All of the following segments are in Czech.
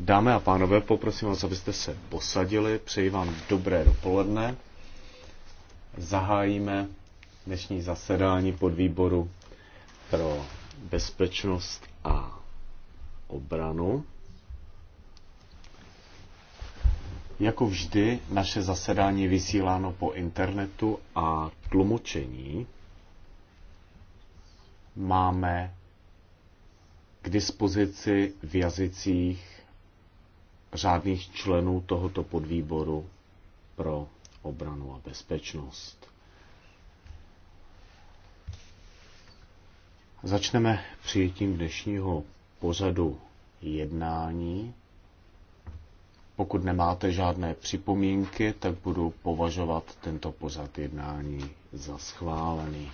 Dámy a pánové, poprosím vás, abyste se posadili. Přeji vám dobré dopoledne. Zahájíme dnešní zasedání podvýboru pro bezpečnost a obranu. Jako vždy, naše zasedání je vysíláno po internetu a tlumočení máme k dispozici v jazycích řádných členů tohoto podvýboru pro obranu a bezpečnost. Začneme přijetím dnešního pořadu jednání. Pokud nemáte žádné připomínky, tak budu považovat tento pořad jednání za schválený.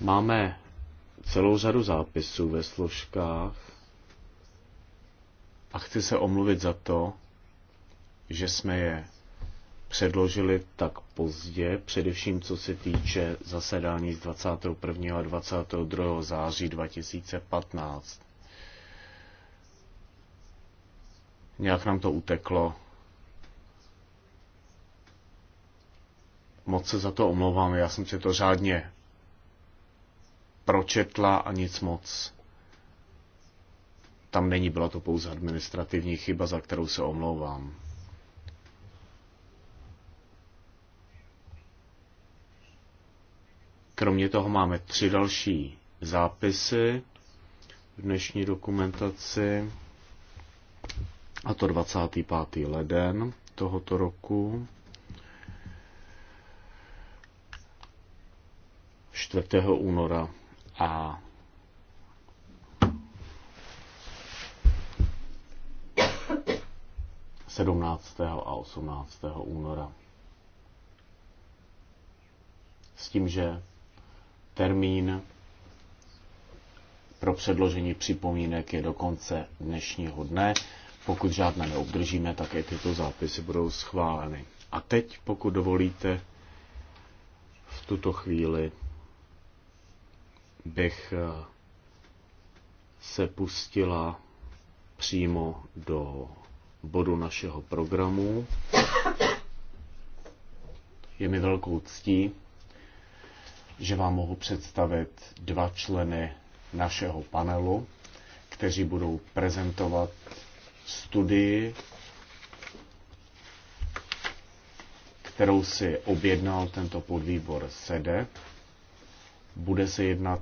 Máme celou řadu zápisů ve složkách a chci se omluvit za to, že jsme je předložili tak pozdě, především co se týče zasedání z 21. a 22. září 2015. Nějak nám to uteklo. Moc se za to omlouvám, já jsem si to řádně pročetla a nic moc tam není, byla to pouze administrativní chyba, za kterou se omlouvám. Kromě toho máme tři další zápisy v dnešní dokumentaci, a to 25. leden tohoto roku, 4. února a sedmnáctého a 18. února. S tím, že termín pro předložení připomínek je do konce dnešního dne. Pokud žádné neobdržíme, tak i tyto zápisy budou schváleny. A teď, pokud dovolíte, v tuto chvíli bych eh, se pustila přímo do bodu našeho programu. Je mi velkou ctí, že vám mohu představit dva členy našeho panelu, kteří budou prezentovat studii, kterou si objednal tento podvýbor SEDEP. Bude se jednat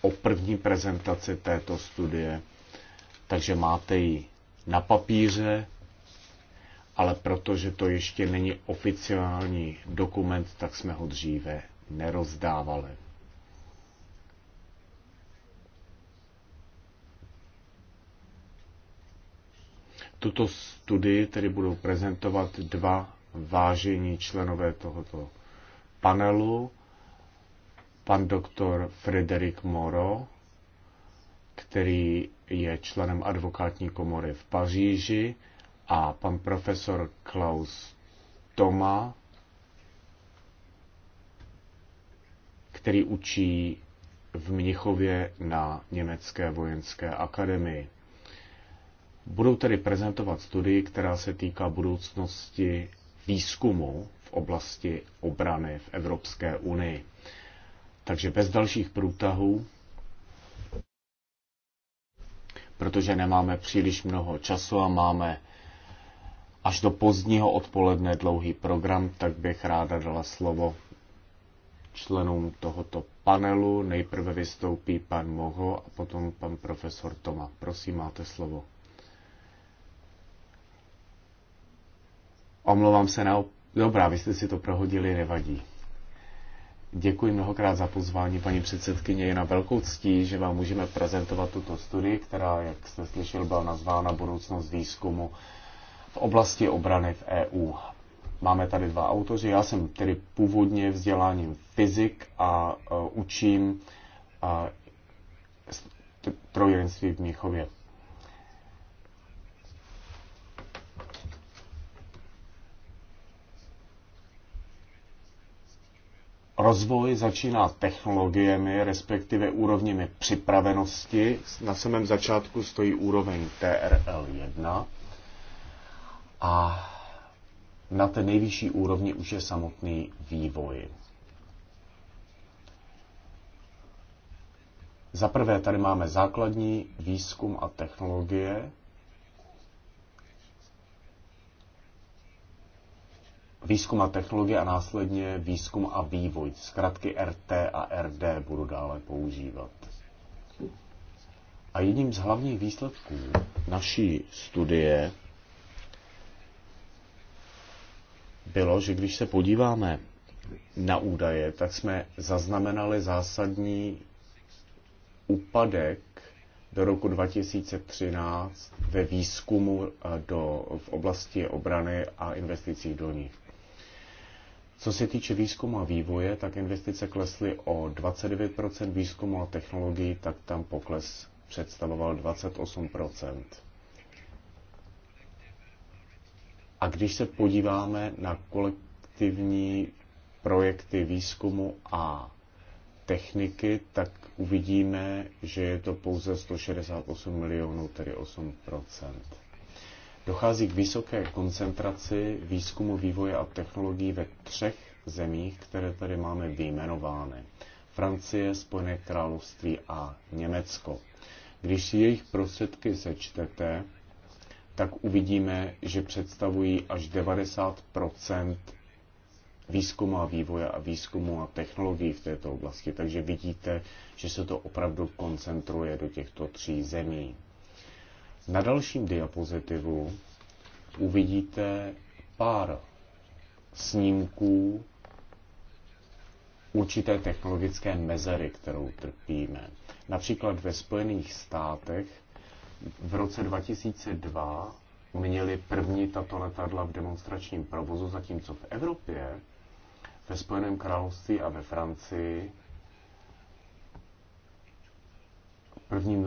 o první prezentaci této studie, takže máte ji na papíře, ale protože to ještě není oficiální dokument, tak jsme ho dříve nerozdávali. Tuto studii tedy budou prezentovat dva vážení členové tohoto panelu pan doktor Frederik Moro, který je členem advokátní komory v Paříži, a pan profesor Klaus Toma, který učí v Mnichově na Německé vojenské akademii. Budou tedy prezentovat studii, která se týká budoucnosti výzkumu v oblasti obrany v Evropské unii. Takže bez dalších průtahů, protože nemáme příliš mnoho času a máme až do pozdního odpoledne dlouhý program, tak bych ráda dala slovo členům tohoto panelu. Nejprve vystoupí pan Moho a potom pan profesor Toma. Prosím, máte slovo. Omlouvám se na... Dobrá, vy jste si to prohodili, nevadí. Děkuji mnohokrát za pozvání, paní předsedkyně. Je na velkou ctí, že vám můžeme prezentovat tuto studii, která, jak jste slyšel, byla nazvána Budoucnost výzkumu v oblasti obrany v EU. Máme tady dva autoři. Já jsem tedy původně vzděláním fyzik a uh, učím uh, trojenství v Míchově. rozvoj začíná technologiemi, respektive úrovněmi připravenosti. Na samém začátku stojí úroveň TRL1 a na té nejvyšší úrovni už je samotný vývoj. Za prvé tady máme základní výzkum a technologie, výzkum a technologie a následně výzkum a vývoj. Zkratky RT a RD budu dále používat. A jedním z hlavních výsledků naší studie bylo, že když se podíváme na údaje, tak jsme zaznamenali zásadní úpadek do roku 2013 ve výzkumu do, v oblasti obrany a investicí do nich. Co se týče výzkumu a vývoje, tak investice klesly o 29%, výzkumu a technologií, tak tam pokles představoval 28%. A když se podíváme na kolektivní projekty výzkumu a techniky, tak uvidíme, že je to pouze 168 milionů, tedy 8 Dochází k vysoké koncentraci výzkumu, vývoje a technologií ve třech zemích, které tady máme vyjmenovány. Francie, Spojené království a Německo. Když si jejich prostředky sečtete, tak uvidíme, že představují až 90 výzkumu a vývoje a výzkumu a technologií v této oblasti. Takže vidíte, že se to opravdu koncentruje do těchto tří zemí. Na dalším diapozitivu uvidíte pár snímků určité technologické mezery, kterou trpíme. Například ve Spojených státech v roce 2002 měli první tato letadla v demonstračním provozu, zatímco v Evropě, ve Spojeném království a ve Francii První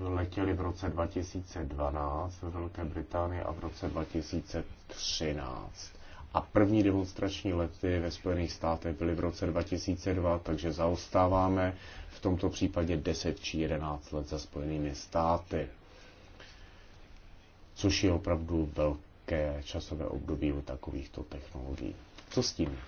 letěli v roce 2012 ve Velké Británii a v roce 2013. A první demonstrační lety ve Spojených státech byly v roce 2002, takže zaostáváme v tomto případě 10 či 11 let za Spojenými státy, což je opravdu velké časové období u takovýchto technologií. Co s tím?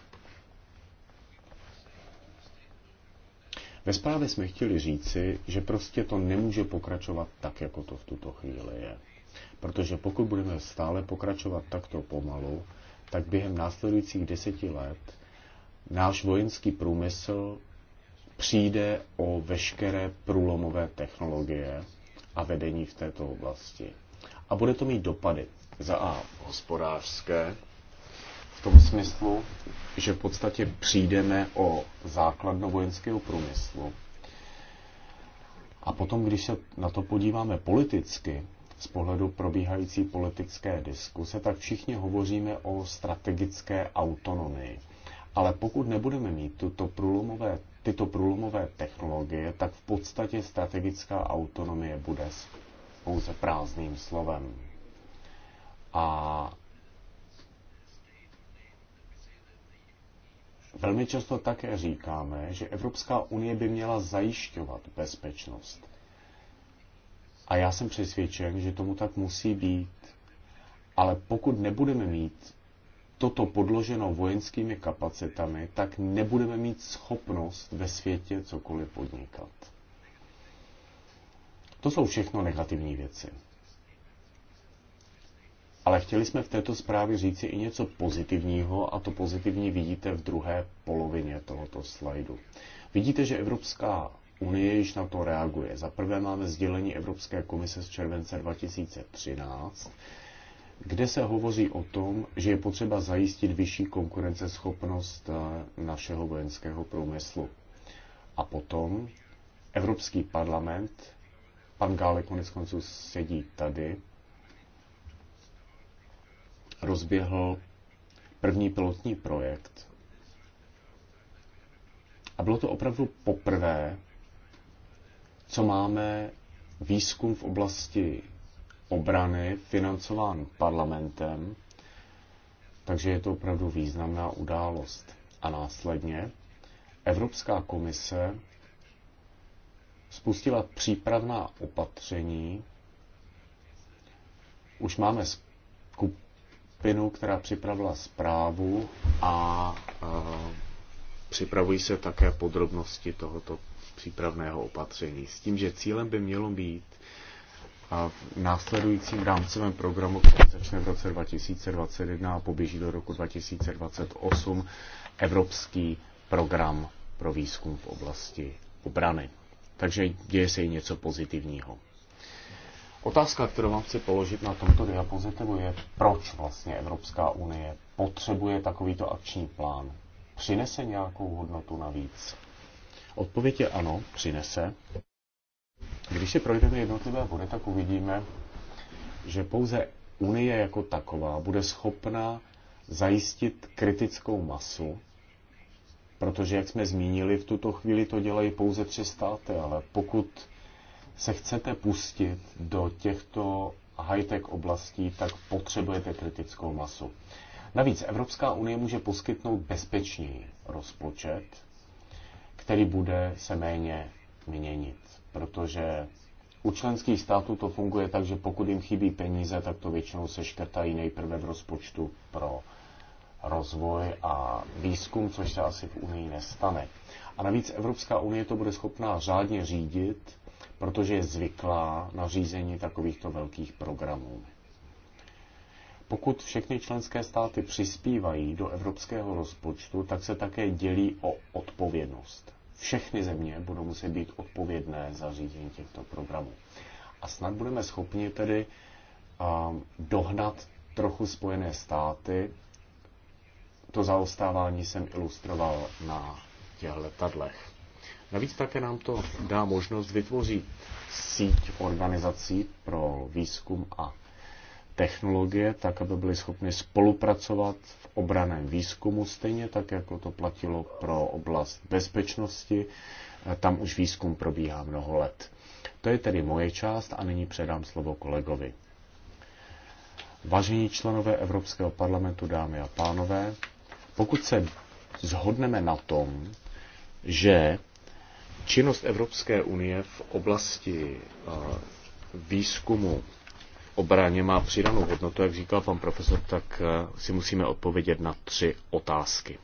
Ve zprávě jsme chtěli říci, že prostě to nemůže pokračovat tak, jako to v tuto chvíli je. Protože pokud budeme stále pokračovat takto pomalu, tak během následujících deseti let náš vojenský průmysl přijde o veškeré průlomové technologie a vedení v této oblasti. A bude to mít dopady za A hospodářské, v tom smyslu, že v podstatě přijdeme o základno vojenského průmyslu. A potom, když se na to podíváme politicky, z pohledu probíhající politické diskuse, tak všichni hovoříme o strategické autonomii. Ale pokud nebudeme mít tuto průlomové, tyto průlomové technologie, tak v podstatě strategická autonomie bude pouze prázdným slovem. A Velmi často také říkáme, že Evropská unie by měla zajišťovat bezpečnost. A já jsem přesvědčen, že tomu tak musí být. Ale pokud nebudeme mít toto podloženo vojenskými kapacitami, tak nebudeme mít schopnost ve světě cokoliv podnikat. To jsou všechno negativní věci. Ale chtěli jsme v této zprávě říci i něco pozitivního a to pozitivní vidíte v druhé polovině tohoto slajdu. Vidíte, že Evropská Unie již na to reaguje. Za prvé máme sdělení Evropské komise z července 2013, kde se hovoří o tom, že je potřeba zajistit vyšší konkurenceschopnost eh, našeho vojenského průmyslu. A potom Evropský parlament, pan Gále konec konců sedí tady, rozběhl první pilotní projekt. A bylo to opravdu poprvé, co máme výzkum v oblasti obrany financován parlamentem, takže je to opravdu významná událost. A následně Evropská komise spustila přípravná opatření. Už máme skupinu, která připravila zprávu a připravují se také podrobnosti tohoto přípravného opatření. S tím, že cílem by mělo být a v následujícím rámcovém programu, který začne v roce 2021 a poběží do roku 2028, Evropský program pro výzkum v oblasti obrany. Takže děje se i něco pozitivního. Otázka, kterou vám chci položit na tomto diapozitivu, je, proč vlastně Evropská unie potřebuje takovýto akční plán? Přinese nějakou hodnotu navíc? Odpověď je ano, přinese. Když si projdeme jednotlivé body, tak uvidíme, že pouze Unie jako taková bude schopná zajistit kritickou masu, protože, jak jsme zmínili, v tuto chvíli to dělají pouze tři státy, ale pokud se chcete pustit do těchto high-tech oblastí, tak potřebujete kritickou masu. Navíc Evropská unie může poskytnout bezpečný rozpočet, který bude se méně měnit, protože u členských států to funguje tak, že pokud jim chybí peníze, tak to většinou se škrtají nejprve v rozpočtu pro rozvoj a výzkum, což se asi v Unii nestane. A navíc Evropská unie to bude schopná řádně řídit protože je zvyklá na řízení takovýchto velkých programů. Pokud všechny členské státy přispívají do evropského rozpočtu, tak se také dělí o odpovědnost. Všechny země budou muset být odpovědné za řízení těchto programů. A snad budeme schopni tedy dohnat trochu Spojené státy. To zaostávání jsem ilustroval na těch letadlech. Navíc také nám to dá možnost vytvořit síť organizací pro výzkum a technologie, tak aby byly schopny spolupracovat v obraném výzkumu, stejně tak, jako to platilo pro oblast bezpečnosti. Tam už výzkum probíhá mnoho let. To je tedy moje část a nyní předám slovo kolegovi. Vážení členové Evropského parlamentu, dámy a pánové, pokud se zhodneme na tom, že Činnost Evropské unie v oblasti eh, výzkumu obraně má přidanou hodnotu, jak říkal pan profesor, tak eh, si musíme odpovědět na tři otázky.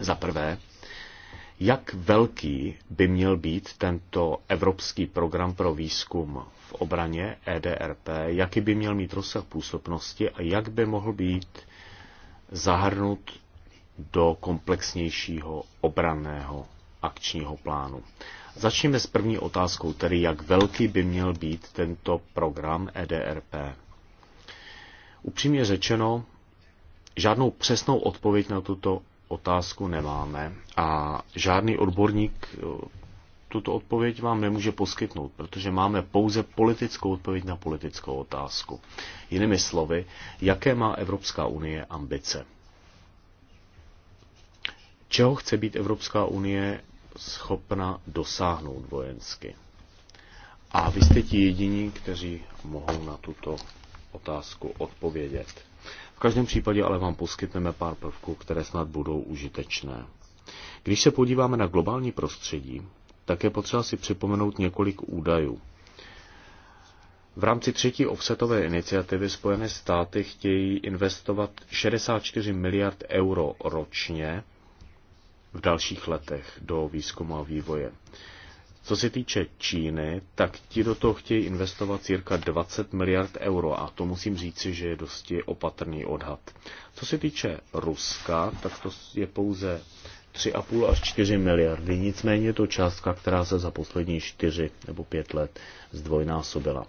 Za prvé, jak velký by měl být tento Evropský program pro výzkum v obraně EDRP, jaký by měl mít rozsah působnosti a jak by mohl být zahrnut do komplexnějšího obranného akčního plánu. Začněme s první otázkou, tedy jak velký by měl být tento program EDRP. Upřímně řečeno, žádnou přesnou odpověď na tuto otázku nemáme a žádný odborník eh, tuto odpověď vám nemůže poskytnout, protože máme pouze politickou odpověď na politickou otázku. Jinými slovy, jaké má Evropská unie ambice? Čeho chce být Evropská unie schopna dosáhnout vojensky. A vy jste ti jediní, kteří mohou na tuto otázku odpovědět. V každém případě ale vám poskytneme pár prvků, které snad budou užitečné. Když se podíváme na globální prostředí, tak je potřeba si připomenout několik údajů. V rámci třetí offsetové iniciativy Spojené státy chtějí investovat 64 miliard euro ročně v dalších letech do výzkumu a vývoje. Co se týče Číny, tak ti do toho chtějí investovat cirka 20 miliard euro a to musím říci, že je dosti opatrný odhad. Co se týče Ruska, tak to je pouze 3,5 až 4 miliardy, nicméně je to částka, která se za poslední 4 nebo 5 let zdvojnásobila.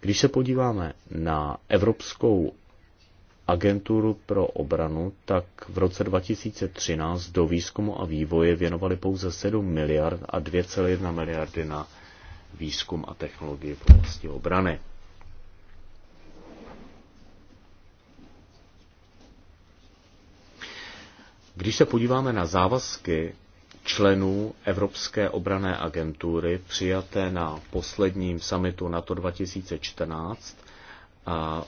Když se podíváme na Evropskou agenturu pro obranu, tak v roce 2013 do výzkumu a vývoje věnovali pouze 7 miliard a 2,1 miliardy na výzkum a technologie v oblasti obrany. Když se podíváme na závazky členů Evropské obrané agentury přijaté na posledním summitu NATO 2014, a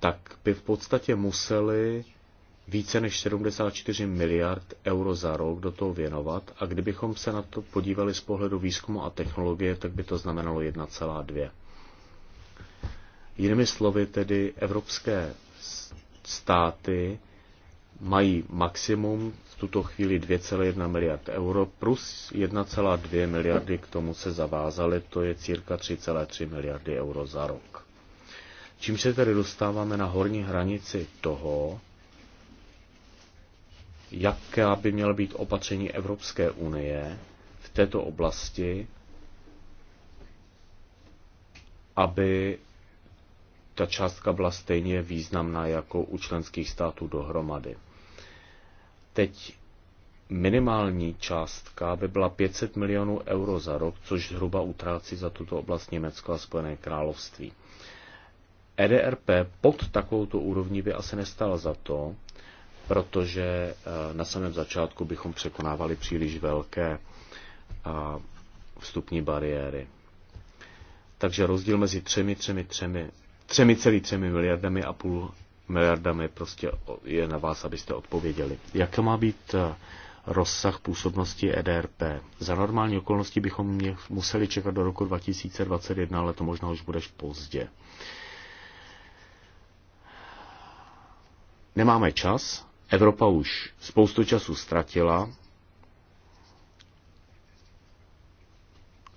tak by v podstatě museli více než 74 miliard euro za rok do toho věnovat a kdybychom se na to podívali z pohledu výzkumu a technologie, tak by to znamenalo 1,2. Jinými slovy tedy evropské státy mají maximum v tuto chvíli 2,1 miliard euro plus 1,2 miliardy k tomu se zavázaly, to je cirka 3,3 miliardy euro za rok. Čím se tedy dostáváme na horní hranici toho, jaké by měla být opatření Evropské unie v této oblasti, aby ta částka byla stejně významná jako u členských států dohromady. Teď minimální částka by byla 500 milionů euro za rok, což zhruba utrácí za tuto oblast Německo a Spojené království. EDRP pod takovouto úrovní by asi nestala za to, protože eh, na samém začátku bychom překonávali příliš velké eh, vstupní bariéry. Takže rozdíl mezi třemi, třemi, třemi, třemi celý třemi miliardami a půl miliardami prostě je na vás, abyste odpověděli. Jak má být eh, rozsah působnosti EDRP? Za normální okolnosti bychom mě museli čekat do roku 2021, ale to možná už bude pozdě. Nemáme čas, Evropa už spoustu času ztratila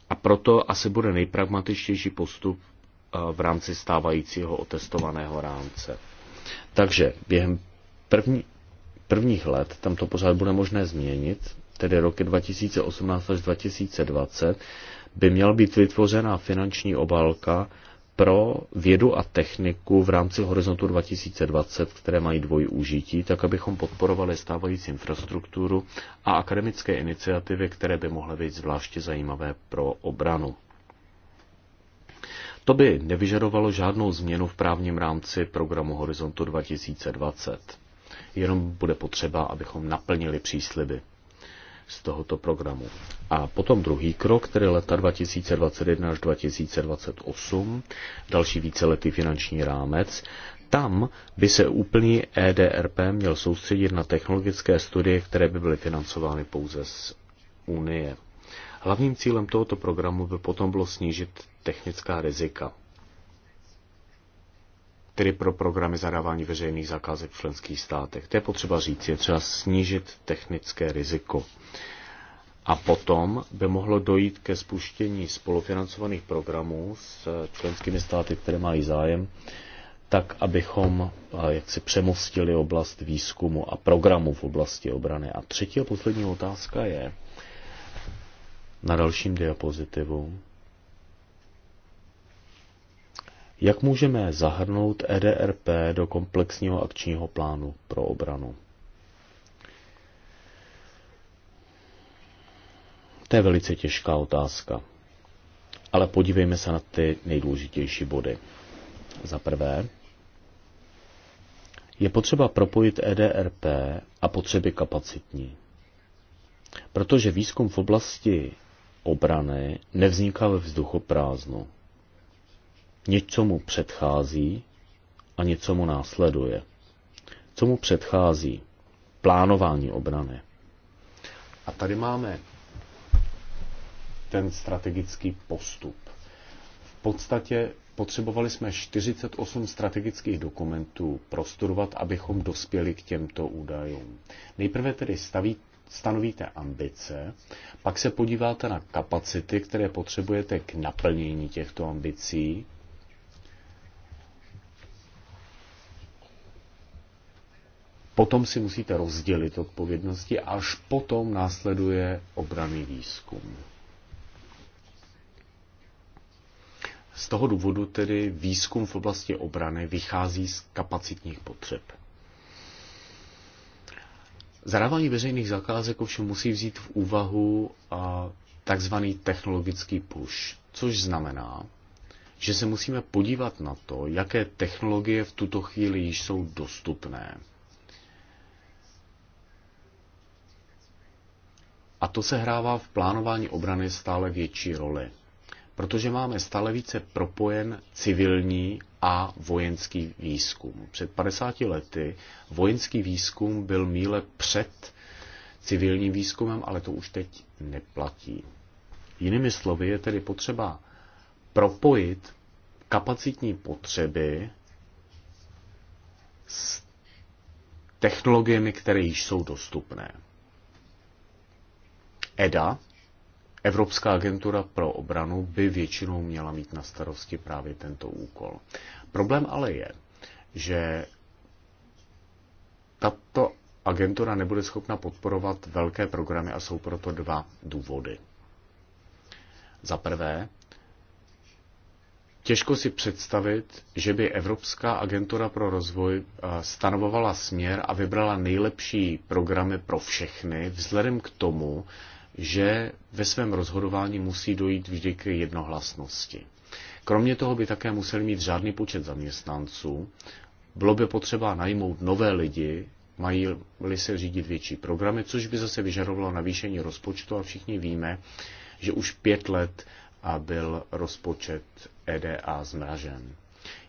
a proto asi bude nejpragmatičtější postup eh, v rámci stávajícího otestovaného rámce. Takže během první, prvních let tam to pořád bude možné změnit, tedy roky 2018 až 2020, by měla být vytvořena finanční obálka pro vědu a techniku v rámci horizontu 2020, které mají dvojí užití, tak abychom podporovali stávající infrastrukturu a akademické iniciativy, které by mohly být zvláště zajímavé pro obranu. To by nevyžadovalo žádnou změnu v právním rámci programu Horizontu 2020. Jenom bude potřeba, abychom naplnili přísliby z tohoto programu. A potom druhý krok, tedy leta 2021 až 2028, další víceletý finanční rámec, tam by se úplný EDRP měl soustředit na technologické studie, které by byly financovány pouze z Unie. Hlavním cílem tohoto programu by potom bylo snížit technická rizika tedy pro programy zadávání veřejných zakázek v členských státech. To je potřeba říct, je třeba snížit technické riziko. A potom by mohlo dojít ke spuštění spolufinancovaných programů s členskými státy, které mají zájem, tak, abychom eh, jak si přemostili oblast výzkumu a programů v oblasti obrany. A třetí a poslední otázka je na dalším diapozitivu. Jak můžeme zahrnout EDRP do komplexního akčního plánu pro obranu? To je velice těžká otázka. Ale podívejme se na ty nejdůležitější body. Za prvé, je potřeba propojit EDRP a potřeby kapacitní. Protože výzkum v oblasti obrany nevzniká ve vzduchu prázdnu něčemu předchází a něčemu následuje. Co mu předchází? Plánování obrany. A tady máme ten strategický postup. V podstatě potřebovali jsme 48 strategických dokumentů prostudovat, abychom dospěli k těmto údajům. Nejprve tedy staví, stanovíte ambice, pak se podíváte na kapacity, které potřebujete k naplnění těchto ambicí, Potom si musíte rozdělit odpovědnosti a až potom následuje obraný výzkum. Z toho důvodu tedy výzkum v oblasti obrany vychází z kapacitních potřeb. Zadávání veřejných zakázek ovšem musí vzít v úvahu takzvaný technologický push, což znamená, že se musíme podívat na to, jaké technologie v tuto chvíli již jsou dostupné A to se hrává v plánování obrany stále větší roli, protože máme stále více propojen civilní a vojenský výzkum. Před 50 lety vojenský výzkum byl míle před civilním výzkumem, ale to už teď neplatí. Jinými slovy je tedy potřeba propojit kapacitní potřeby s technologiemi, které již jsou dostupné. EDA, Evropská agentura pro obranu, by většinou měla mít na starosti právě tento úkol. Problém ale je, že tato agentura nebude schopna podporovat velké programy a jsou proto dva důvody. Za prvé, Těžko si představit, že by Evropská agentura pro rozvoj eh, stanovovala směr a vybrala nejlepší programy pro všechny, vzhledem k tomu, že ve svém rozhodování musí dojít vždy k jednohlasnosti. Kromě toho by také museli mít žádný počet zaměstnanců, bylo by potřeba najmout nové lidi, mají-li se řídit větší programy, což by zase vyžadovalo navýšení rozpočtu a všichni víme, že už pět let a byl rozpočet EDA zmražen.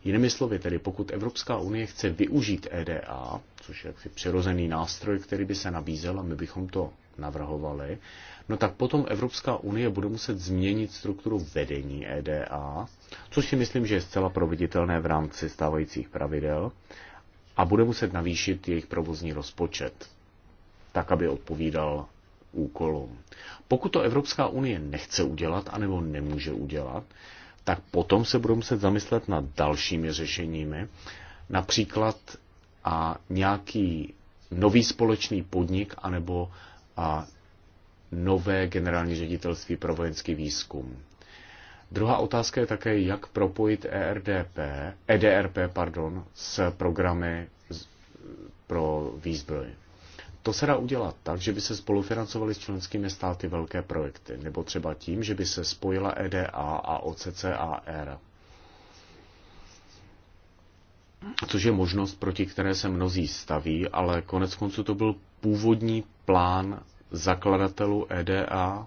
Jinými slovy, tedy pokud Evropská unie chce využít EDA, což je přirozený nástroj, který by se nabízel a my bychom to navrhovali, no tak potom Evropská unie bude muset změnit strukturu vedení EDA, což si myslím, že je zcela proveditelné v rámci stávajících pravidel, a bude muset navýšit jejich provozní rozpočet, tak aby odpovídal úkolům. Pokud to Evropská unie nechce udělat, anebo nemůže udělat, tak potom se budou muset zamyslet nad dalšími řešeními, například a nějaký nový společný podnik anebo a nové generální ředitelství pro vojenský výzkum. Druhá otázka je také, jak propojit ERDP, EDRP pardon, s programy pro výzbroj. To se dá udělat tak, že by se spolufinancovaly s členskými státy velké projekty, nebo třeba tím, že by se spojila EDA a OCCAR. Což je možnost, proti které se mnozí staví, ale konec konců to byl původní plán zakladatelů EDA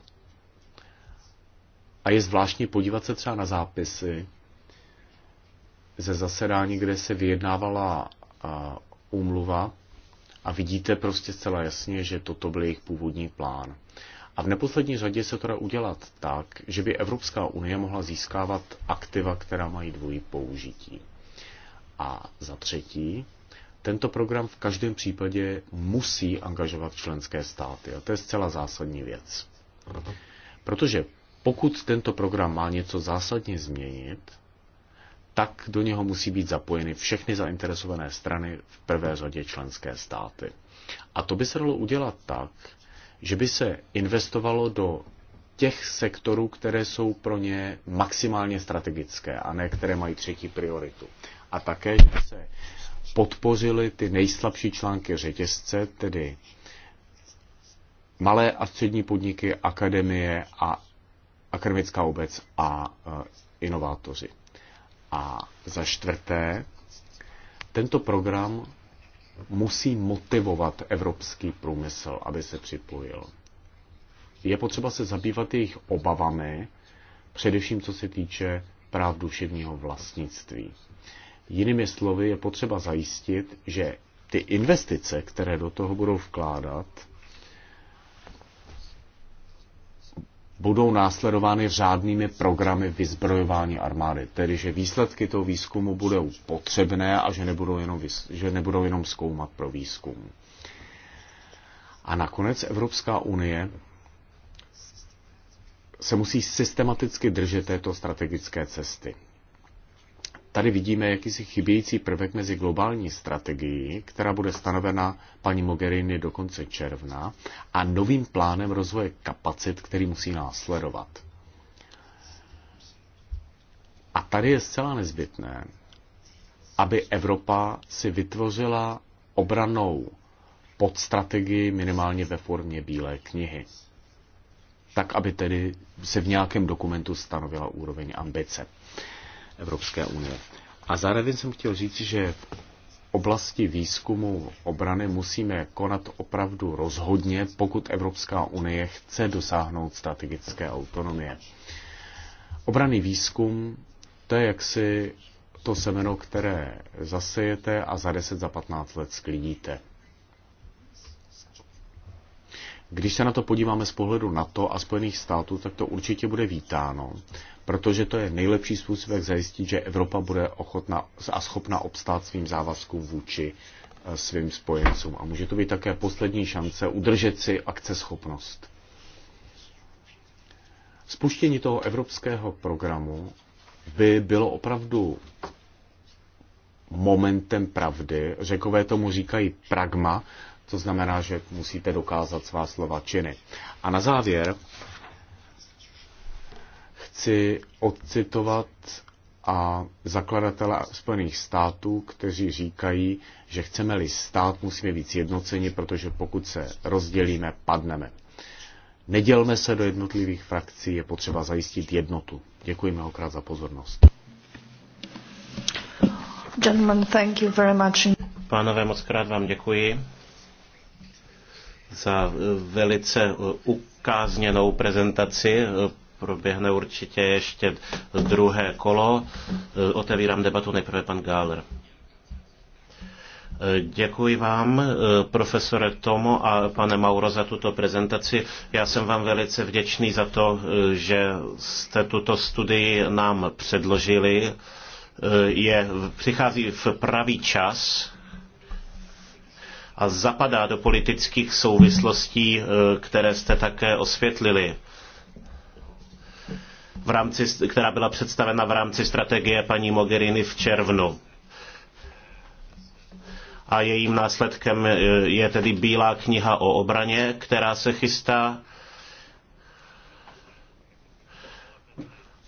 a je zvláštní podívat se třeba na zápisy ze zasedání, kde se vyjednávala úmluva a vidíte prostě zcela jasně, že toto byl jejich původní plán. A v neposlední řadě se to dá udělat tak, že by Evropská unie mohla získávat aktiva, která mají dvojí použití. A za třetí, tento program v každém případě musí angažovat členské státy a to je zcela zásadní věc. Protože pokud tento program má něco zásadně změnit, tak do něho musí být zapojeny všechny zainteresované strany, v prvé řadě členské státy. A to by se dalo udělat tak, že by se investovalo do těch sektorů, které jsou pro ně maximálně strategické a ne které mají třetí prioritu. A také, že by se podpořili ty nejslabší články řetězce, tedy malé a střední podniky, akademie a akademická obec a e, inovátoři. A za čtvrté, tento program musí motivovat evropský průmysl, aby se připojil. Je potřeba se zabývat jejich obavami, především co se týče práv duševního vlastnictví. Jinými slovy, je potřeba zajistit, že ty investice, které do toho budou vkládat, budou následovány řádnými programy vyzbrojování armády, tedy že výsledky toho výzkumu budou potřebné a že nebudou jenom, že nebudou jenom zkoumat pro výzkum. A nakonec Evropská unie se musí systematicky držet této strategické cesty. Tady vidíme jakýsi chybějící prvek mezi globální strategií, která bude stanovena paní Mogherini do konce června, a novým plánem rozvoje kapacit, který musí následovat. A tady je zcela nezbytné, aby Evropa si vytvořila obranou podstrategii minimálně ve formě bílé knihy. Tak, aby tedy se v nějakém dokumentu stanovila úroveň ambice. Evropské unie. A zároveň jsem chtěl říct, že v oblasti výzkumu obrany musíme konat opravdu rozhodně, pokud Evropská unie chce dosáhnout strategické autonomie. Obraný výzkum, to je jaksi to semeno, které zasejete a za 10, za 15 let sklidíte. Když se na to podíváme z pohledu NATO a Spojených států, tak to určitě bude vítáno, protože to je nejlepší způsob, jak zajistit, že Evropa bude ochotna a schopna obstát svým závazkům vůči eh, svým spojencům. A může to být také poslední šance udržet si akceschopnost. Spuštění toho evropského programu by bylo opravdu momentem pravdy. Řekové tomu říkají pragma, to znamená, že musíte dokázat svá slova činy. A na závěr chci odcitovat a zakladatele Spojených států, kteří říkají, že chceme-li stát, musíme být sjednoceni, protože pokud se rozdělíme, padneme. Nedělme se do jednotlivých frakcí, je potřeba zajistit jednotu. Děkuji mnohokrát za pozornost. Gentlemen, thank you very much. Pánové, moc krát vám děkuji za eh, velice eh, ukázněnou prezentaci. Eh, proběhne určitě ještě druhé kolo. Otevírám debatu nejprve pan Gáler. Děkuji vám, profesore Tomo a pane Mauro, za tuto prezentaci. Já jsem vám velice vděčný za to, že jste tuto studii nám předložili. Je, přichází v pravý čas, a zapadá do politických souvislostí, eh, které jste také osvětlili v rámci, která byla představena v rámci strategie paní Mogherini v červnu. A jejím následkem eh, je tedy Bílá kniha o obraně, která se chystá,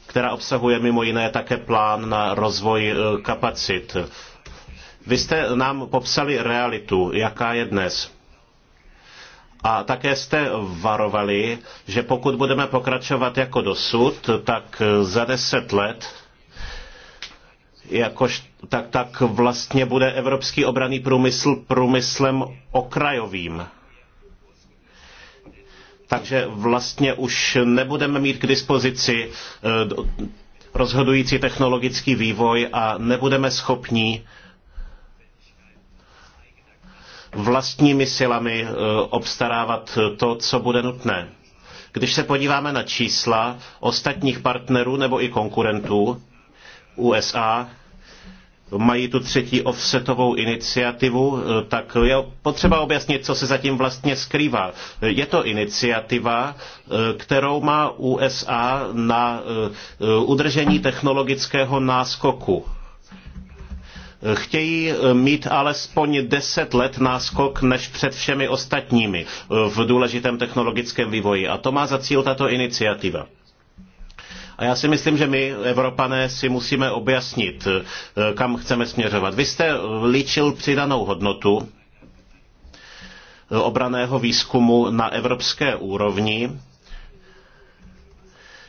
která obsahuje mimo jiné také plán na rozvoj eh, kapacit. Vy jste nám popsali realitu, jaká je dnes. A také jste varovali, že pokud budeme pokračovat jako dosud, tak za deset let jakož, tak, tak vlastně bude evropský obraný průmysl průmyslem okrajovým. Takže vlastně už nebudeme mít k dispozici eh, rozhodující technologický vývoj a nebudeme schopni vlastními silami eh, obstarávat to, co bude nutné. Když se podíváme na čísla ostatních partnerů nebo i konkurentů, USA, mají tu třetí offsetovou iniciativu, eh, tak je potřeba objasnit, co se zatím vlastně skrývá. Je to iniciativa, eh, kterou má USA na udržení technologického náskoku Chtějí eh, mít alespoň 10 let náskok než před všemi ostatními eh, v důležitém technologickém vývoji. A to má za cíl tato iniciativa. A já si myslím, že my, Evropané, si musíme objasnit, eh, kam chceme směřovat. Vy jste líčil přidanou hodnotu obraného výzkumu na evropské úrovni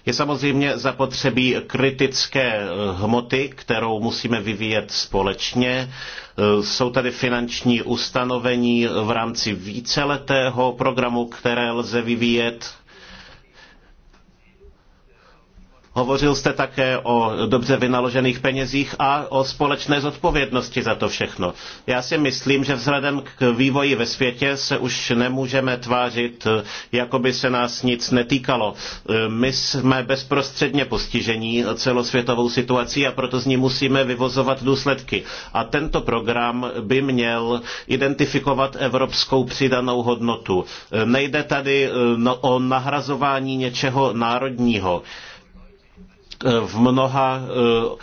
je samozřejmě zapotřebí kritické eh, hmoty, kterou musíme vyvíjet společně. Eh, jsou tady finanční ustanovení v rámci víceletého programu, které lze vyvíjet Hovořil jste také o dobře vynaložených penězích a o společné zodpovědnosti za to všechno. Já si myslím, že vzhledem k vývoji ve světě se už nemůžeme tvářit, jako by se nás nic netýkalo. My jsme bezprostředně postižení celosvětovou situací a proto z ní musíme vyvozovat důsledky. A tento program by měl identifikovat evropskou přidanou hodnotu. Nejde tady no, o nahrazování něčeho národního. Eh, v mnoha eh,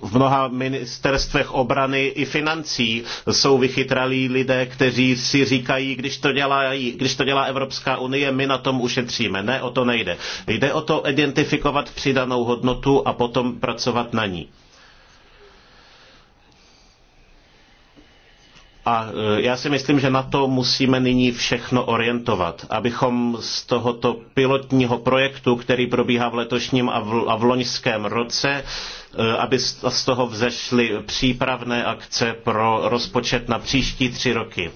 v mnoha ministerstvech obrany i financí jsou vychytralí lidé, kteří si říkají, když to, dělají, když to dělá Evropská unie, my na tom ušetříme. Ne, o to nejde. Jde o to identifikovat přidanou hodnotu a potom pracovat na ní. A e, já si myslím, že na to musíme nyní všechno orientovat, abychom z tohoto pilotního projektu, který probíhá v letošním a v, a v loňském roce, e, aby z toho vzešly přípravné akce pro rozpočet na příští tři roky.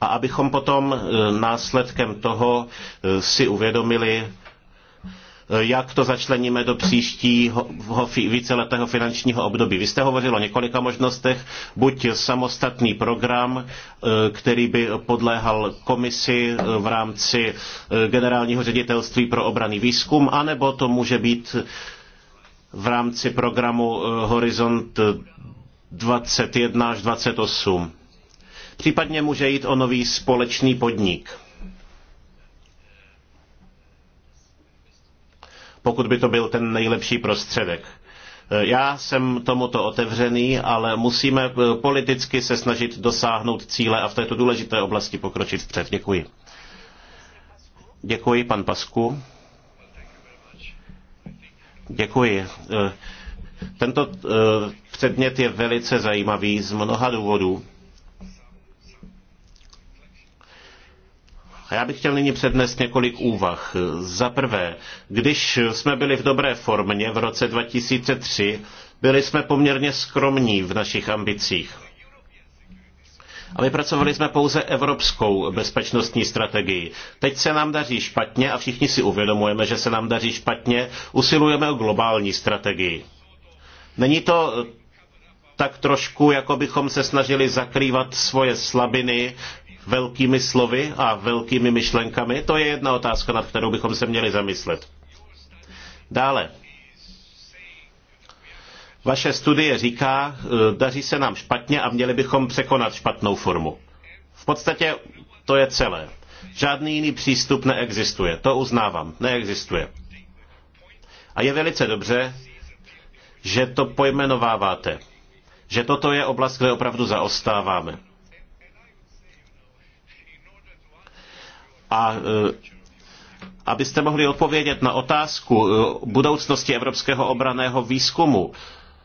A abychom potom e, následkem toho si uvědomili, Eh, jak to začleníme do příštího víceletého finančního období. Vy jste hovořil o několika možnostech, buď samostatný program, eh, který by podléhal komisi eh, v rámci generálního ředitelství pro obraný výzkum, anebo to může být v rámci programu Horizont 21 až 28. Případně může jít o nový společný podnik. pokud by to byl ten nejlepší prostředek. E, já jsem tomuto otevřený, ale musíme e, politicky se snažit dosáhnout cíle a v této důležité oblasti pokročit vpřed. Děkuji. Děkuji, pan Pasku. Děkuji. E, tento předmět je velice zajímavý z mnoha důvodů. já bych chtěl nyní přednést několik úvah. Za prvé, když jsme byli v dobré formě v roce 2003, byli jsme poměrně skromní v našich ambicích. A vypracovali jsme pouze evropskou bezpečnostní strategii. Teď se nám daří špatně a všichni si uvědomujeme, že se nám daří špatně, usilujeme o globální strategii. Není to tak trošku, jako bychom se snažili zakrývat svoje slabiny velkými slovy a velkými myšlenkami? To je jedna otázka, nad kterou bychom se měli zamyslet. Dále. Vaše studie říká, eh, daří se nám špatně a měli bychom překonat špatnou formu. V podstatě to je celé. Žádný jiný přístup neexistuje. To uznávám. Neexistuje. A je velice dobře, že to pojmenováváte že toto je oblast, kde opravdu zaostáváme. A e, abyste mohli odpovědět na otázku e, budoucnosti evropského obraného výzkumu,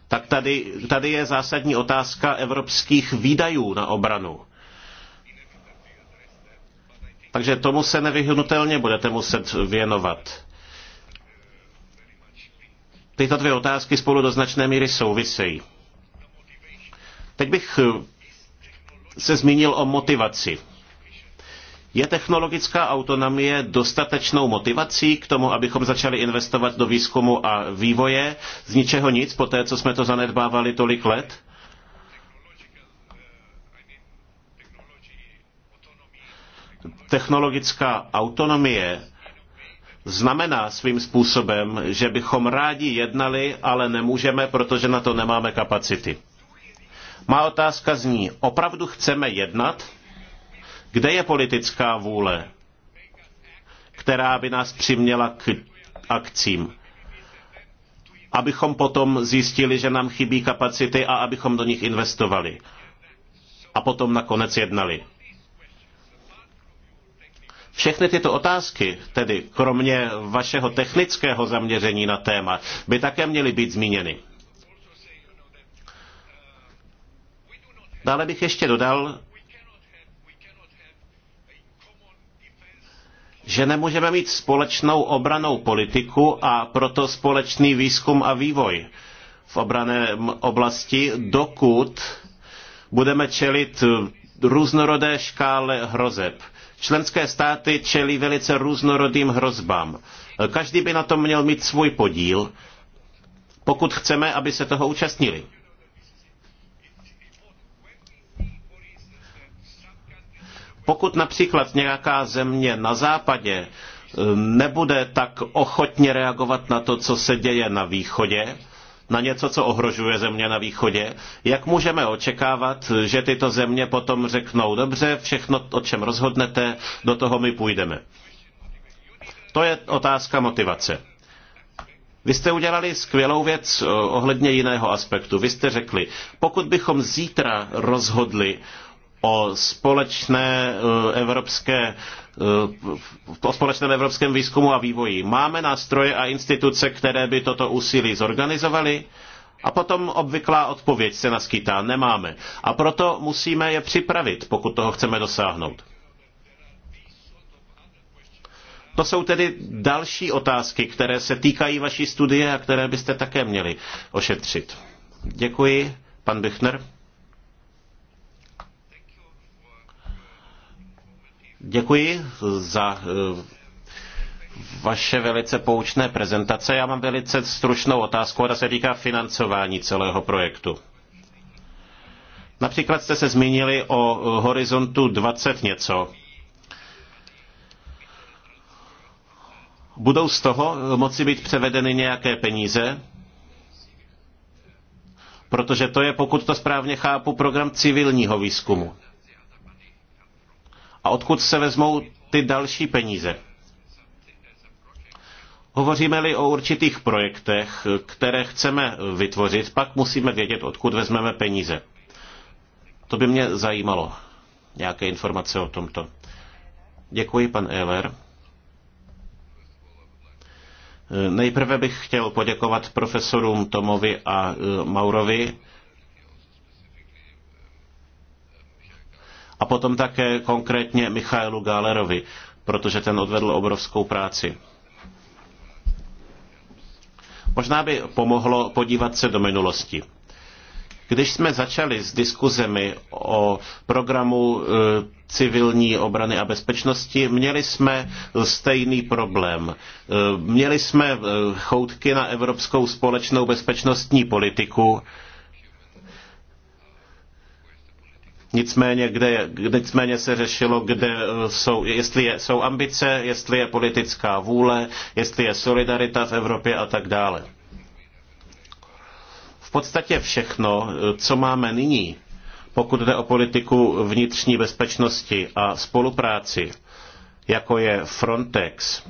tak tady, tady je zásadní otázka evropských výdajů na obranu. Takže tomu se nevyhnutelně budete muset věnovat. Tyto dvě otázky spolu do značné míry souvisejí. Teď bych eh, se zmínil o motivaci. Je technologická autonomie dostatečnou motivací k tomu, abychom začali investovat do výzkumu a vývoje z ničeho nic, po té, co jsme to zanedbávali tolik let? Technologická autonomie znamená svým způsobem, že bychom rádi jednali, ale nemůžeme, protože na to nemáme kapacity. Má otázka zní, opravdu chceme jednat? Kde je politická vůle, která by nás přiměla k akcím? Abychom potom zjistili, že nám chybí kapacity a abychom do nich investovali. A potom nakonec jednali. Všechny tyto otázky, tedy kromě vašeho technického zaměření na téma, by také měly být zmíněny. Dále bych ještě dodal, že nemůžeme mít společnou obranou politiku a proto společný výzkum a vývoj v obrané oblasti, dokud budeme čelit různorodé škále hrozeb. Členské státy čelí velice různorodým hrozbám. Každý by na tom měl mít svůj podíl, pokud chceme, aby se toho účastnili. Pokud například nějaká země na západě eh, nebude tak ochotně reagovat na to, co se děje na východě, na něco, co ohrožuje země na východě, jak můžeme očekávat, že tyto země potom řeknou, dobře, všechno, o čem rozhodnete, do toho my půjdeme. To je otázka motivace. Vy jste udělali skvělou věc eh, ohledně jiného aspektu. Vy jste řekli, pokud bychom zítra rozhodli o společné eh, evropské eh, o společném evropském výzkumu a vývoji. Máme nástroje a instituce, které by toto úsilí zorganizovaly? A potom obvyklá odpověď se naskytá, nemáme. A proto musíme je připravit, pokud toho chceme dosáhnout. To jsou tedy další otázky, které se týkají vaší studie a které byste také měli ošetřit. Děkuji, pan Bichner. Děkuji za eh, vaše velice poučné prezentace. Já mám velice stručnou otázku, která se týká financování celého projektu. Například jste se zmínili o eh, horizontu 20 něco. Budou z toho eh, moci být převedeny nějaké peníze? Protože to je, pokud to správně chápu, program civilního výzkumu odkud se vezmou ty další peníze? Hovoříme-li o určitých projektech, které chceme vytvořit, pak musíme vědět, odkud vezmeme peníze. To by mě zajímalo, nějaké informace o tomto. Děkuji, pan Ehler. Nejprve bych chtěl poděkovat profesorům Tomovi a e, Maurovi A potom také konkrétně Michailu Gálerovi, protože ten odvedl obrovskou práci. Možná by pomohlo podívat se do minulosti. Když jsme začali s diskuzemi o programu eh, civilní obrany a bezpečnosti, měli jsme eh, stejný problém. Eh, měli jsme choutky na evropskou společnou bezpečnostní politiku, Nicméně, kde, nicméně se řešilo, kde eh, jsou, jestli je, jsou ambice, jestli je politická vůle, jestli je solidarita v Evropě a tak dále. V podstatě všechno, eh, co máme nyní, pokud jde o politiku vnitřní bezpečnosti a spolupráci, jako je Frontex, eh,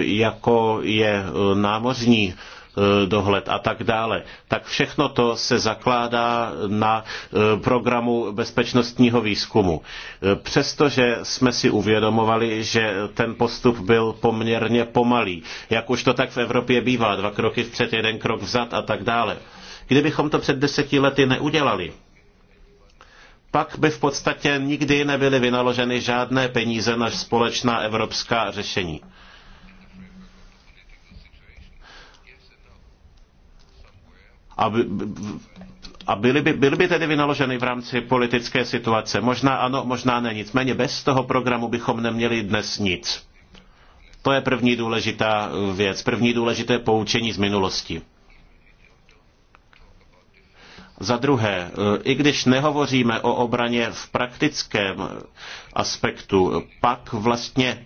jako je námořní Eh, dohled a tak dále. Tak všechno to se zakládá na eh, programu bezpečnostního výzkumu. Eh, přestože jsme si uvědomovali, že ten postup byl poměrně pomalý, jak už to tak v Evropě bývá, dva kroky vpřed, jeden krok vzad a tak dále. Kdybychom to před deseti lety neudělali, pak by v podstatě nikdy nebyly vynaloženy žádné peníze na společná evropská řešení. a, a byly, by, byly by tedy vynaloženy v rámci politické situace. Možná ano, možná ne. Nicméně bez toho programu bychom neměli dnes nic. To je první důležitá uh, věc, první důležité poučení z minulosti. Za druhé, uh, i když nehovoříme o obraně v praktickém uh, aspektu, pak vlastně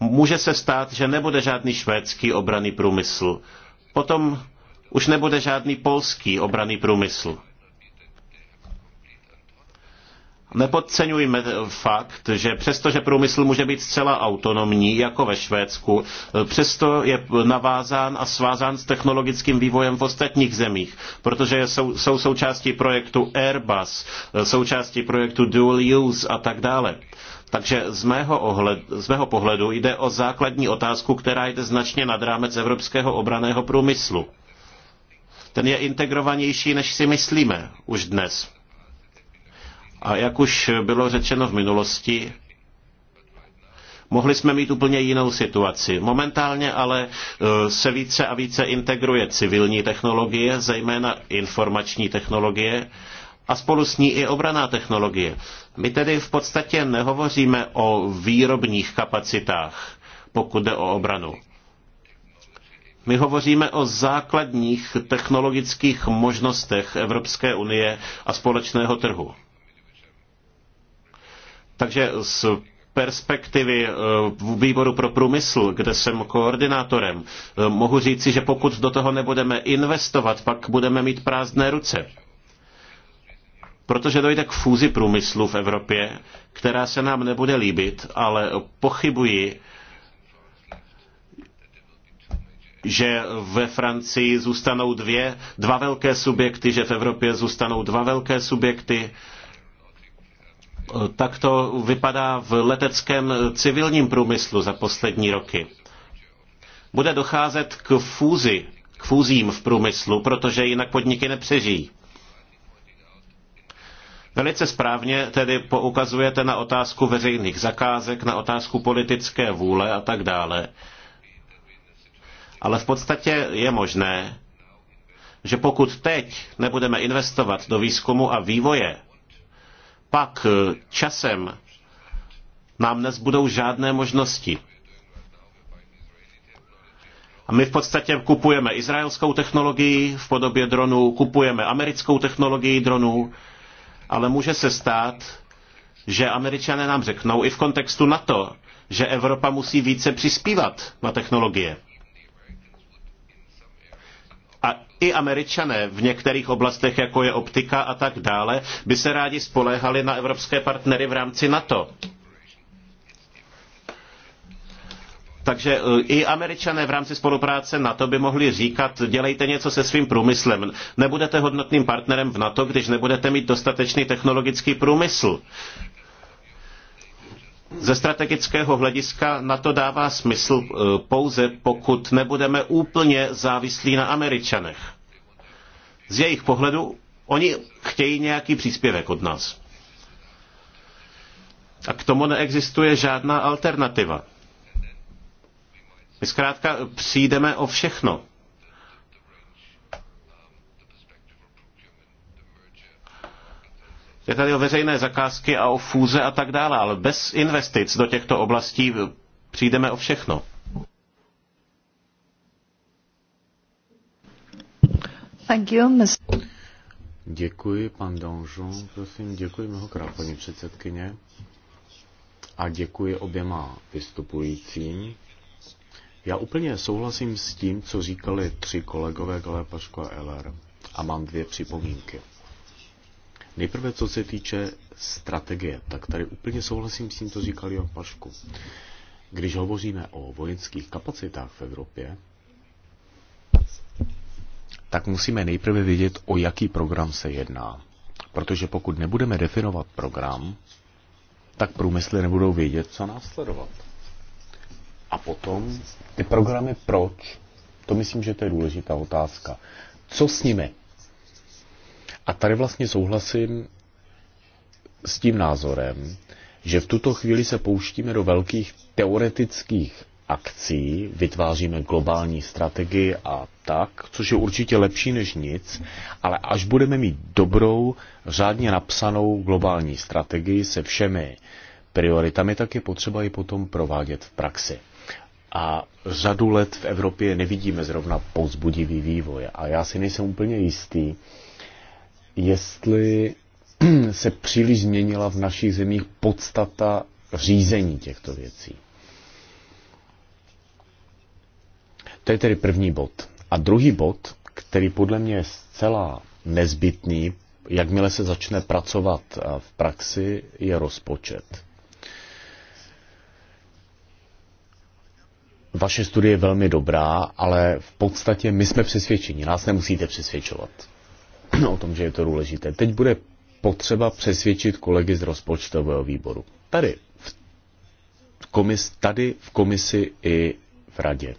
může se stát, že nebude žádný švédský obraný průmysl. Potom už nebude žádný polský obraný průmysl. Nepodceňujme fakt, že přestože průmysl může být zcela autonomní, jako ve Švédsku, přesto je navázán a svázán s technologickým vývojem v ostatních zemích, protože jsou, jsou součástí projektu Airbus, součástí projektu Dual Use a tak dále. Takže z mého, ohled, z mého pohledu jde o základní otázku, která jde značně nad rámec evropského obraného průmyslu ten je integrovanější, než si myslíme už dnes. A jak už bylo řečeno v minulosti, mohli jsme mít úplně jinou situaci. Momentálně ale e, se více a více integruje civilní technologie, zejména informační technologie a spolu s ní i obraná technologie. My tedy v podstatě nehovoříme o výrobních kapacitách, pokud jde o obranu. My hovoříme o základních technologických možnostech Evropské unie a společného trhu. Takže z perspektivy eh, výboru pro průmysl, kde jsem koordinátorem, eh, mohu říci, že pokud do toho nebudeme investovat, pak budeme mít prázdné ruce. Protože dojde k fúzi průmyslu v Evropě, která se nám nebude líbit, ale pochybuji, že ve Francii zůstanou dvě, dva velké subjekty, že v Evropě zůstanou dva velké subjekty. Tak to vypadá v leteckém civilním průmyslu za poslední roky. Bude docházet k fúzi, k fúzím v průmyslu, protože jinak podniky nepřežijí. Velice správně tedy poukazujete na otázku veřejných zakázek, na otázku politické vůle a tak dále. Ale v podstatě je možné, že pokud teď nebudeme investovat do výzkumu a vývoje, pak časem nám nezbudou žádné možnosti. A my v podstatě kupujeme izraelskou technologii v podobě dronů, kupujeme americkou technologii dronů, ale může se stát, že američané nám řeknou i v kontextu NATO, že Evropa musí více přispívat na technologie. i američané v některých oblastech, jako je optika a tak dále, by se rádi spoléhali na evropské partnery v rámci NATO. Takže eh, i američané v rámci spolupráce NATO by mohli říkat, dělejte něco se svým průmyslem. Nebudete hodnotným partnerem v NATO, když nebudete mít dostatečný technologický průmysl ze strategického hlediska na to dává smysl e, pouze, pokud nebudeme úplně závislí na Američanech. Z jejich pohledu oni chtějí nějaký příspěvek od nás. A k tomu neexistuje žádná alternativa. My zkrátka přijdeme o všechno je tady o veřejné zakázky a o fúze a tak dále, ale bez investic do těchto oblastí přijdeme o všechno. Thank you, Ms. Děkuji, pan Donjon, prosím, děkuji mnohokrát, paní předsedkyně. A děkuji oběma vystupujícím. Já úplně souhlasím s tím, co říkali tři kolegové Gale Paško a Eller. A mám dvě připomínky. Nejprve, co se týče strategie, tak tady úplně souhlasím s tím, co říkal Jan Pašku. Když hovoříme o vojenských kapacitách v Evropě, tak musíme nejprve vědět, o jaký program se jedná. Protože pokud nebudeme definovat program, tak průmysly nebudou vědět, co následovat. A potom ty programy proč? To myslím, že to je důležitá otázka. Co s nimi? A tady vlastně souhlasím s tím názorem, že v tuto chvíli se pouštíme do velkých teoretických akcí, vytváříme globální strategii a tak, což je určitě lepší než nic, ale až budeme mít dobrou, řádně napsanou globální strategii se všemi prioritami, tak je potřeba ji potom provádět v praxi. A řadu let v Evropě nevidíme zrovna pozbudivý vývoj a já si nejsem úplně jistý, jestli se příliš změnila v našich zemích podstata řízení těchto věcí. To je tedy první bod. A druhý bod, který podle mě je zcela nezbytný, jakmile se začne pracovat eh, v praxi, je rozpočet. Vaše studie je velmi dobrá, ale v podstatě my jsme přesvědčeni, nás nemusíte přesvědčovat. o tom, že je to důležité. Teď bude potřeba přesvědčit kolegy z rozpočtového výboru. Tady v, komis, tady v komisi i v radě.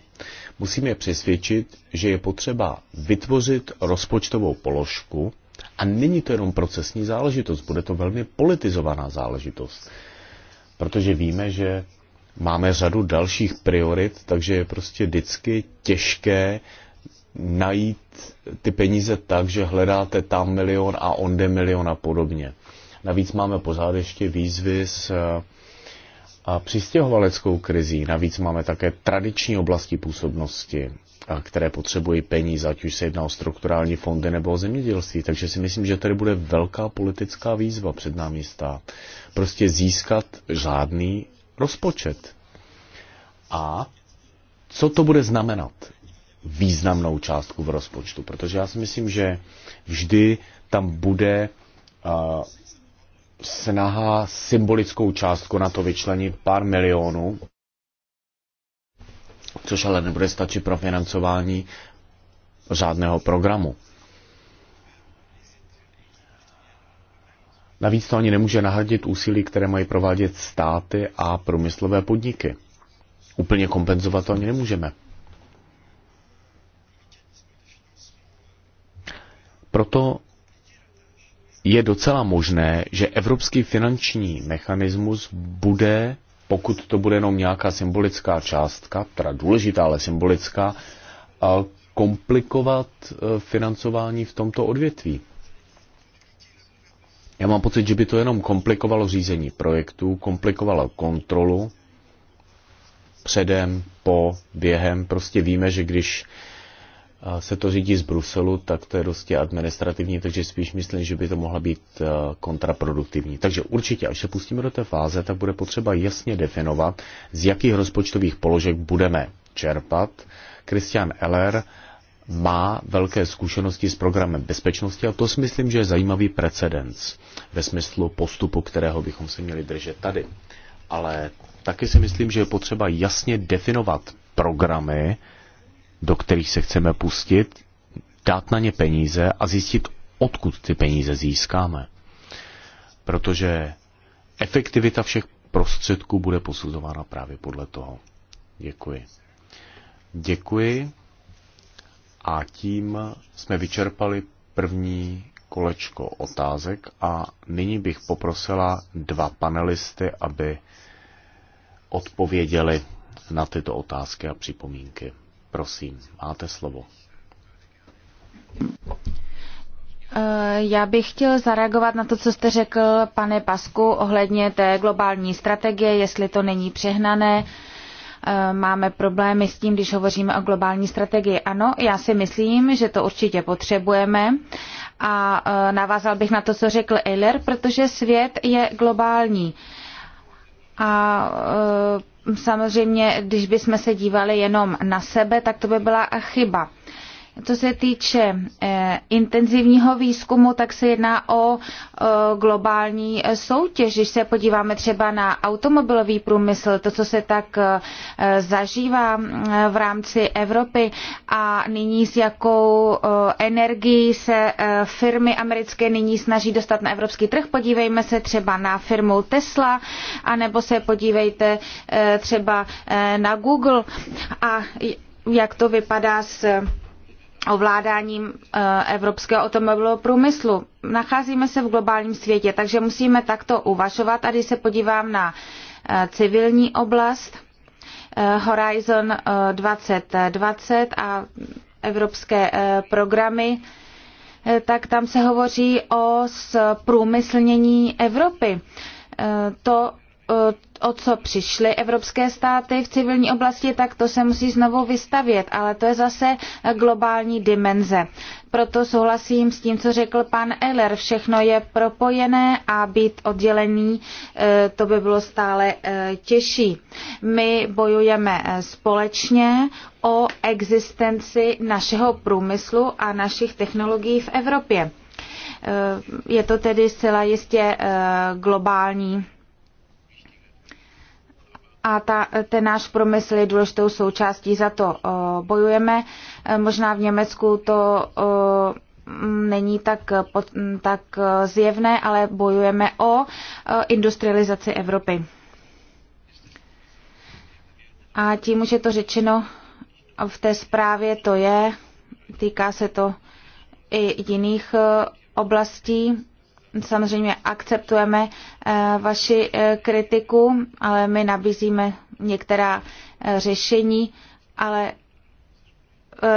Musíme přesvědčit, že je potřeba vytvořit rozpočtovou položku a není to jenom procesní záležitost, bude to velmi politizovaná záležitost. Protože víme, že máme řadu dalších priorit, takže je prostě vždycky těžké najít ty peníze tak, že hledáte tam milion a onde milion a podobně. Navíc máme pořád ještě výzvy s eh, a přistěhovaleckou krizí. Navíc máme také tradiční oblasti působnosti, které potřebují peníze, ať už se jedná o strukturální fondy nebo o zemědělství. Takže si myslím, že tady bude velká politická výzva před námi stát. Prostě získat žádný rozpočet. A co to bude znamenat? významnou částku v rozpočtu, protože já si myslím, že vždy tam bude uh, snaha symbolickou částku na to vyčlenit pár milionů, což ale nebude stačit pro financování řádného programu. Navíc to ani nemůže nahradit úsilí, které mají provádět státy a průmyslové podniky. Úplně kompenzovat to ani nemůžeme. Proto je docela možné, že evropský finanční mechanismus bude, pokud to bude jenom nějaká symbolická částka, teda důležitá, ale symbolická, komplikovat e, financování v tomto odvětví. Já mám pocit, že by to jenom komplikovalo řízení projektů, komplikovalo kontrolu předem, po, během. Prostě víme, že když se to řídí z Bruselu, tak to je dosti administrativní, takže spíš myslím, že by to mohla být eh, kontraproduktivní. Takže určitě, až se pustíme do té fáze, tak bude potřeba jasně definovat, z jakých rozpočtových položek budeme čerpat. Christian Eller má velké zkušenosti s programem bezpečnosti a to si myslím, že je zajímavý precedens ve smyslu postupu, kterého bychom se měli držet tady. Ale taky si myslím, že je potřeba jasně definovat programy, do kterých se chceme pustit, dát na ně peníze a zjistit, odkud ty peníze získáme. Protože efektivita všech prostředků bude posuzována právě podle toho. Děkuji. Děkuji. A tím jsme vyčerpali první kolečko otázek a nyní bych poprosila dva panelisty, aby odpověděli na tyto otázky a připomínky. Prosím, máte slovo. Eh, já bych chtěl zareagovat na to, co jste řekl, pane Pasku, ohledně té globální strategie, jestli to není přehnané. Eh, máme problémy s tím, když hovoříme o globální strategii. Ano, já si myslím, že to určitě potřebujeme. A eh, navázal bych na to, co řekl Eiler, protože svět je globální. A e, samozřejmě, když bychom se dívali jenom na sebe, tak to by byla chyba. Co se týče eh, intenzivního výzkumu, tak se jedná o eh, globální eh, soutěž. Když se podíváme třeba na automobilový průmysl, to, co se tak zažívá mm, v rámci Evropy a nyní s jakou energií se firmy americké nyní snaží dostat na evropský trh. Podívejme se třeba na firmu Tesla, anebo se podívejte třeba na Google a jak to vypadá s ovládáním eh, evropského automobilového průmyslu. Nacházíme se v globálním světě, takže musíme takto uvažovat. A když se podívám na eh, civilní oblast, eh, Horizon 2020 a evropské programy, tak tam se hovoří o průmyslnění Evropy. To o co přišly evropské státy v civilní oblasti, tak to se musí znovu vystavět, ale to je zase globální dimenze. Proto souhlasím s tím, co řekl pan Eller. Všechno je propojené a být oddělený, e, to by bylo stále e, těžší. My bojujeme e, společně o existenci našeho průmyslu a našich technologií v Evropě. Je to tedy zcela jistě globální a ta, ten náš promysl je důležitou součástí, za to bojujeme. E, možná v Německu to není tak, tak e, zjevné, ale bojujeme o industrializaci Evropy. A tím už je to řečeno v té zprávě, to je, týká se to i jiných e, oblastí samozřejmě akceptujeme eh, vaši eh, kritiku, ale my nabízíme některá eh, řešení, ale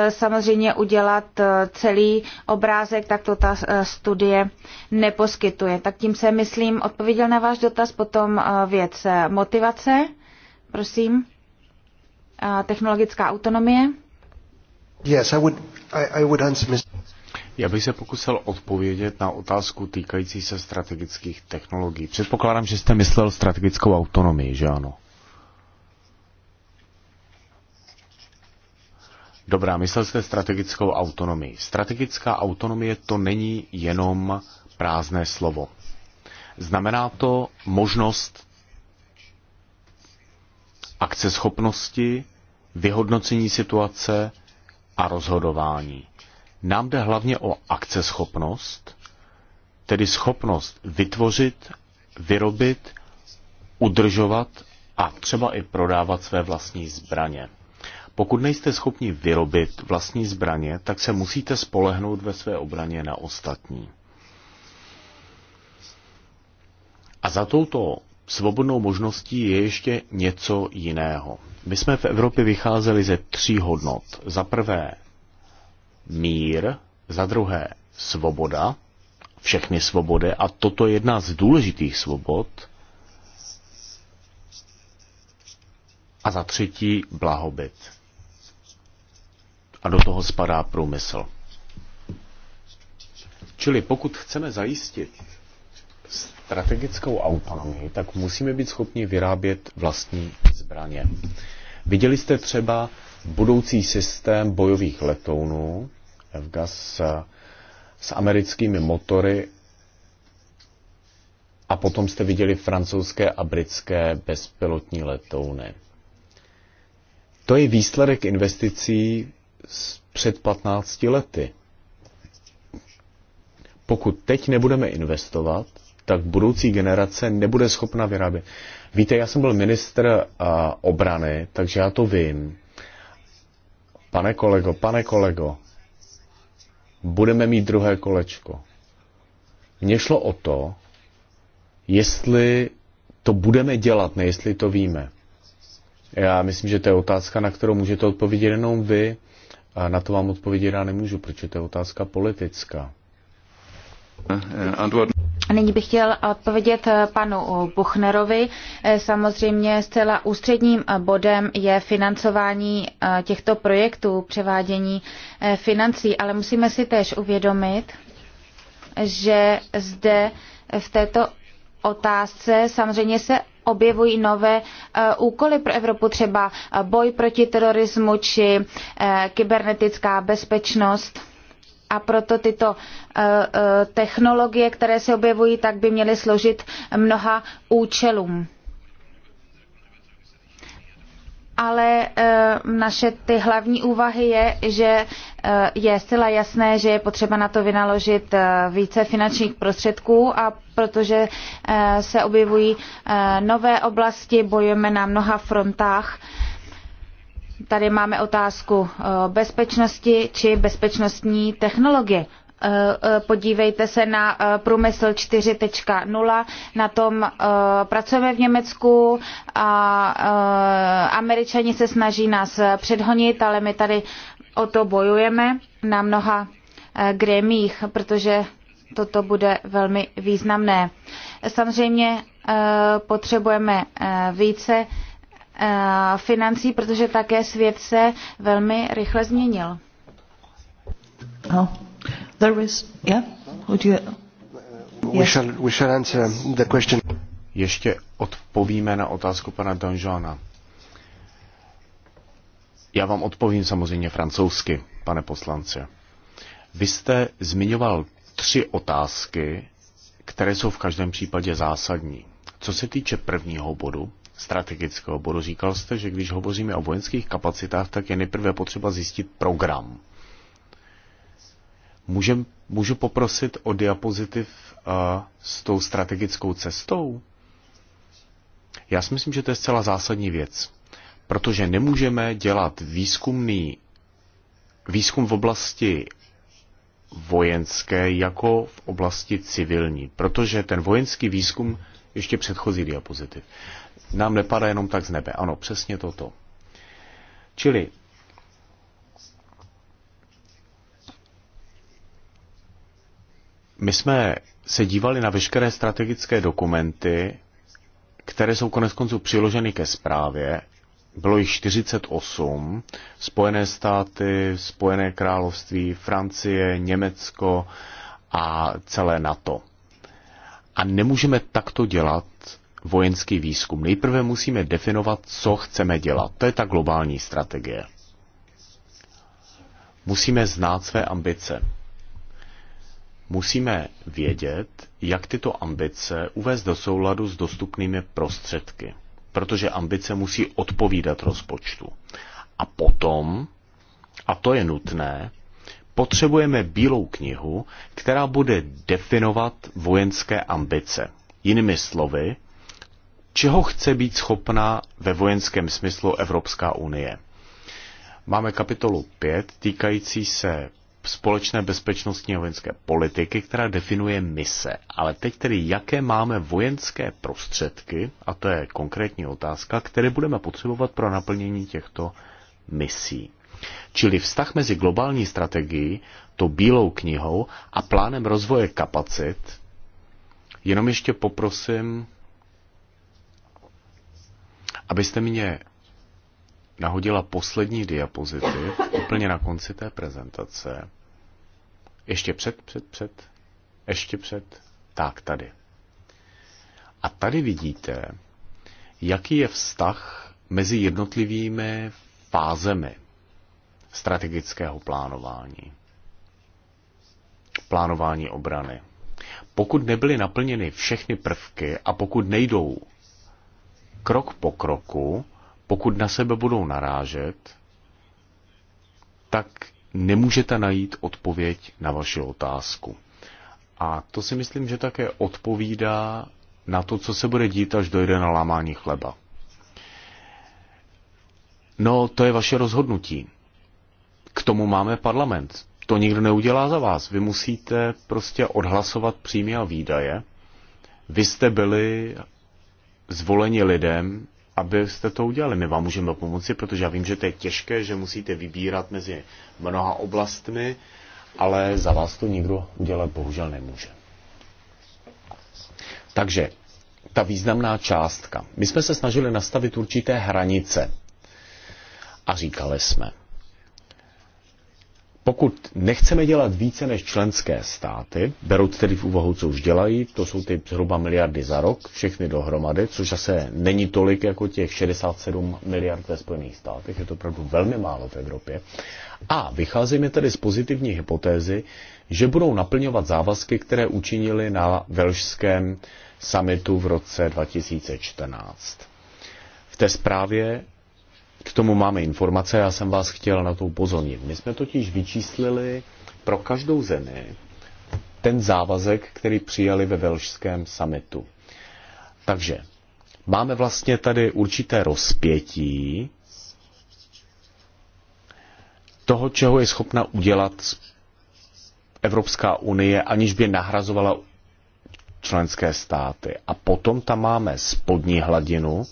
samozřejmě udělat celý obrázek, tak to ta studie neposkytuje. Tak tím se, myslím, odpověděl na váš dotaz. Potom věc motivace, prosím, technologická autonomie. Yes, I would, I, I would answer, Mr. Já bych se pokusil odpovědět na otázku týkající se strategických technologií. Předpokládám, že jste myslel strategickou autonomii, že ano? Dobrá, myslel jste strategickou autonomii. Strategická autonomie to není jenom prázdné slovo. Znamená to možnost akceschopnosti, vyhodnocení situace a rozhodování. Nám jde hlavně o akceschopnost, tedy schopnost vytvořit, vyrobit, udržovat a třeba i prodávat své vlastní zbraně. Pokud nejste schopni vyrobit vlastní zbraně, tak se musíte spolehnout ve své obraně na ostatní. A za touto svobodnou možností je ještě něco jiného. My jsme v Evropě vycházeli ze tří hodnot. Za prvé mír, za druhé svoboda, všechny svobody, a toto je jedna z důležitých svobod, a za třetí blahobyt. A do toho spadá průmysl. Čili pokud chceme zajistit strategickou autonomii, tak musíme být schopni vyrábět vlastní zbraně. Viděli jste třeba budoucí systém bojových letounů FGAS s, s americkými motory a potom jste viděli francouzské a britské bezpilotní letouny. To je výsledek investicí z před 15 lety. Pokud teď nebudeme investovat, tak budoucí generace nebude schopna vyrábět. Víte, já jsem byl ministr obrany, takže já to vím. Pane kolego, pane kolego, budeme mít druhé kolečko. Mně šlo o to, jestli to budeme dělat, ne jestli to víme. Já myslím, že to je otázka, na kterou můžete odpovědět jenom vy. A na to vám odpovědět já nemůžu, protože to je otázka politická. Nyní bych chtěl odpovědět eh, panu eh, Buchnerovi. Eh, samozřejmě zcela ústředním bodem je financování těchto projektů, převádění financí, ale musíme si též uvědomit, že zde v této otázce samozřejmě se objevují nové úkoly pro Evropu, třeba boj proti terorismu či kybernetická bezpečnost a proto tyto eh, eh, technologie, které se objevují, tak by měly složit mnoha účelům. Ale eh, naše ty hlavní úvahy je, že je zcela jasné, že je potřeba na to vynaložit více finančních prostředků a protože se objevují nové oblasti, bojujeme na mnoha frontách. Tady máme otázku eh, bezpečnosti či bezpečnostní technologie. Eh, eh, podívejte se na průmysl 4.0, na tom pracujeme v Německu a američani se snaží nás předhonit, ale my tady o to bojujeme na mnoha grémích, protože toto bude velmi významné. Samozřejmě potřebujeme více Eh, financí, protože také svět se velmi rychle změnil. Oh. There is, yeah? Would you... We shall, we shall answer the question. Ještě odpovíme na otázku pana Donžona. Já vám odpovím samozřejmě francouzsky, pane poslanci. Vy jste zmiňoval tři otázky, které jsou v každém případě zásadní. Co se týče prvního bodu, strategického bodu. Říkal jste, že když hovoříme o vojenských kapacitách, tak je nejprve potřeba zjistit program. Můžem, můžu poprosit o diapozitiv uh, s tou strategickou cestou? Já si myslím, že to je zcela zásadní věc, protože nemůžeme dělat výzkumný výzkum v oblasti vojenské jako v oblasti civilní, protože ten vojenský výzkum ještě předchozí diapozitiv nám nepadá jenom tak z nebe. Ano, přesně toto. Čili my jsme se dívali na veškeré strategické dokumenty, které jsou konec konců přiloženy ke zprávě. Bylo jich 48. Spojené státy, Spojené království, Francie, Německo a celé NATO. A nemůžeme takto dělat vojenský výzkum. Nejprve musíme definovat, co chceme dělat. To je ta globální strategie. Musíme znát své ambice. Musíme vědět, jak tyto ambice uvést do souladu s dostupnými prostředky, protože ambice musí odpovídat rozpočtu. A potom, a to je nutné, potřebujeme bílou knihu, která bude definovat vojenské ambice. Jinými slovy, čeho chce být schopná ve vojenském smyslu Evropská unie. Máme kapitolu 5 týkající se společné bezpečnostní a vojenské politiky, která definuje mise. Ale teď tedy, jaké máme vojenské prostředky, a to je konkrétní otázka, které budeme potřebovat pro naplnění těchto misí. Čili vztah mezi globální strategií, to bílou knihou a plánem rozvoje kapacit. Jenom ještě poprosím abyste mě nahodila poslední diapozitiv úplně na konci té prezentace. Ještě před, před, před, ještě před, tak tady. A tady vidíte, jaký je vztah mezi jednotlivými fázemi strategického plánování. Plánování obrany. Pokud nebyly naplněny všechny prvky a pokud nejdou krok po kroku, pokud na sebe budou narážet, tak nemůžete najít odpověď na vaši otázku. A to si myslím, že také odpovídá na to, co se bude dít, až dojde na lámání chleba. No, to je vaše rozhodnutí. K tomu máme parlament. To nikdo neudělá za vás. Vy musíte prostě odhlasovat příjmy a výdaje. Vy jste byli zvoleni lidem, abyste to udělali. My vám můžeme pomoci, protože já vím, že to je těžké, že musíte vybírat mezi mnoha oblastmi, ale za vás to nikdo udělat bohužel nemůže. Takže ta významná částka. My jsme se snažili nastavit určité hranice a říkali jsme, pokud nechceme dělat více než členské státy, berou tedy v úvahu, co už dělají, to jsou ty zhruba miliardy za rok, všechny dohromady, což zase není tolik jako těch 67 miliard ve Spojených státech, je to opravdu velmi málo v Evropě. A vycházíme tedy z pozitivní hypotézy, že budou naplňovat závazky, které učinili na velšském summitu v roce 2014. V té zprávě k tomu máme informace, já jsem vás chtěl na to upozornit. My jsme totiž vyčíslili pro každou zemi ten závazek, který přijali ve velšském summitu. Takže máme vlastně tady určité rozpětí toho, čeho je schopna udělat Evropská unie, aniž by nahrazovala členské státy. A potom tam máme spodní hladinu,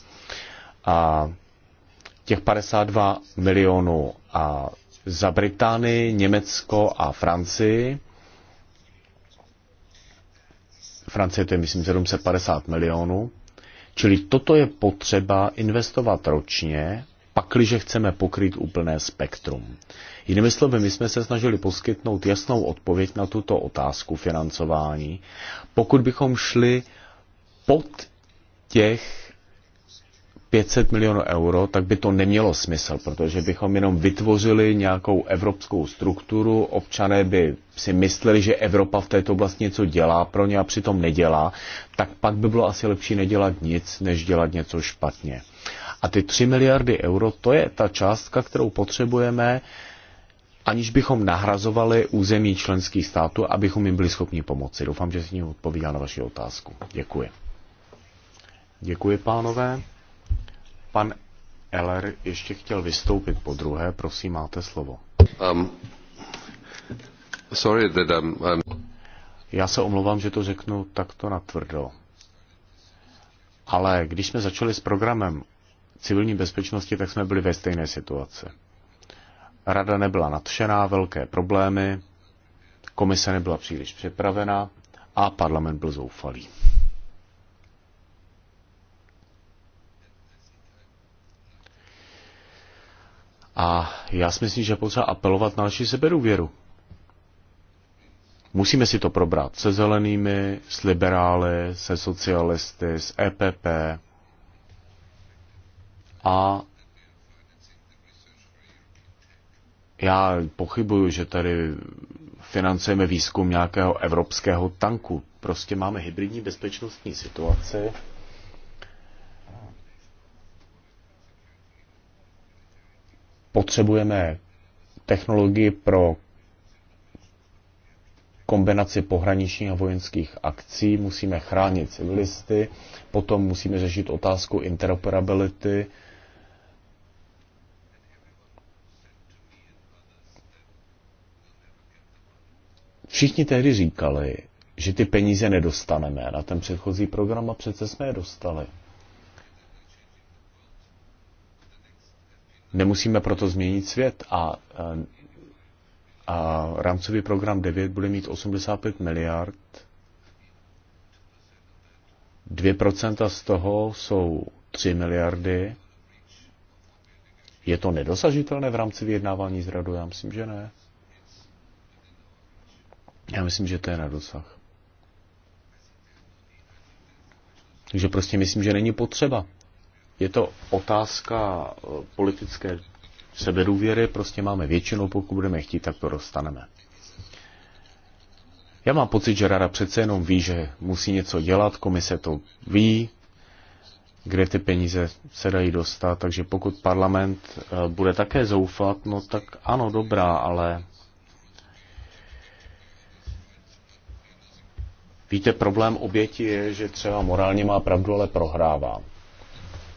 a těch 52 milionů a za Británii, Německo a Francii. Francie to je, myslím, 750 milionů. Čili toto je potřeba investovat ročně, pakliže chceme pokrýt úplné spektrum. Jinými slovy, my jsme se snažili poskytnout jasnou odpověď na tuto otázku financování. Pokud bychom šli pod těch 500 milionů euro, tak by to nemělo smysl, protože bychom jenom vytvořili nějakou evropskou strukturu, občané by si mysleli, že Evropa v této oblasti něco dělá pro ně a přitom nedělá, tak pak by bylo asi lepší nedělat nic, než dělat něco špatně. A ty 3 miliardy euro, to je ta částka, kterou potřebujeme, aniž bychom nahrazovali území členských států, abychom jim byli schopni pomoci. Doufám, že jsem odpovídal na vaši otázku. Děkuji. Děkuji, pánové. Pan Eller ještě chtěl vystoupit po druhé, prosím, máte slovo. Um, sorry that I'm, um, I'm... Um, Já se omlouvám, že to řeknu takto natvrdo. Ale když jsme začali s programem civilní bezpečnosti, tak jsme byli ve stejné situaci. Rada nebyla nadšená, velké problémy, komise nebyla příliš připravená a parlament byl zoufalý. A já si myslím, že potřeba apelovat na naši sebedůvěru. Musíme si to probrat se zelenými, s liberály, se socialisty, s EPP a já pochybuju, že tady financujeme výzkum nějakého evropského tanku. Prostě máme hybridní bezpečnostní situaci potřebujeme technologii pro kombinaci pohraničních a vojenských akcí, musíme chránit civilisty, potom musíme řešit otázku interoperability. Všichni tehdy říkali, že ty peníze nedostaneme na ten předchozí program a přece jsme je dostali. Nemusíme proto změnit svět a, a rámcový program 9 bude mít 85 miliard. 2% z toho jsou 3 miliardy. Je to nedosažitelné v rámci vyjednávání s radou? Já myslím, že ne. Já myslím, že to je na dosah. Takže prostě myslím, že není potřeba je to otázka eh, politické sebedůvěry, prostě máme většinu, pokud budeme chtít, tak to dostaneme. Já mám pocit, že rada přece jenom ví, že musí něco dělat, komise to ví, kde ty peníze se dají dostat, takže pokud parlament eh, bude také zoufat, no tak ano, dobrá, ale víte, problém oběti je, že třeba morálně má pravdu, ale prohrává.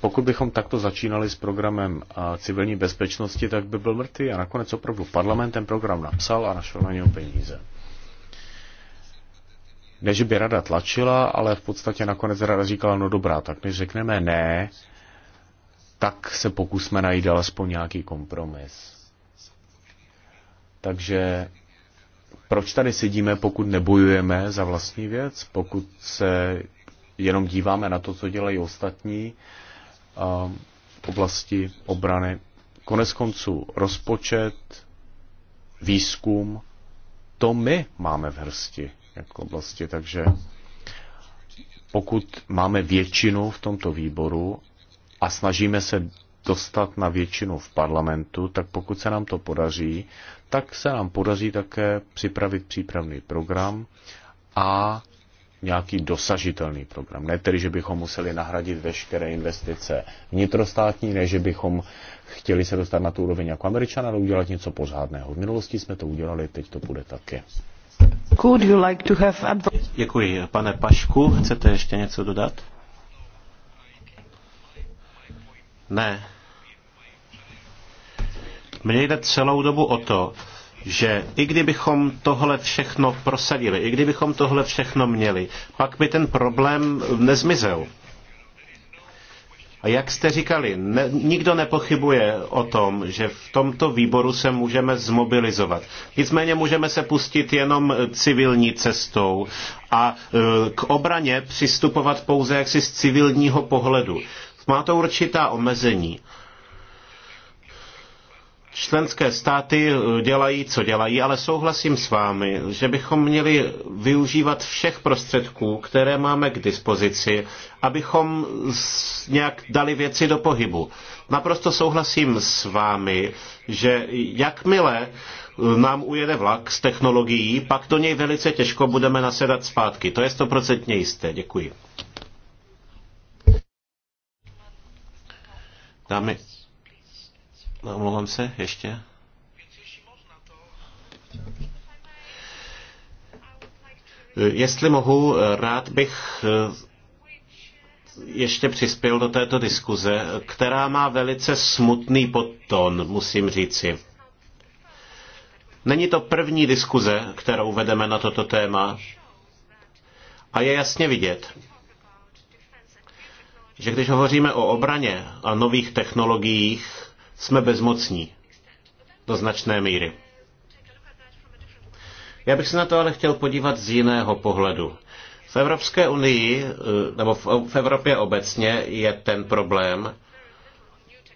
Pokud bychom takto začínali s programem civilní bezpečnosti, tak by byl mrtvý a nakonec opravdu parlament ten program napsal a našel na něj peníze. Ne, že by rada tlačila, ale v podstatě nakonec rada říkala, no dobrá, tak než řekneme ne, tak se pokusme najít alespoň nějaký kompromis. Takže proč tady sedíme, pokud nebojujeme za vlastní věc, pokud se jenom díváme na to, co dělají ostatní v oblasti obrany. Konec konců rozpočet, výzkum, to my máme v hrsti jako oblasti, takže pokud máme většinu v tomto výboru a snažíme se dostat na většinu v parlamentu, tak pokud se nám to podaří, tak se nám podaří také připravit přípravný program a nějaký dosažitelný program. Ne tedy, že bychom museli nahradit veškeré investice vnitrostátní, ne že bychom chtěli se dostat na tu úroveň jako američan, ale udělat něco pořádného. V minulosti jsme to udělali, teď to bude také. Could you like to have Děkuji. Pane Pašku, chcete ještě něco dodat? Ne. Mně jde celou dobu o to, že i kdybychom tohle všechno prosadili, i kdybychom tohle všechno měli, pak by ten problém nezmizel. A jak jste říkali, ne, nikdo nepochybuje o tom, že v tomto výboru se můžeme zmobilizovat. Nicméně můžeme se pustit jenom civilní cestou a e, k obraně přistupovat pouze jaksi z civilního pohledu. Má to určitá omezení. Členské státy eh, dělají, co dělají, ale souhlasím s vámi, že bychom měli využívat všech prostředků, které máme k dispozici, abychom nějak dali věci do pohybu. Naprosto souhlasím s vámi, že jakmile eh, nám ujede vlak s technologií, pak do něj velice těžko budeme nasedat zpátky. To je stoprocentně jisté. Děkuji. Dámy omlouvám se, ještě. Jestli mohu, rád bych eh, ještě přispěl do této diskuze, která má velice smutný podton, musím říci. Není to první diskuze, kterou vedeme na toto téma a je jasně vidět, že když hovoříme o obraně a nových technologiích, jsme bezmocní do značné míry. Já bych se na to ale chtěl podívat z jiného pohledu. V Evropské unii, eh, nebo v Evropě obecně, je ten problém,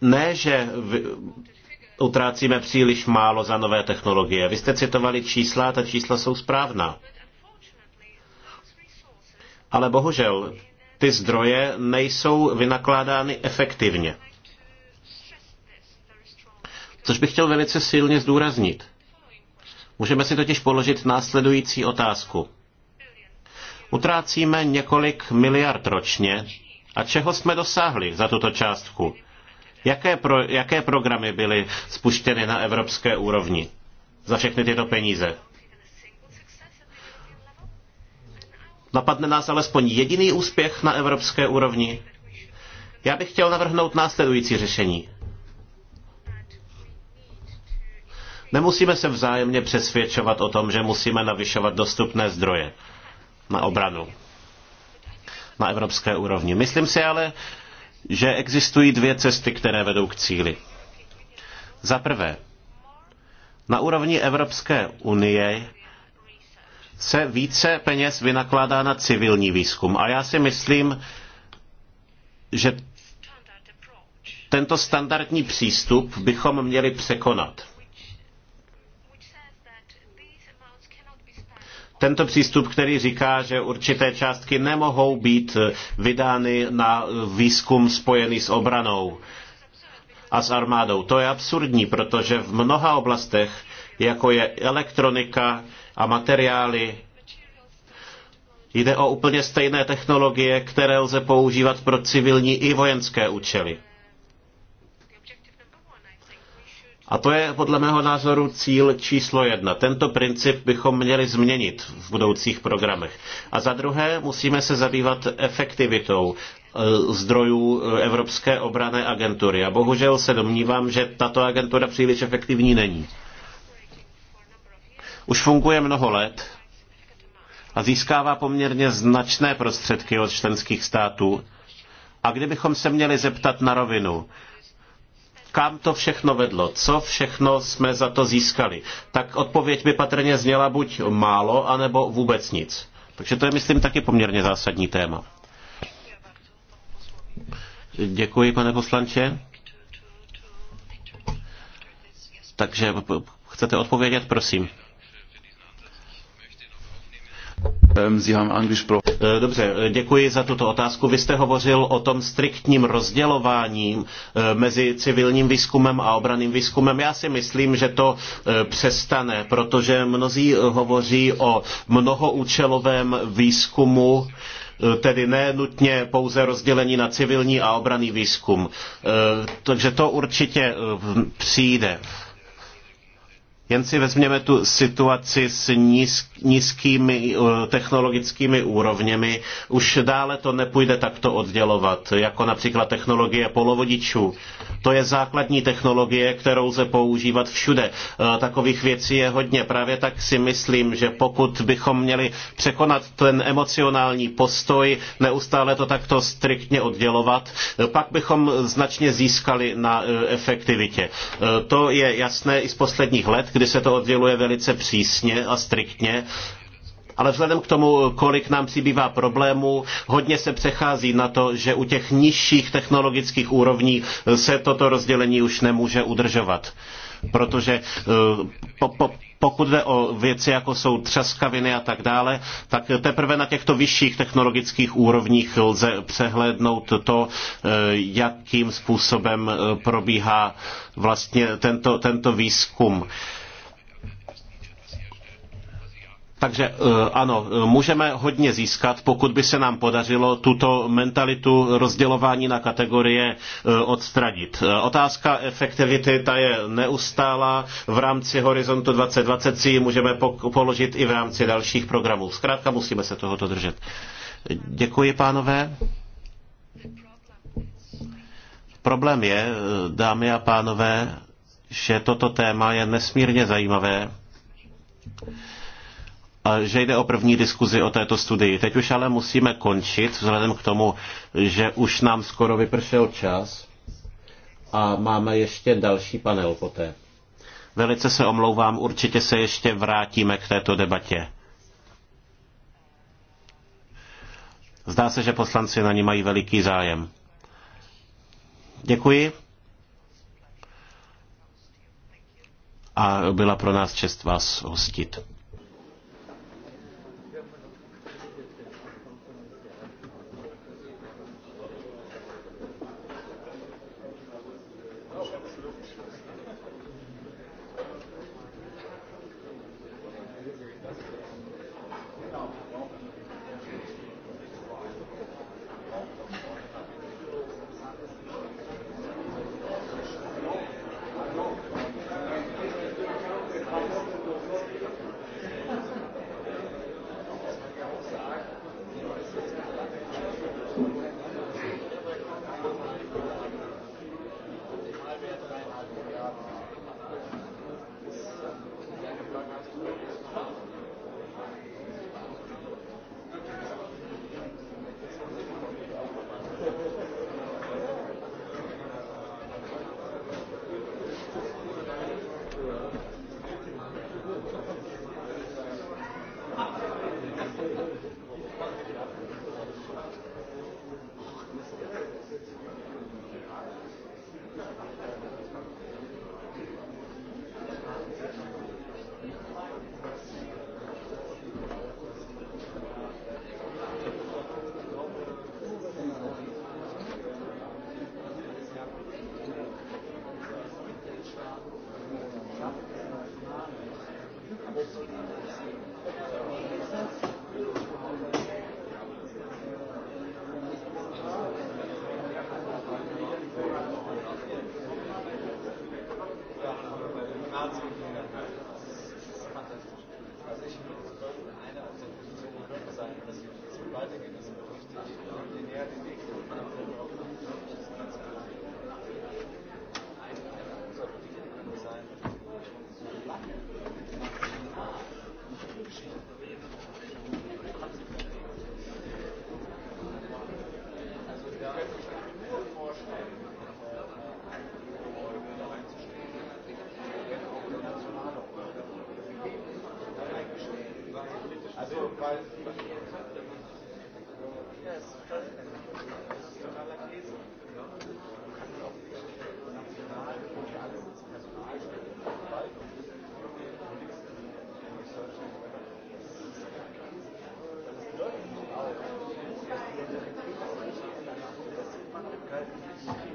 ne, že utrácíme příliš málo za nové technologie. Vy jste citovali čísla, ta čísla jsou správná. Ale bohužel, ty zdroje nejsou vynakládány efektivně což bych chtěl velice silně zdůraznit. Můžeme si totiž položit následující otázku. Utrácíme několik miliard ročně a čeho jsme dosáhli za tuto částku? Jaké, pro, jaké programy byly spuštěny na evropské úrovni za všechny tyto peníze? Napadne nás alespoň jediný úspěch na evropské úrovni? Já bych chtěl navrhnout následující řešení. Nemusíme se vzájemně přesvědčovat o tom, že musíme navyšovat dostupné zdroje na obranu na evropské úrovni. Myslím si ale, že existují dvě cesty, které vedou k cíli. Za prvé, na úrovni Evropské unie se více peněz vynakládá na civilní výzkum. A já si myslím, že tento standardní přístup bychom měli překonat. Tento přístup, který říká, že určité částky nemohou být vydány na výzkum spojený s obranou a s armádou. To je absurdní, protože v mnoha oblastech, jako je elektronika a materiály, jde o úplně stejné technologie, které lze používat pro civilní i vojenské účely. A to je podle mého názoru cíl číslo jedna. Tento princip bychom měli změnit v budoucích programech. A za druhé musíme se zabývat efektivitou e, zdrojů e, Evropské obrané agentury. A bohužel se domnívám, že tato agentura příliš efektivní není. Už funguje mnoho let a získává poměrně značné prostředky od členských států. A kdybychom se měli zeptat na rovinu, kam to všechno vedlo, co všechno jsme za to získali, tak odpověď by patrně zněla buď málo, anebo vůbec nic. Takže to je, myslím, taky poměrně zásadní téma. Děkuji, pane poslanče. Takže chcete odpovědět, prosím. Eh, dobře, eh, děkuji za tuto otázku. Vy jste hovořil o tom striktním rozdělování eh, mezi civilním výzkumem a obraným výzkumem. Já si myslím, že to přestane, protože mnozí hovoří o mnohoúčelovém výzkumu, tedy ne nutně pouze rozdělení na civilní a obranný výzkum. Takže to určitě přijde. Jen si vezměme tu situaci s nízkými eh, technologickými úrovněmi. Už dále to nepůjde takto oddělovat, jako například technologie polovodičů. To je základní technologie, kterou lze používat všude. Eh, takových věcí je hodně. Právě tak si myslím, že pokud bychom měli překonat ten emocionální postoj, neustále to takto striktně oddělovat, eh, pak bychom značně získali na efektivitě. To je jasné i z posledních let, kdy se to odděluje velice přísně a striktně, ale vzhledem k tomu, kolik nám přibývá problémů, hodně se přechází na to, že u těch nižších technologických úrovní se toto rozdělení už nemůže udržovat. Protože eh, po, po, pokud jde o věci, jako jsou třaskaviny a tak dále, tak teprve na těchto vyšších technologických úrovních lze přehlédnout to, eh, jakým způsobem eh, probíhá vlastně tento, tento výzkum. Takže eh, ano, můžeme hodně získat, pokud by se nám podařilo tuto mentalitu rozdělování na kategorie eh, odstranit. Eh, otázka efektivity, ta je neustálá. V rámci Horizontu 2020 si ji můžeme položit i v rámci dalších programů. Zkrátka musíme se tohoto držet. Děkuji, pánové. Problém je, dámy a pánové, že toto téma je nesmírně zajímavé že jde o první diskuzi o této studii. Teď už ale musíme končit, vzhledem k tomu, že už nám skoro vypršel čas a máme ještě další panel poté. Velice se omlouvám, určitě se ještě vrátíme k této debatě. Zdá se, že poslanci na ní mají veliký zájem. Děkuji. A byla pro nás čest vás hostit.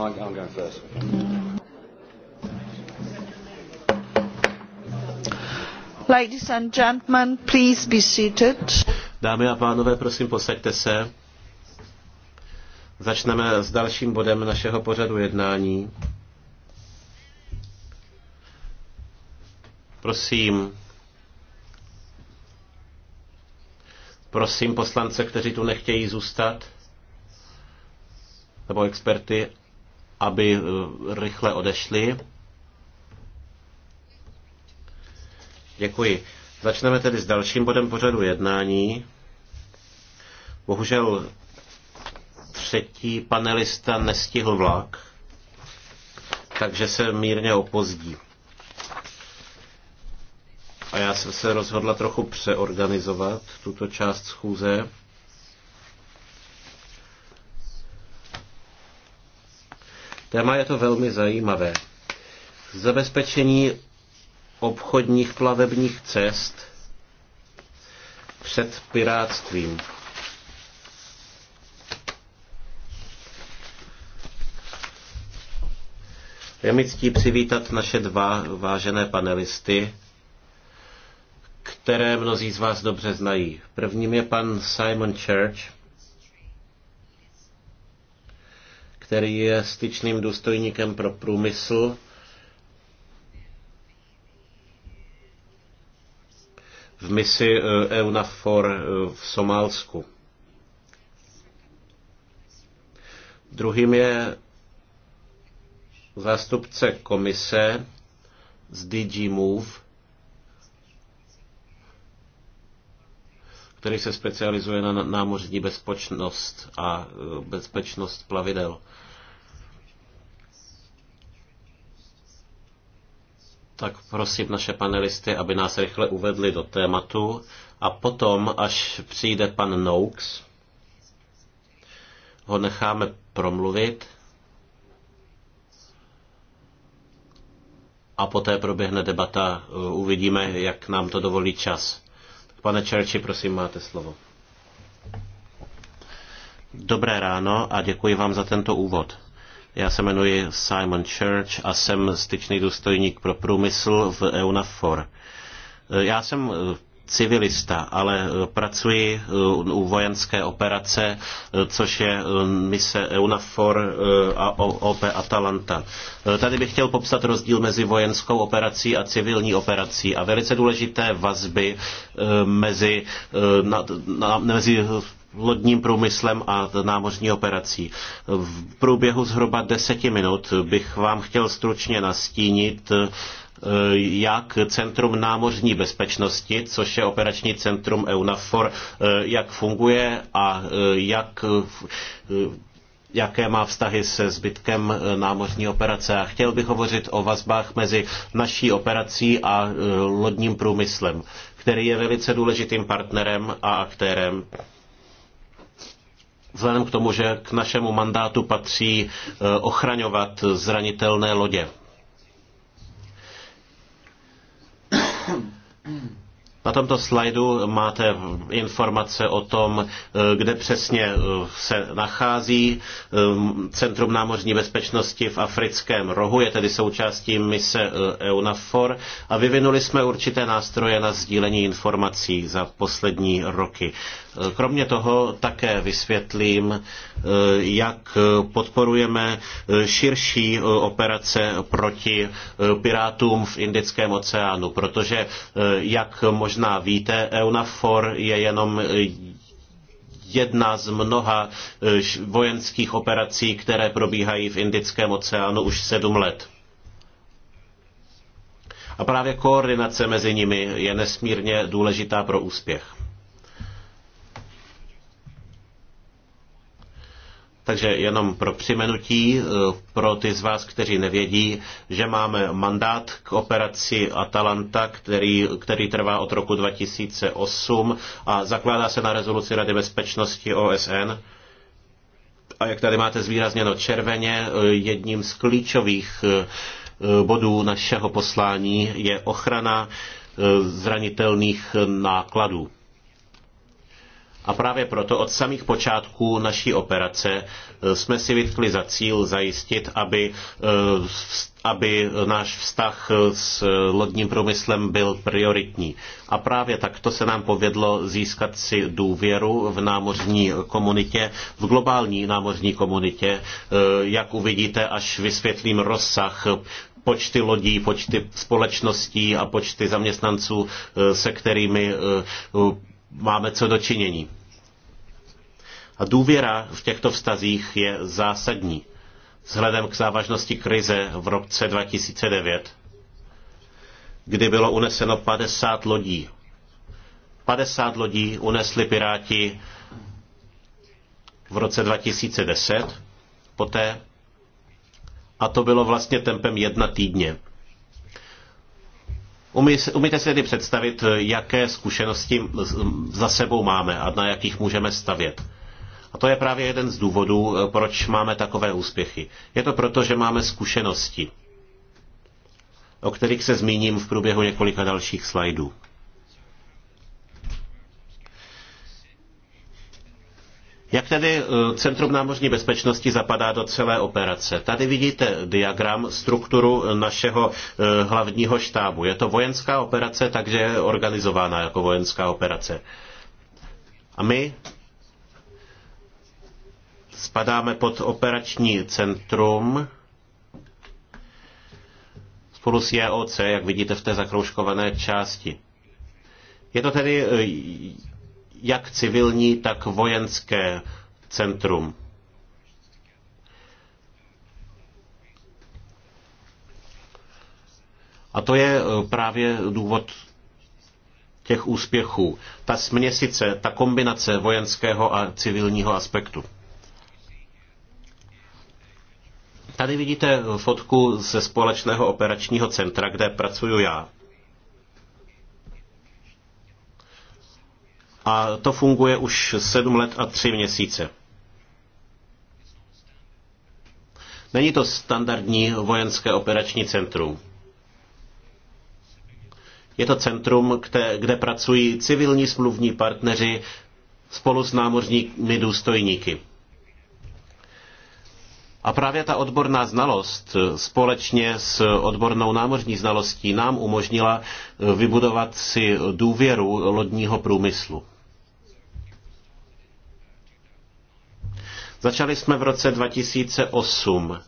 I'm going first. Ladies and gentlemen, please be seated. Dámy a pánové, prosím, posaďte se. Začneme s dalším bodem našeho pořadu jednání. Prosím. Prosím poslance, kteří tu nechtějí zůstat, nebo experty, aby eh, rychle odešli. Děkuji. Začneme tedy s dalším bodem pořadu jednání. Bohužel třetí panelista nestihl vlak, takže se mírně opozdí. A já jsem se rozhodla trochu přeorganizovat tuto část schůze. téma je to velmi zajímavé. Zabezpečení obchodních plavebních cest před piráctvím. Je mi ctí přivítat naše dva vážené panelisty, které mnozí z vás dobře znají. Prvním je pan Simon Church, který je styčným důstojníkem pro průmysl. v misi eh, EUNAFOR eh, v Somálsku. Druhým je zástupce komise z DG Move, který se specializuje na námořní bezpečnost a e, bezpečnost plavidel. Tak prosím naše panelisty, aby nás rychle uvedli do tématu a potom, až přijde pan Noakes, ho necháme promluvit a poté proběhne debata. E, uvidíme, jak nám to dovolí čas. Pane Čerči, prosím, máte slovo. Dobré ráno a děkuji vám za tento úvod. Já se jmenuji Simon Church a jsem styčný důstojník pro průmysl v EUNAFOR. Já jsem civilista, ale eh, pracuji eh, u vojenské operace, eh, což je mise EUNAFOR a OP Atalanta. Tady bych chtěl popsat rozdíl mezi vojenskou operací a civilní operací a velice důležité vazby mezi, na, na, mezi lodním průmyslem a námořní operací. V průběhu zhruba deseti minut bych vám chtěl stručně nastínit Eh, jak Centrum námořní bezpečnosti, což je operační centrum EUNAFOR, eh, jak funguje a eh, jak jaké má vztahy se zbytkem námořní operace. A chtěl bych hovořit o vazbách mezi naší operací a lodním průmyslem, který je velice důležitým partnerem a aktérem vzhledem k tomu, že k našemu mandátu patří ochraňovat zranitelné lodě Na tomto slajdu máte informace o tom, eh, kde přesně eh, se nachází eh, Centrum námořní bezpečnosti v africkém rohu, je tedy součástí mise EUNAFOR a vyvinuli jsme určité nástroje na sdílení informací za poslední roky. Kromě toho také vysvětlím, eh, jak podporujeme širší eh, operace proti eh, pirátům v Indickém oceánu, protože, jak možná víte, EUNAFOR je jenom jedna z mnoha vojenských operací, které probíhají v Indickém oceánu už sedm let. A právě koordinace mezi nimi je nesmírně důležitá pro úspěch. Takže jenom pro přimenutí, eh, pro ty z vás, kteří nevědí, že máme mandát k operaci Atalanta, který, který trvá od roku 2008 a zakládá se na rezoluci Rady bezpečnosti OSN a jak tady máte zvýrazněno červeně, eh, jedním z klíčových eh, bodů našeho poslání je ochrana zranitelných nákladů. A právě proto od samých počátků naší operace e, jsme si vytkli za cíl zajistit, aby, e, aby náš vztah e, s lodním průmyslem byl prioritní. A právě takto se nám povedlo získat si důvěru v námořní komunitě, v globální námořní komunitě, jak uvidíte, až vysvětlím rozsah počty lodí, počty společností a počty zaměstnanců, se kterými máme co dočinění. A důvěra v těchto vztazích je zásadní. Vzhledem k závažnosti krize v roce 2009, kdy bylo uneseno 50 lodí. 50 lodí unesli piráti v roce 2010, poté, a to bylo vlastně tempem jedna týdně. Umíte si tedy představit, jaké zkušenosti za sebou máme a na jakých můžeme stavět to je právě jeden z důvodů, eh, proč máme takové úspěchy. Je to proto, že máme zkušenosti, o kterých se zmíním v průběhu několika dalších slajdů. Jak tedy eh, Centrum námořní bezpečnosti zapadá do celé operace? Tady vidíte diagram, strukturu eh, našeho hlavního štábu. Je to vojenská operace, takže je organizována jako vojenská operace. A my Spadáme pod operační centrum spolu s JOC, jak vidíte v té zakroužkované části. Je to tedy eh, jak civilní, tak vojenské centrum. A to je eh, právě důvod těch úspěchů. Ta směsice, ta kombinace vojenského a civilního aspektu. Tady vidíte fotku ze společného operačního centra, kde pracuju já. A to funguje už 7 let a 3 měsíce. Není to standardní vojenské operační centrum. Je to centrum, kde, kde pracují civilní smluvní partneři spolu s námořními důstojníky. A právě ta odborná znalost eh, společně s odbornou námořní znalostí nám umožnila eh, vybudovat si důvěru lodního průmyslu. Začali jsme v roce 2008.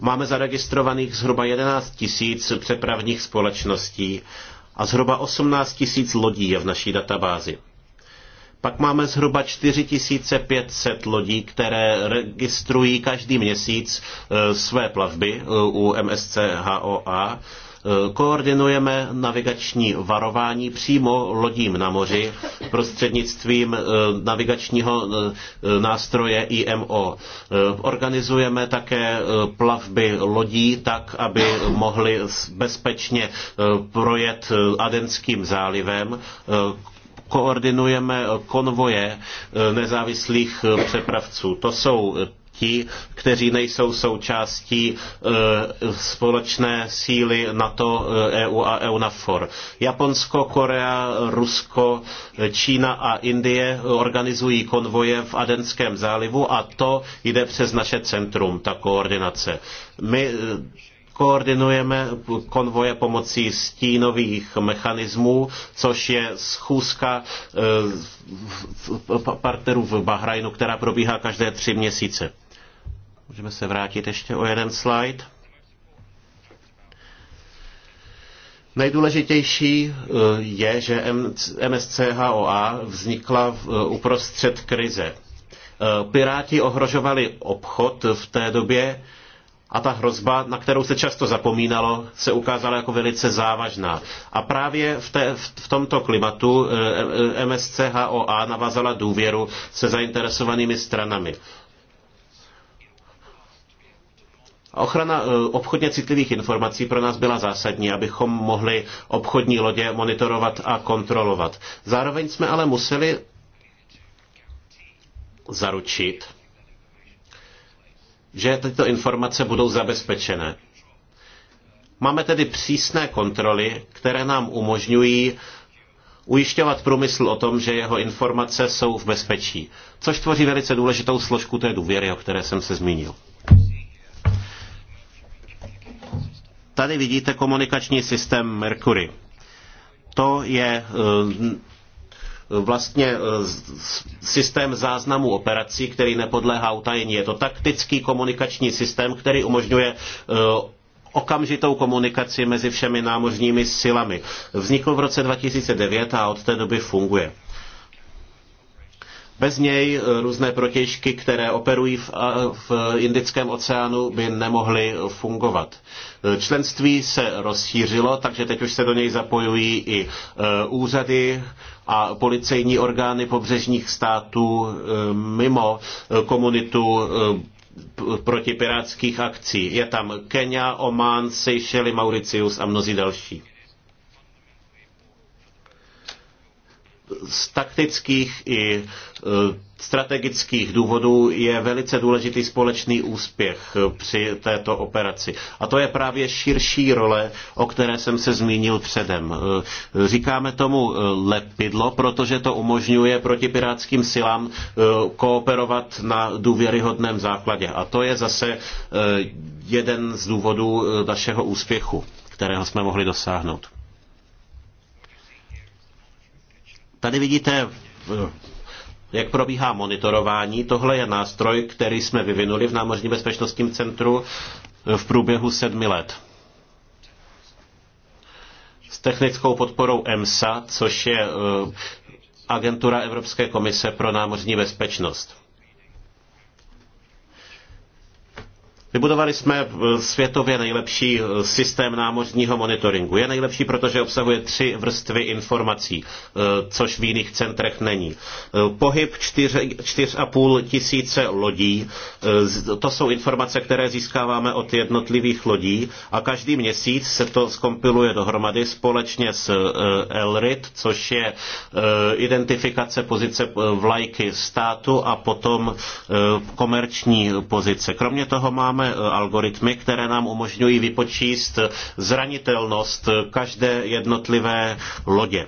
Máme zaregistrovaných zhruba 11 tisíc přepravních společností a zhruba 18 tisíc lodí je v naší databázi. Pak máme zhruba 4500 lodí, které registrují každý měsíc e, své plavby e, u MSC HOA. E, koordinujeme navigační varování přímo lodím na moři prostřednictvím navigačního nástroje IMO. Organizujeme také plavby lodí tak, aby mohly bezpečně projet Adenským zálivem koordinujeme konvoje eh, nezávislých eh, přepravců. To jsou eh, ti, kteří nejsou součástí společné síly NATO, EU e a EUNAFOR. Japonsko, Korea, Rusko, Čína a Indie organizují konvoje v Adenském zálivu a to jde přes naše centrum, ta koordinace. My Koordinujeme konvoje pomocí stínových mechanismů, což je schůzka eh, partnerů v Bahrajnu, která probíhá každé tři měsíce. Můžeme se vrátit ještě o jeden slide. Nejdůležitější eh, je, že MSCHOA vznikla eh, uprostřed krize. Piráti ohrožovali obchod v té době a ta hrozba, na kterou se často zapomínalo, se ukázala jako velice závažná. A právě v, té, v tomto klimatu eh, eh, MSCHOA navázala důvěru se zainteresovanými stranami. Ochrana eh, obchodně citlivých informací pro nás byla zásadní, abychom mohli obchodní lodě monitorovat a kontrolovat. Zároveň jsme ale museli zaručit, že tyto informace budou zabezpečené. Máme tedy přísné kontroly, které nám umožňují ujišťovat průmysl o tom, že jeho informace jsou v bezpečí, což tvoří velice důležitou složku té důvěry, o které jsem se zmínil. Tady vidíte komunikační systém Mercury. To je eh, vlastně eh, systém záznamu operací, který nepodléhá utajení. Je to taktický komunikační systém, který umožňuje eh, okamžitou komunikaci mezi všemi námořními silami. Vznikl v roce 2009 a od té doby funguje. Bez něj eh, různé protěžky, které operují v, v Indickém oceánu, by nemohly fungovat. Eh, členství se rozšířilo, takže teď už se do něj zapojují i eh, úřady a policejní orgány pobřežních států mimo komunitu protipirátských akcí. Je tam Kenya, Oman, Seychely, Mauricius a mnozí další. z taktických i e, strategických důvodů je velice důležitý společný úspěch e, při této operaci. A to je právě širší role, o které jsem se zmínil předem. E, říkáme tomu lepidlo, protože to umožňuje pirátským silám kooperovat na důvěryhodném základě. A to je zase jeden z důvodů našeho úspěchu, kterého jsme mohli dosáhnout. Tady vidíte jak probíhá monitorování. Tohle je nástroj, který jsme vyvinuli v Námořním bezpečnostním centru v průběhu sedmi let. S technickou podporou EMSA, což je eh, agentura Evropské komise pro námořní bezpečnost. Vybudovali jsme eh, světově nejlepší eh, systém námořního monitoringu. Je nejlepší, protože obsahuje tři vrstvy informací, eh, což v jiných centrech není. Pohyb 4,5 tisíce lodí, to jsou informace, které získáváme od jednotlivých lodí a každý měsíc se to skompiluje dohromady společně s ELRIT, což je identifikace pozice vlajky státu a potom komerční pozice. Kromě toho máme máme e, algoritmy, které nám umožňují vypočíst e, zranitelnost e, každé jednotlivé lodě.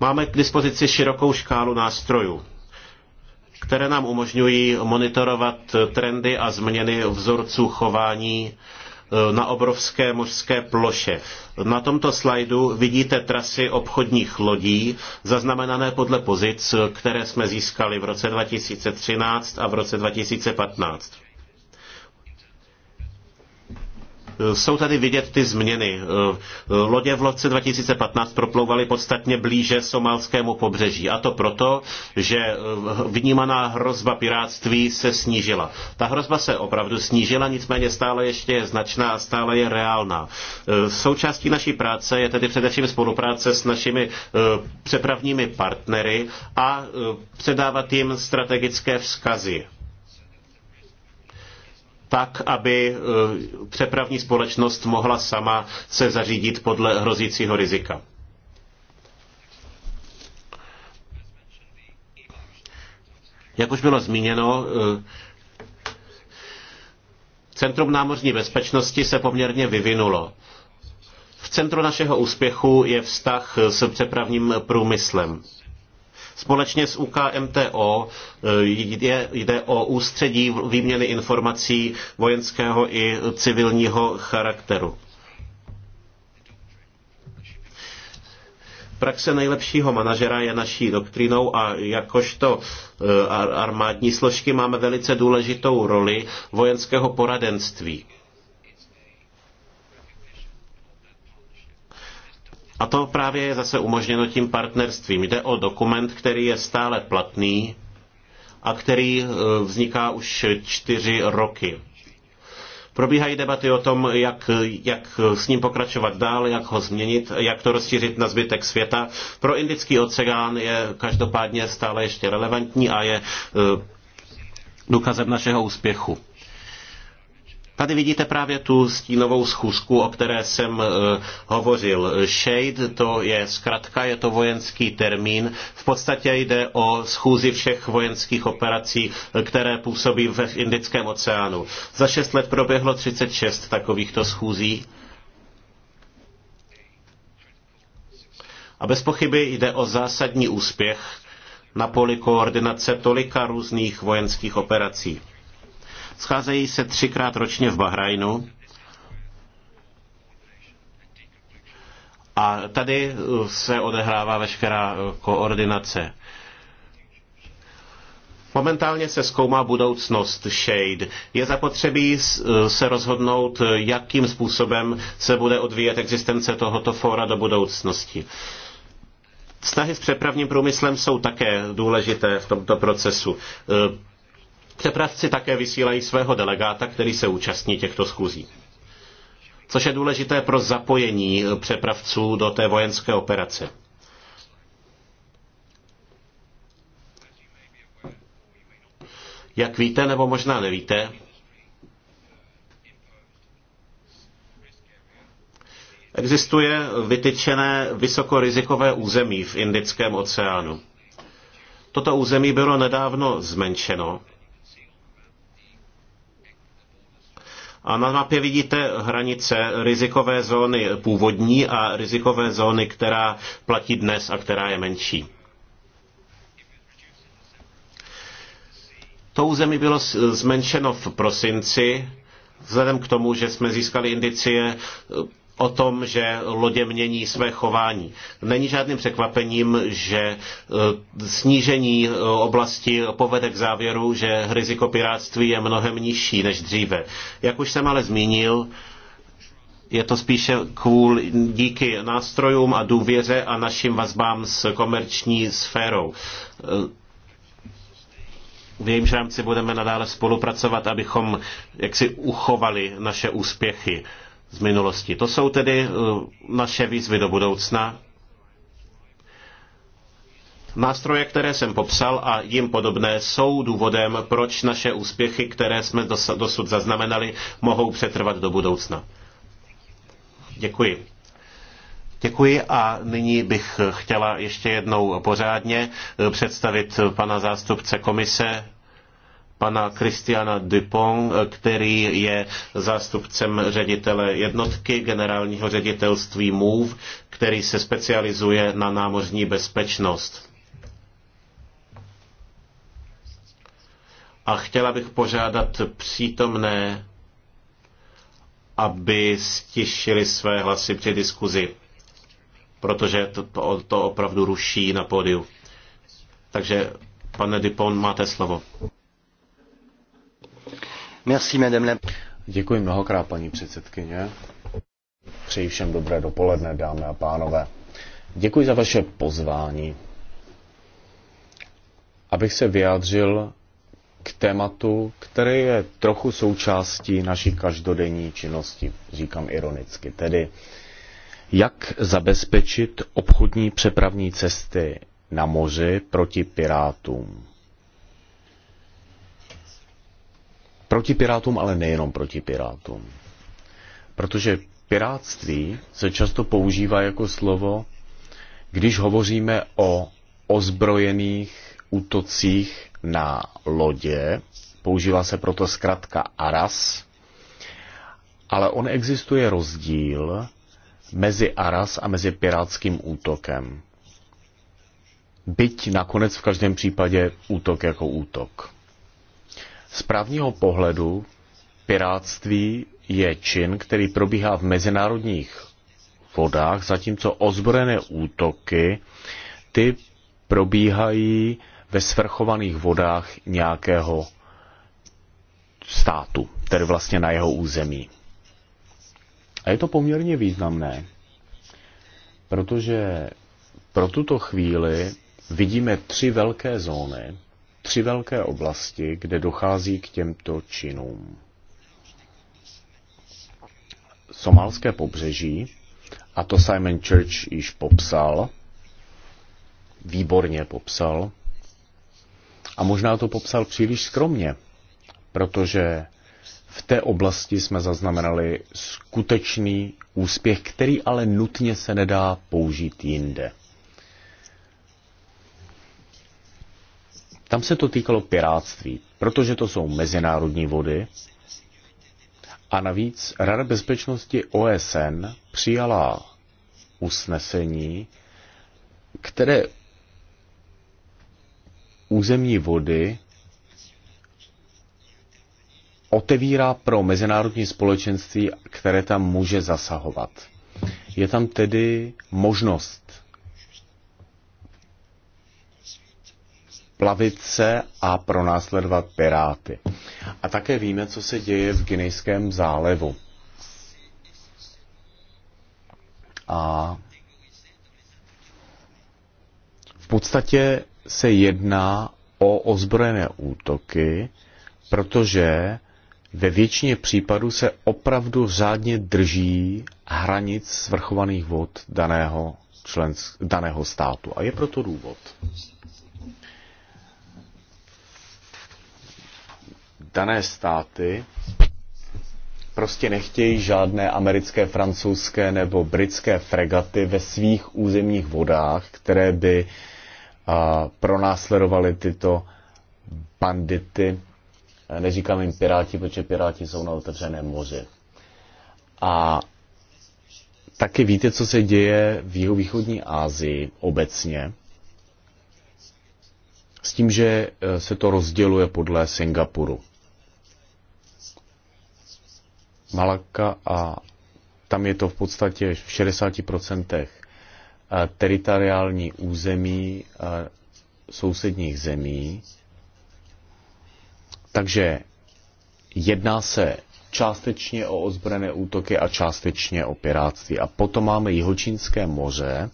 Máme k dispozici širokou škálu nástrojů které nám umožňují monitorovat trendy a změny vzorců chování Eh, na obrovské mořské ploše. Na tomto slajdu vidíte trasy obchodních lodí, zaznamenané podle pozic, eh, které jsme získali v roce 2013 a v roce 2015. Jsou tady vidět ty změny. Eh, lodě v roce 2015 proplouvaly podstatně blíže somalskému pobřeží. A to proto, že eh, vnímaná hrozba piráctví se snížila. Ta hrozba se opravdu snížila, nicméně stále ještě je značná a stále je reálná. Eh, součástí naší práce je tedy především spolupráce s našimi přepravními partnery a předávat jim strategické vzkazy tak, aby eh, přepravní společnost mohla sama se zařídit podle hrozícího rizika. Jak už bylo zmíněno, eh, Centrum námořní bezpečnosti se poměrně vyvinulo. V centru našeho úspěchu je vztah s přepravním průmyslem. Společně s UKMTO eh, jde, jde o ústředí výměny informací vojenského i civilního charakteru. Praxe nejlepšího manažera je naší doktrínou a jakožto eh, armádní složky máme velice důležitou roli vojenského poradenství. A to právě je zase umožněno tím partnerstvím. Jde o dokument, který je stále platný a který e, vzniká už čtyři roky. Probíhají debaty o tom, jak, jak s ním pokračovat dál, jak ho změnit, jak to rozšířit na zbytek světa. Pro indický oceán je každopádně stále ještě relevantní a je e, důkazem našeho úspěchu. Tady vidíte právě tu stínovou schůzku, o které jsem eh, hovořil. Shade to je zkratka, je to vojenský termín. V podstatě jde o schůzi všech vojenských operací, eh, které působí v Indickém oceánu. Za šest let proběhlo 36 takovýchto schůzí. A bez pochyby jde o zásadní úspěch na poli koordinace tolika různých vojenských operací. Scházejí se třikrát ročně v Bahrajnu. A tady se odehrává veškerá koordinace. Momentálně se zkoumá budoucnost Shade. Je zapotřebí se rozhodnout, jakým způsobem se bude odvíjet existence tohoto fóra do budoucnosti. Snahy s přepravním průmyslem jsou také důležité v tomto procesu. Přepravci také vysílají svého delegáta, který se účastní těchto schůzí. Což je důležité pro zapojení eh, přepravců do té vojenské operace. Jak víte, nebo možná nevíte, existuje vytyčené vysokorizikové území v Indickém oceánu. Toto území bylo nedávno zmenšeno A na mapě vidíte hranice rizikové zóny původní a rizikové zóny, která platí dnes a která je menší. To území bylo zmenšeno v prosinci, vzhledem k tomu, že jsme získali indicie o tom, že lodě mění své chování. Není žádným překvapením, že e, snížení e, oblasti povede k závěru, že riziko piráctví je mnohem nižší než dříve. Jak už jsem ale zmínil, je to spíše kvůli díky nástrojům a důvěře a našim vazbám s komerční sférou. E, v jejímž rámci budeme nadále spolupracovat, abychom jaksi uchovali naše úspěchy z minulosti. To jsou tedy eh, naše výzvy do budoucna. Nástroje, které jsem popsal a jim podobné, jsou důvodem, proč naše úspěchy, které jsme dosud zaznamenali, mohou přetrvat do budoucna. Děkuji. Děkuji a nyní bych chtěla ještě jednou pořádně eh, představit pana zástupce komise pana Kristiana Dupont, eh, který je zástupcem ředitele jednotky generálního ředitelství MOVE, který se specializuje na námořní bezpečnost. A chtěla bych požádat přítomné, aby stišili své hlasy při diskuzi, protože to, to, to opravdu ruší na pódiu. Takže, pane Dupont, máte slovo. Děkuji mnohokrát, paní předsedkyně. Přeji všem dobré dopoledne, dámy a pánové. Děkuji za vaše pozvání. Abych se vyjádřil k tématu, které je trochu součástí naší každodenní činnosti, říkám ironicky, tedy jak zabezpečit obchodní přepravní cesty na moři proti pirátům. Proti pirátům, ale nejenom proti pirátům. Protože piráctví se často používá jako slovo, když hovoříme o ozbrojených útocích na lodě. Používá se proto zkratka ARAS, ale on existuje rozdíl mezi Aras a mezi pirátským útokem. Byť nakonec v každém případě útok jako útok. Z právního pohledu piráctví je čin, který probíhá v mezinárodních vodách, zatímco ozbrojené útoky ty probíhají ve svrchovaných vodách nějakého státu, tedy vlastně na jeho území. A je to poměrně významné, protože pro tuto chvíli vidíme tři velké zóny, tři velké oblasti, kde dochází k těmto činům. Somálské pobřeží, a to Simon Church již popsal, výborně popsal, a možná to popsal příliš skromně, protože v té oblasti jsme zaznamenali skutečný úspěch, který ale nutně se nedá použít jinde. Tam se to týkalo piráctví, protože to jsou mezinárodní vody. A navíc Rada bezpečnosti OSN přijala usnesení, které územní vody otevírá pro mezinárodní společenství, které tam může zasahovat. Je tam tedy možnost plavice a pronásledovat piráty. A také víme, co se děje v Ginejském zálevu. A v podstatě se jedná o ozbrojené útoky, protože ve většině případů se opravdu řádně drží hranic svrchovaných vod daného, člens, daného státu. A je proto důvod. dané státy prostě nechtějí žádné americké, francouzské nebo britské fregaty ve svých územních vodách, které by uh, pronásledovaly tyto bandity. Neříkám jim piráti, protože piráti jsou na otevřeném moři. A taky víte, co se děje v jihovýchodní Asii obecně. S tím, že e, se to rozděluje podle Singapuru. Malaka a tam je to v podstatě v 60% teritoriální území sousedních zemí. Takže jedná se částečně o ozbrojené útoky a částečně o piráctví. A potom máme Jihočínské moře,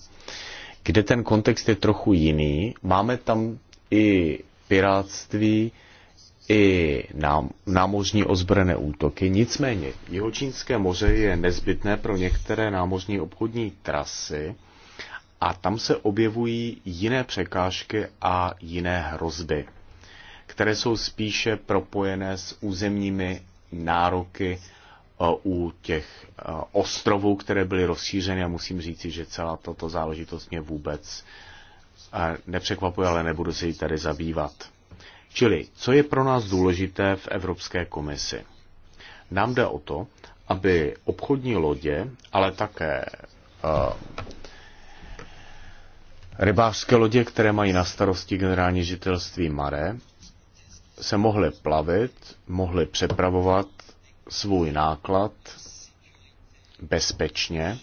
kde ten kontext je trochu jiný. Máme tam i piráctví, i nám, námořní ozbrojené útoky. Nicméně Jihočínské moře je nezbytné pro některé námořní obchodní trasy a tam se objevují jiné překážky a jiné hrozby, které jsou spíše propojené s územními nároky eh, u těch eh, ostrovů, které byly rozšířeny a musím říci, že celá tato záležitost mě vůbec eh, nepřekvapuje, ale nebudu se jí tady zabývat. Čili, co je pro nás důležité v Evropské komisi? Nám jde o to, aby obchodní lodě, ale také uh, rybářské lodě, které mají na starosti generální žitelství Mare, se mohly plavit, mohly přepravovat svůj náklad bezpečně,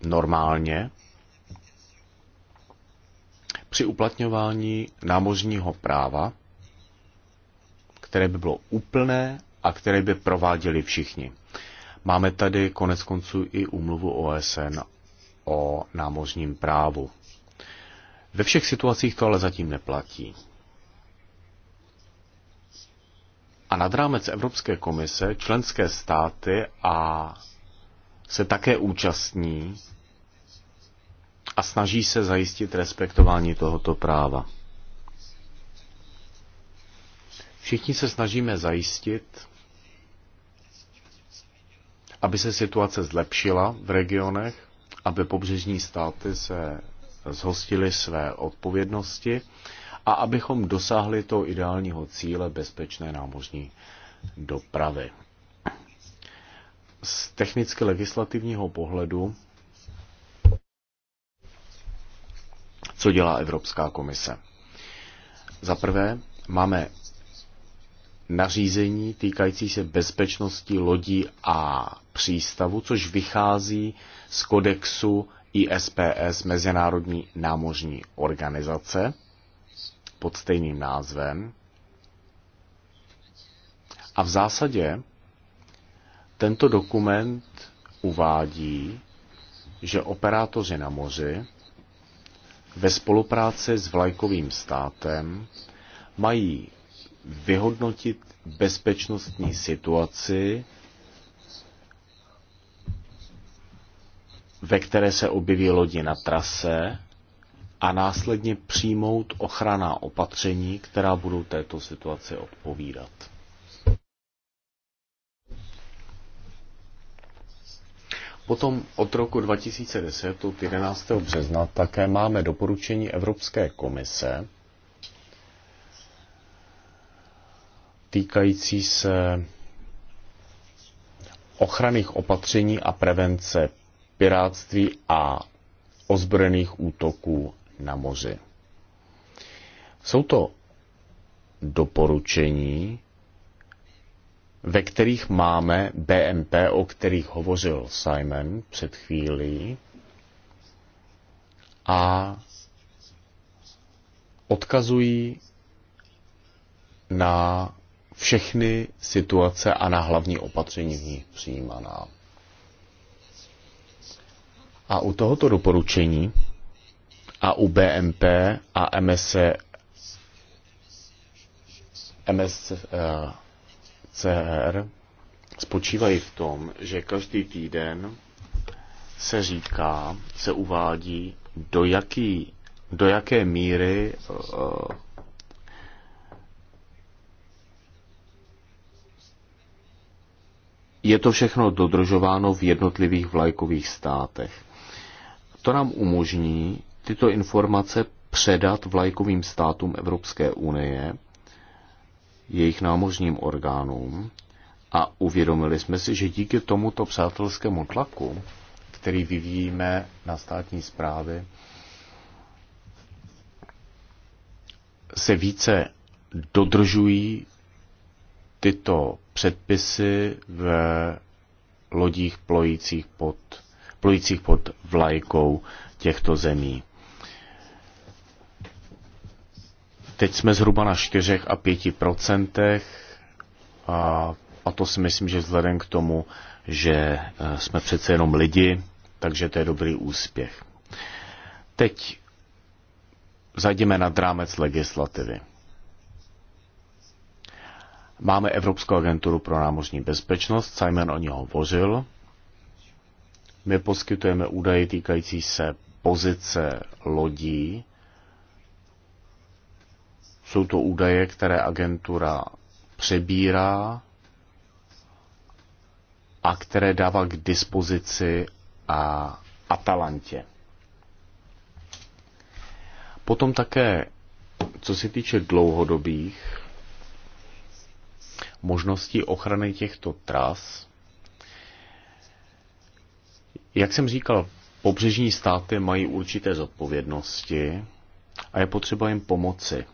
normálně, při uplatňování námořního práva, které by bylo úplné a které by prováděli všichni. Máme tady konec konců i úmluvu OSN o námořním právu. Ve všech situacích to ale zatím neplatí. A nad rámec Evropské komise členské státy a se také účastní a snaží se zajistit respektování tohoto práva. Všichni se snažíme zajistit, aby se situace zlepšila v regionech, aby pobřežní státy se zhostily své odpovědnosti a abychom dosáhli toho ideálního cíle bezpečné námořní dopravy. Z technicky legislativního pohledu co dělá Evropská komise. Za prvé, máme nařízení týkající se bezpečnosti lodí a přístavu, což vychází z kodexu ISPS Mezinárodní námořní organizace pod stejným názvem. A v zásadě tento dokument uvádí, že operátoři na moři ve spolupráci s vlajkovým státem mají vyhodnotit bezpečnostní situaci, ve které se objeví lodi na trase a následně přijmout ochranná opatření, která budou této situaci odpovídat. Potom od roku 2010, od 11. března, také máme doporučení Evropské komise týkající se ochranných opatření a prevence pirátství a ozbrojených útoků na moři. Jsou to doporučení, ve kterých máme BMP, o kterých hovořil Simon před chvílí, a odkazují na všechny situace a na hlavní opatření v nich přijímaná. A u tohoto doporučení a u BMP a MSC, MS, eh, CR spočívají v tom, že každý týden se říká, se uvádí, do, jaký, do jaké míry eh, je to všechno dodržováno v jednotlivých vlajkových státech. To nám umožní tyto informace předat vlajkovým státům Evropské unie jejich námořním orgánům a uvědomili jsme si, že díky tomuto přátelskému tlaku, který vyvíjíme na státní zprávy, se více dodržují tyto předpisy v lodích plojících pod, plojících pod vlajkou těchto zemí. Teď jsme zhruba na 4 a 5 procentech a, a to si myslím, že vzhledem k tomu, že eh, jsme přece jenom lidi, takže to je dobrý úspěch. Teď zajdeme na drámec legislativy. Máme Evropskou agenturu pro námořní bezpečnost, Simon o ní hovořil. My poskytujeme údaje týkající se pozice lodí jsou to údaje, které agentura přebírá a které dává k dispozici a Atalantě. Potom také, co se týče dlouhodobých možností ochrany těchto tras, jak jsem říkal, pobřežní státy mají určité zodpovědnosti a je potřeba jim pomoci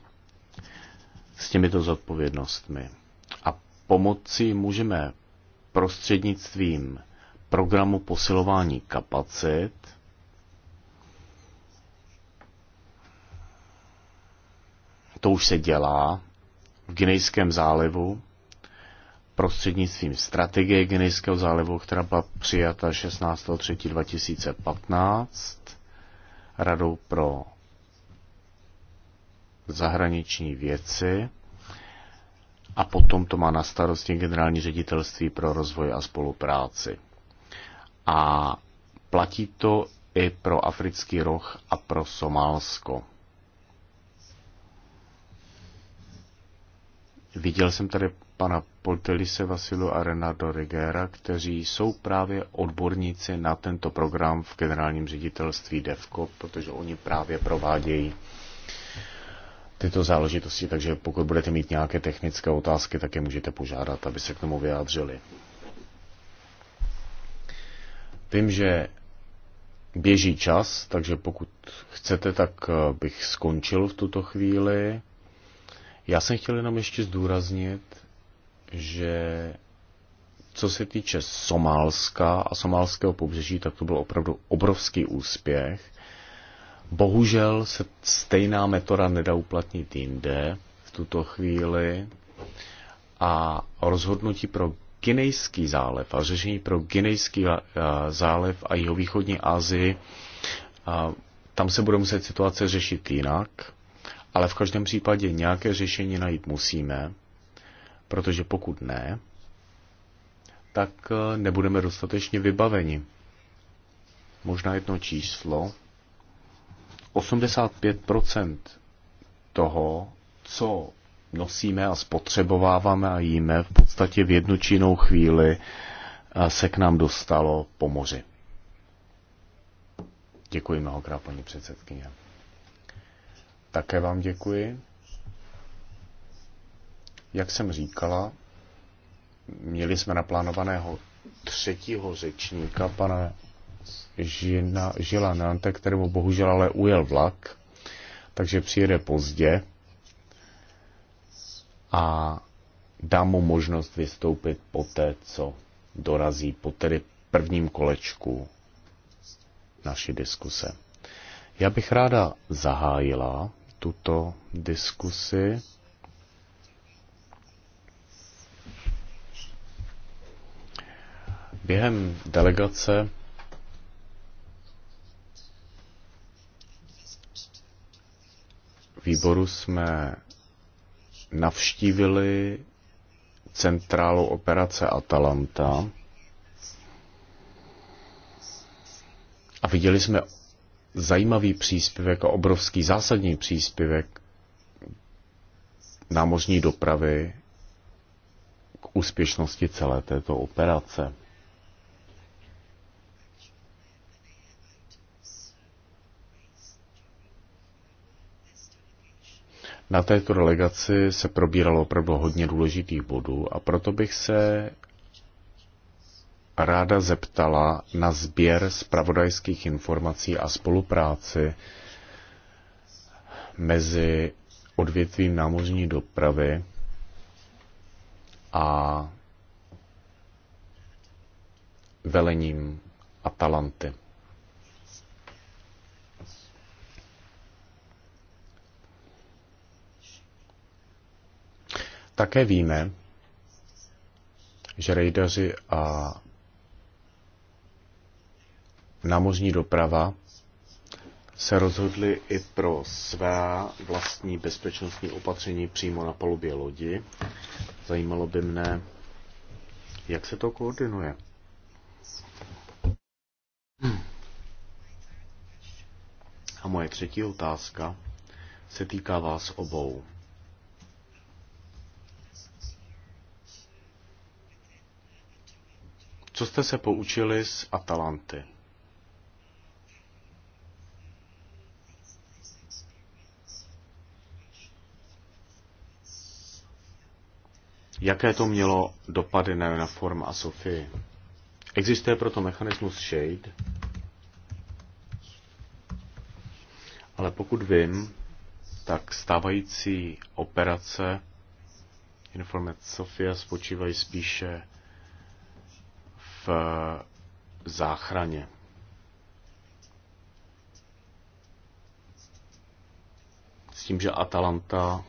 s těmito zodpovědnostmi. A pomoci můžeme prostřednictvím programu posilování kapacit, to už se dělá v Ginejském zálivu prostřednictvím strategie Ginejského zálivu, která byla přijata 16.3.2015 Radou pro zahraniční věci a potom to má na starosti generální ředitelství pro rozvoj a spolupráci. A platí to i pro africký roh a pro Somálsko. Viděl jsem tady pana Poltelise Vasilu a Renardo Rigera, kteří jsou právě odborníci na tento program v generálním ředitelství DEVCO, protože oni právě provádějí tyto záležitosti, takže pokud budete mít nějaké technické otázky, tak je můžete požádat, aby se k tomu vyjádřili. Vím, že běží čas, takže pokud chcete, tak eh, bych skončil v tuto chvíli. Já jsem chtěl jenom ještě zdůraznit, že co se týče Somálska a somálského pobřeží, tak to byl opravdu obrovský úspěch. Bohužel se stejná metoda nedá uplatnit jinde v tuto chvíli a rozhodnutí pro Ginejský zálev a řešení pro Ginejský eh, zálev a jeho východní Asii, eh, tam se bude muset situace řešit jinak, ale v každém případě nějaké řešení najít musíme, protože pokud ne, tak eh, nebudeme dostatečně vybaveni. Možná jedno číslo, 85 toho, co nosíme a spotřebováváme a jíme, v podstatě v jednu činou chvíli eh, se k nám dostalo po moři. Děkuji mnohokrát, paní předsedkyně. Také vám děkuji. Jak jsem říkala, měli jsme naplánovaného třetího řečníka, pana žina, žila na Ante, kterému bohužel ale ujel vlak, takže přijede pozdě a dá mu možnost vystoupit po té, co dorazí po tedy prvním kolečku naší diskuse. Já bych ráda zahájila tuto diskusi. Během delegace výboru jsme navštívili centrálu operace Atalanta a viděli jsme zajímavý příspěvek a obrovský zásadní příspěvek námořní dopravy k úspěšnosti celé této operace. Na této delegaci se probíralo opravdu hodně důležitých bodů a proto bych se ráda zeptala na sběr zpravodajských informací a spolupráci mezi odvětvím námořní dopravy a velením Atalanty. Také víme, že rejdaři a námořní doprava se rozhodli i pro svá vlastní bezpečnostní opatření přímo na palubě lodi. Zajímalo by mne, jak se to koordinuje. A moje třetí otázka se týká vás obou. Co jste se poučili z Atalanty? Jaké to mělo dopady na Uniform a Sofii? Existuje proto mechanismus Shade, ale pokud vím, tak stávající operace informace Sofia spočívají spíše v eh, záchraně. S tím, že Atalanta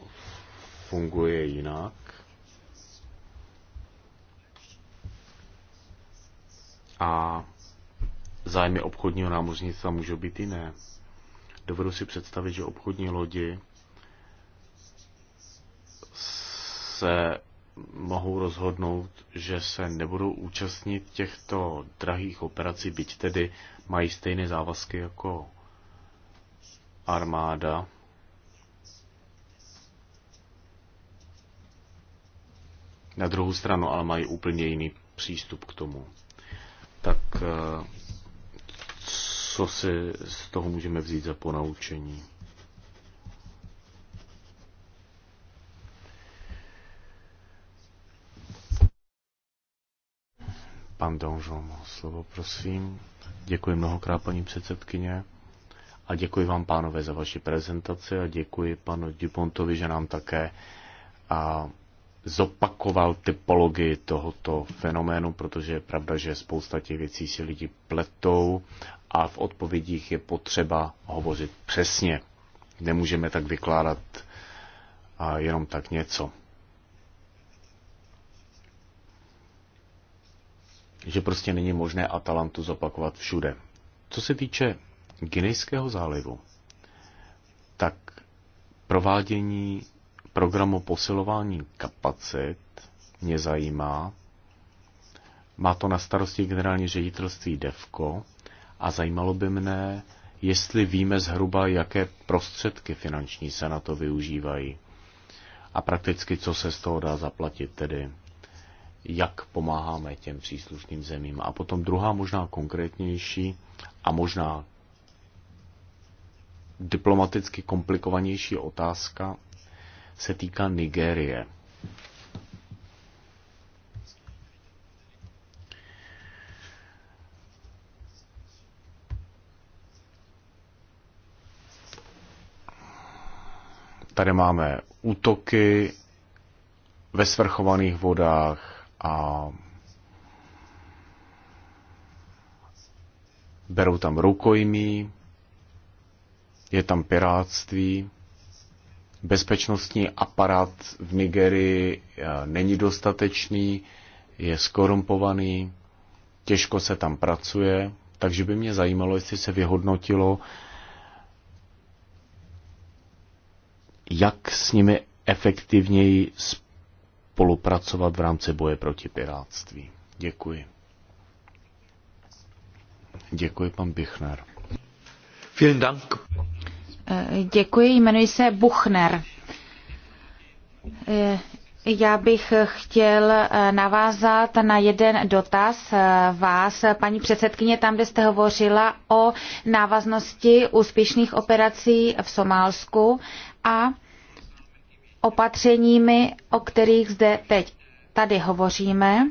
funguje jinak. A zájmy obchodního námořnictva můžou být jiné. Dovedu si představit, že obchodní lodi se mohou rozhodnout, že se nebudou účastnit těchto drahých operací, byť tedy mají stejné závazky jako armáda. Na druhou stranu ale mají úplně jiný přístup k tomu. Tak eh, co si z toho můžeme vzít za ponaučení? Pan Donžon, slovo prosím. Děkuji mnohokrát, paní předsedkyně. A děkuji vám, pánové, za vaši prezentaci a děkuji panu Dupontovi, že nám také a zopakoval typologii tohoto fenoménu, protože je pravda, že spousta těch věcí si lidi pletou a v odpovědích je potřeba hovořit přesně. Nemůžeme tak vykládat a jenom tak něco. že prostě není možné Atalantu zopakovat všude. Co se týče Ginejského zálivu, tak provádění programu posilování kapacit mě zajímá. Má to na starosti generální ředitelství DEVKO a zajímalo by mne, jestli víme zhruba, jaké prostředky finanční se na to využívají a prakticky, co se z toho dá zaplatit, tedy jak pomáháme těm příslušným zemím. A potom druhá možná konkrétnější a možná diplomaticky komplikovanější otázka se týká Nigérie. Tady máme útoky ve svrchovaných vodách, a berou tam rukojmí, je tam piráctví, bezpečnostní aparát v Nigerii eh, není dostatečný, je skorumpovaný, těžko se tam pracuje, takže by mě zajímalo, jestli se vyhodnotilo, jak s nimi efektivněji spolupracovat spolupracovat v rámci boje proti piráctví. Děkuji. Děkuji, pan Bichner. Vielen Dank. Eh, děkuji, jmenuji se Buchner. Eh, já bych chtěl eh, navázat na jeden dotaz vás, paní předsedkyně, tam, kde jste hovořila o návaznosti úspěšných operací v Somálsku a opatřeními, o kterých zde teď tady hovoříme,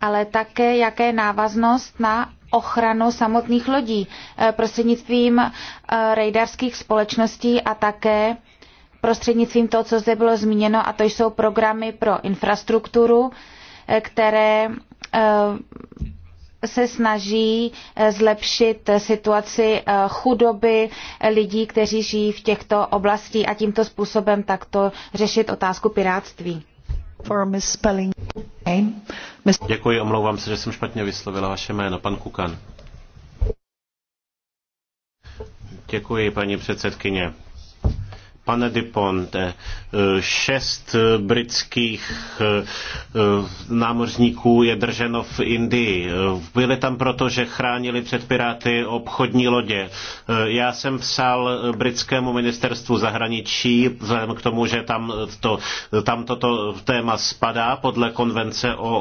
ale také jaké návaznost na ochranu samotných lodí eh, prostřednictvím eh, rejdarských společností a také prostřednictvím toho, co zde bylo zmíněno, a to jsou programy pro infrastrukturu, eh, které se snaží eh, zlepšit situaci eh, chudoby lidí, kteří žijí v těchto oblastí a tímto způsobem takto řešit otázku pirátství. Děkuji, omlouvám se, že jsem špatně vyslovila vaše jméno, pan Kukan. Děkuji, paní předsedkyně. Pane Diponte, šest britských eh, námořníků je drženo v Indii. Byli tam proto, že chránili před piráty obchodní lodě. Eh, já jsem psal britskému ministerstvu zahraničí, vzhledem k tomu, že tam, to, tam toto téma spadá podle konvence o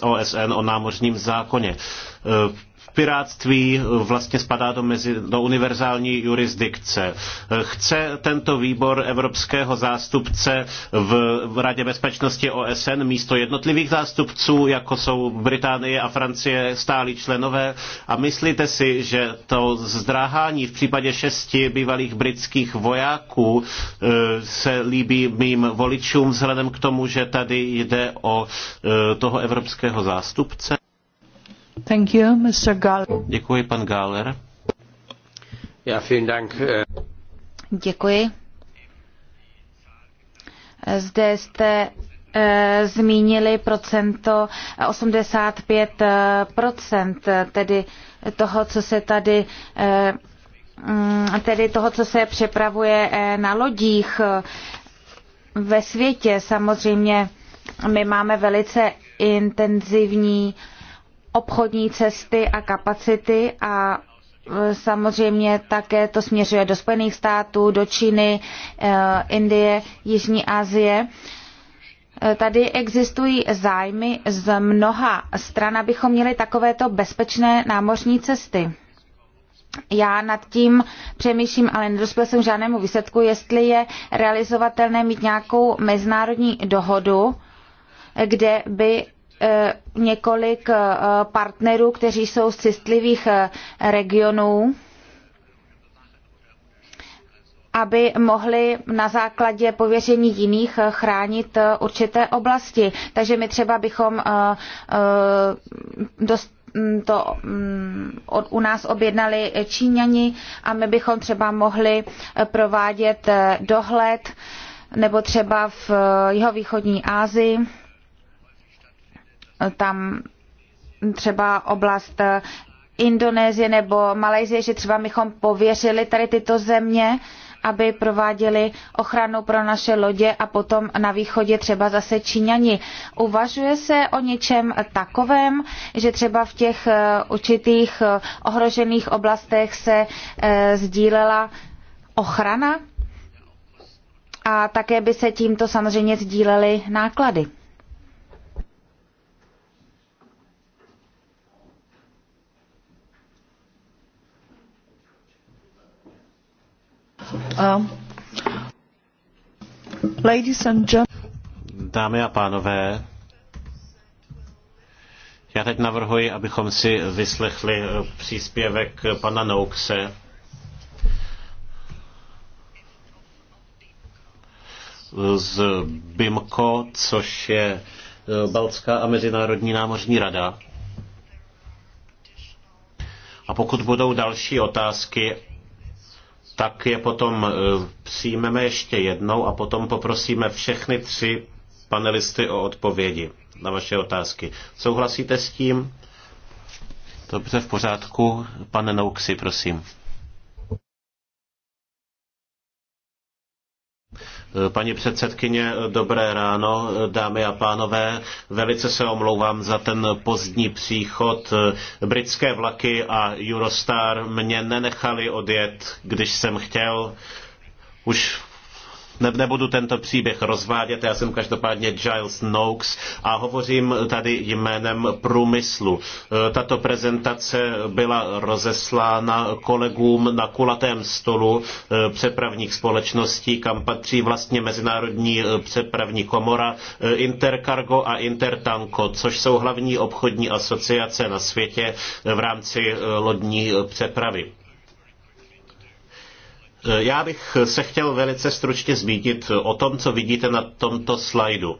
OSN o námořním zákoně eh, piráctví vlastně spadá do, mezi, do univerzální jurisdikce. Chce tento výbor evropského zástupce v, v Radě bezpečnosti OSN místo jednotlivých zástupců, jako jsou Británie a Francie, stálí členové? A myslíte si, že to zdráhání v případě šesti bývalých britských vojáků eh, se líbí mým voličům vzhledem k tomu, že tady jde o eh, toho evropského zástupce? Thank you, Mr. Galler. Děkuji, pan Galler. Ja, vielen Dank. Děkuji. Zde jste e, zmínili procento 85 eh, eh, tedy toho, co se tady e, tedy toho, co se přepravuje na lodích ve světě. Samozřejmě my máme velice intenzivní e, obchodní cesty a kapacity a e, samozřejmě také to směřuje do Spojených států, do Číny, e, Indie, Jižní Asie. E, tady existují zájmy z mnoha stran, abychom měli takovéto bezpečné námořní cesty. Já nad tím přemýšlím, ale nedospěl jsem žádnému výsledku, jestli je realizovatelné mít nějakou mezinárodní dohodu, kde by Eh, několik eh, partnerů, kteří jsou z citlivých eh, regionů, aby mohli na základě pověření jiných chránit určité oblasti. Takže my třeba bychom dost mm, to mm, u nás objednali Číňani a my bychom třeba mohli provádět dohled nebo třeba v jihovýchodní Asii tam třeba oblast Indonésie nebo Malajzie, že třeba bychom pověřili tady tyto země, aby prováděli ochranu pro naše lodě a potom na východě třeba zase Číňani. Uvažuje se o něčem takovém, že třeba v těch eh, určitých eh, ohrožených oblastech se eh, sdílela ochrana a také by se tímto samozřejmě sdílely náklady. Um, Dámy a pánové, já teď navrhuji, abychom si vyslechli eh, příspěvek pana Noukse. z BIMCO, což je eh, Baltská a Mezinárodní námořní rada. A pokud budou další otázky tak je potom e, přijmeme ještě jednou a potom poprosíme všechny tři panelisty o odpovědi na vaše otázky. Souhlasíte s tím? Dobře, v pořádku. Pane Nouksi, prosím. Paní předsedkyně, dobré ráno, dámy a pánové. Velice se omlouvám za ten pozdní příchod. Britské vlaky a Eurostar mě nenechali odjet, když jsem chtěl. Už ne, nebudu tento příběh rozvádět, já jsem každopádně Giles Noakes a hovořím tady jménem průmyslu. E, tato prezentace byla rozeslána kolegům na kulatém stolu e, přepravních společností, kam patří vlastně Mezinárodní e, přepravní komora, Intercargo a Intertanko, což jsou hlavní obchodní asociace na světě v rámci lodní přepravy. Eh, já bych se chtěl velice stručně zmínit o tom, co vidíte na tomto slajdu.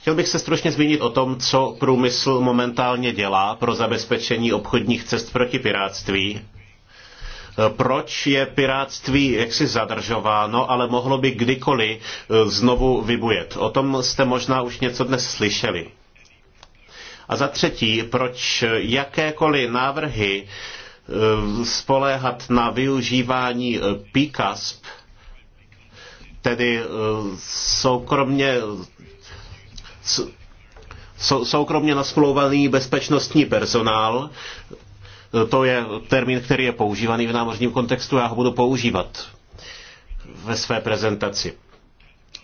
Chtěl bych se stručně zmínit o tom, co průmysl momentálně dělá pro zabezpečení obchodních cest proti piráctví. Eh, proč je piráctví jaksi zadržováno, ale mohlo by kdykoliv eh, znovu vybujet? O tom jste možná už něco dnes slyšeli. A za třetí, proč jakékoliv návrhy Eh, spoléhat na využívání eh, PICASP, tedy eh, soukromně soukromně nasmlouvaný bezpečnostní personál. To je termín, který je používaný v námořním kontextu, já ho budu používat ve své prezentaci.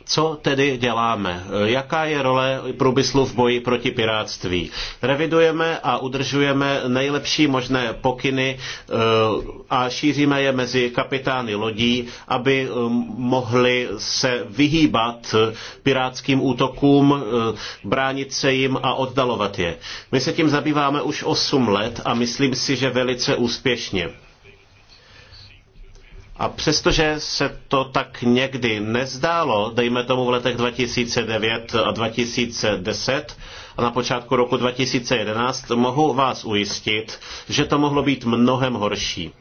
Co tedy děláme? Jaká je role průmyslu v boji proti pirátství? Revidujeme a udržujeme nejlepší možné pokyny eh, a šíříme je mezi kapitány lodí, aby eh, mohli se vyhýbat eh, pirátským útokům, bránit se jim a oddalovat je. My se tím zabýváme už 8 let a myslím si, že velice úspěšně. A přestože se to tak někdy nezdálo, dejme tomu v letech 2009 a 2010 a na počátku roku 2011, mohu vás ujistit, že to mohlo být mnohem horší.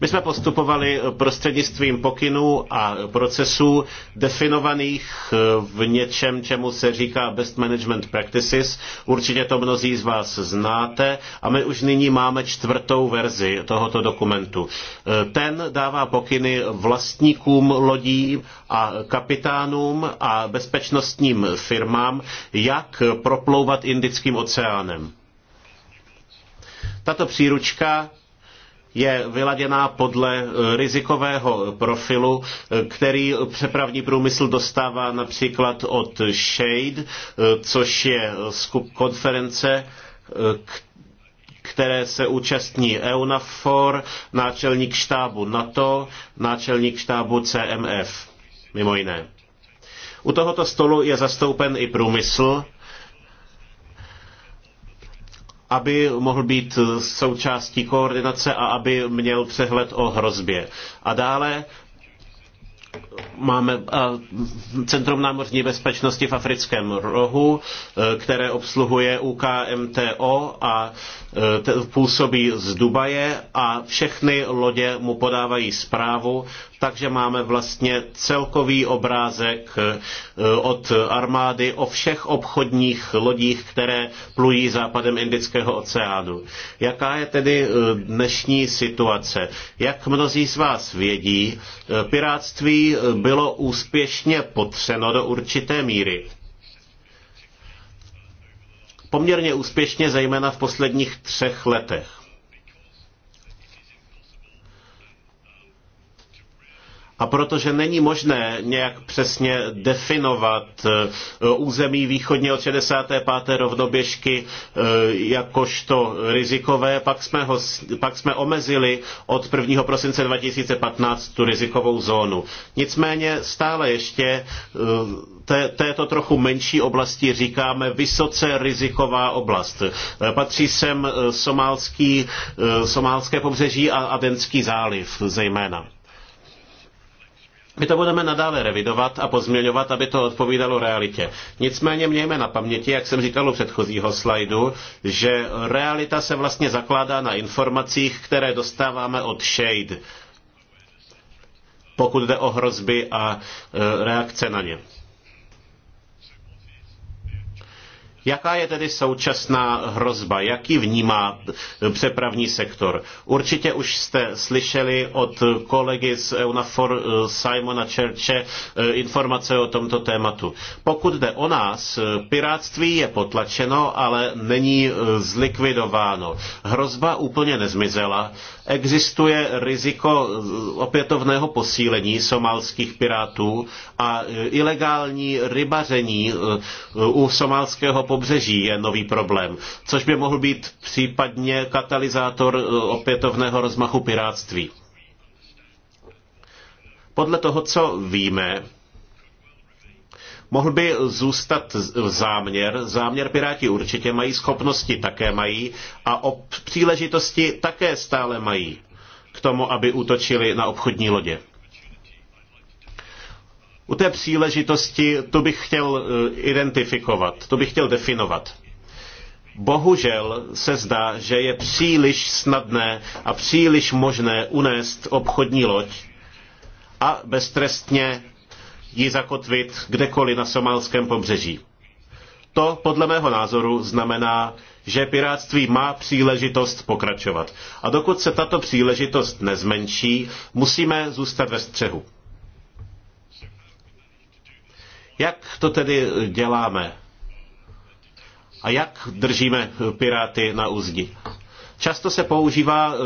My jsme postupovali eh, prostřednictvím pokynů a procesů definovaných eh, v něčem, čemu se říká Best Management Practices. Určitě to mnozí z vás znáte a my už nyní máme čtvrtou verzi tohoto dokumentu. Eh, ten dává pokyny vlastníkům lodí a kapitánům a bezpečnostním firmám, jak proplouvat Indickým oceánem. Tato příručka je vyladěná podle eh, rizikového profilu, eh, který přepravní průmysl dostává například od SHADE, eh, což je konference, které se účastní EUNAFOR, náčelník štábu NATO, náčelník štábu CMF, mimo jiné. U tohoto stolu je zastoupen i průmysl, aby mohl být součástí koordinace a aby měl přehled o hrozbě. A dále máme Centrum námořní bezpečnosti v Africkém rohu, e, které obsluhuje UKMTO a e, působí z Dubaje a všechny lodě mu podávají zprávu, takže máme vlastně celkový obrázek e, od armády o všech obchodních lodích, které plují západem Indického oceánu. Jaká je tedy dnešní situace? Jak mnozí z vás vědí, piráctví bylo úspěšně potřeno do určité míry. Poměrně úspěšně, zejména v posledních třech letech. A protože není možné nějak přesně definovat eh, území východně od 65. rovnoběžky eh, jakožto rizikové, pak jsme, ho, pak jsme omezili od 1. prosince 2015 tu rizikovou zónu. Nicméně stále ještě eh, té, této trochu menší oblasti říkáme vysoce riziková oblast. Patří sem somálský, somálské pobřeží a Adenský záliv zejména. My to budeme nadále revidovat a pozměňovat, aby to odpovídalo realitě. Nicméně mějme na paměti, jak jsem říkal u předchozího slajdu, že realita se vlastně zakládá na informacích, které dostáváme od Shade, pokud jde o hrozby a e, reakce na ně. Jaká je tedy současná hrozba? Jaký vnímá přepravní sektor? Určitě už jste slyšeli od kolegy z EUNAFOR eh, Simona Churche eh, informace o tomto tématu. Pokud jde o nás, eh, piráctví je potlačeno, ale není zlikvidováno. Hrozba úplně nezmizela existuje riziko opětovného posílení somálských pirátů a e, ilegální rybaření e, u somálského pobřeží je nový problém, což by mohl být případně katalyzátor e, opětovného rozmachu pirátství. Podle toho, co víme, Mohl by zůstat záměr, záměr Piráti určitě mají, schopnosti také mají a o příležitosti také stále mají k tomu, aby útočili na obchodní lodě. U té příležitosti to bych chtěl eh, identifikovat, to bych chtěl definovat. Bohužel se zdá, že je příliš snadné a příliš možné unést obchodní loď a beztrestně ji zakotvit kdekoliv na somálském pobřeží. To podle mého názoru znamená, že pirátství má příležitost pokračovat. A dokud se tato příležitost nezmenší, musíme zůstat ve střehu. Jak to tedy děláme? A jak držíme piráty na úzdi? Často se používá e,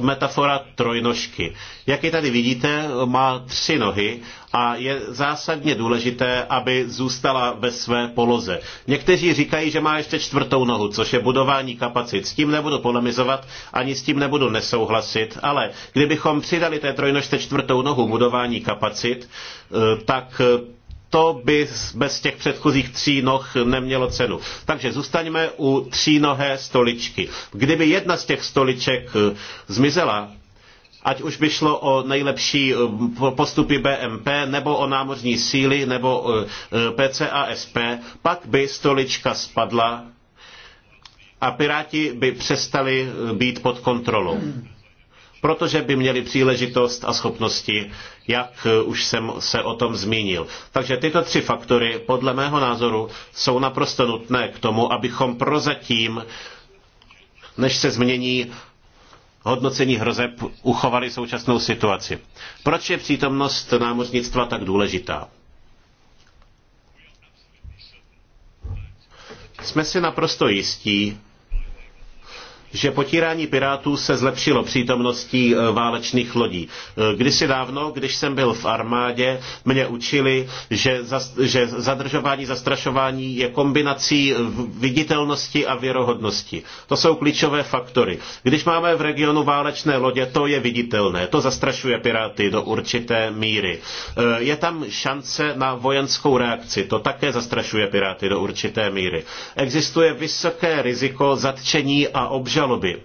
metafora trojnožky. Jak ji tady vidíte, má tři nohy a je zásadně důležité, aby zůstala ve své poloze. Někteří říkají, že má ještě čtvrtou nohu, což je budování kapacit. S tím nebudu polemizovat, ani s tím nebudu nesouhlasit, ale kdybychom přidali té trojnožce čtvrtou nohu budování kapacit, eh, tak eh, to by bez těch předchozích tří noh nemělo cenu. Takže zůstaňme u třínohé stoličky. Kdyby jedna z těch stoliček eh, zmizela, ať už by šlo o nejlepší eh, postupy BMP, nebo o námořní síly, nebo PCASP, eh, eh, pak by stolička spadla a piráti by přestali být pod kontrolou. Protože by měli příležitost a schopnosti, jak už jsem se o tom zmínil. Takže tyto tři faktory, podle mého názoru, jsou naprosto nutné k tomu, abychom prozatím, než se změní hodnocení hrozeb uchovali současnou situaci. Proč je přítomnost námořnictva tak důležitá? Jsme si naprosto jistí, že potírání pirátů se zlepšilo přítomností eh, válečných lodí. Eh, kdysi dávno, když jsem byl v armádě, mě učili, že, za, že zadržování, zastrašování je kombinací eh, viditelnosti a věrohodnosti. To jsou klíčové faktory. Když máme v regionu válečné lodě, to je viditelné. To zastrašuje piráty do určité míry. Je tam šance na vojenskou reakci. To také zastrašuje piráty do určité míry. Existuje vysoké riziko zatčení a obžalování obžaloby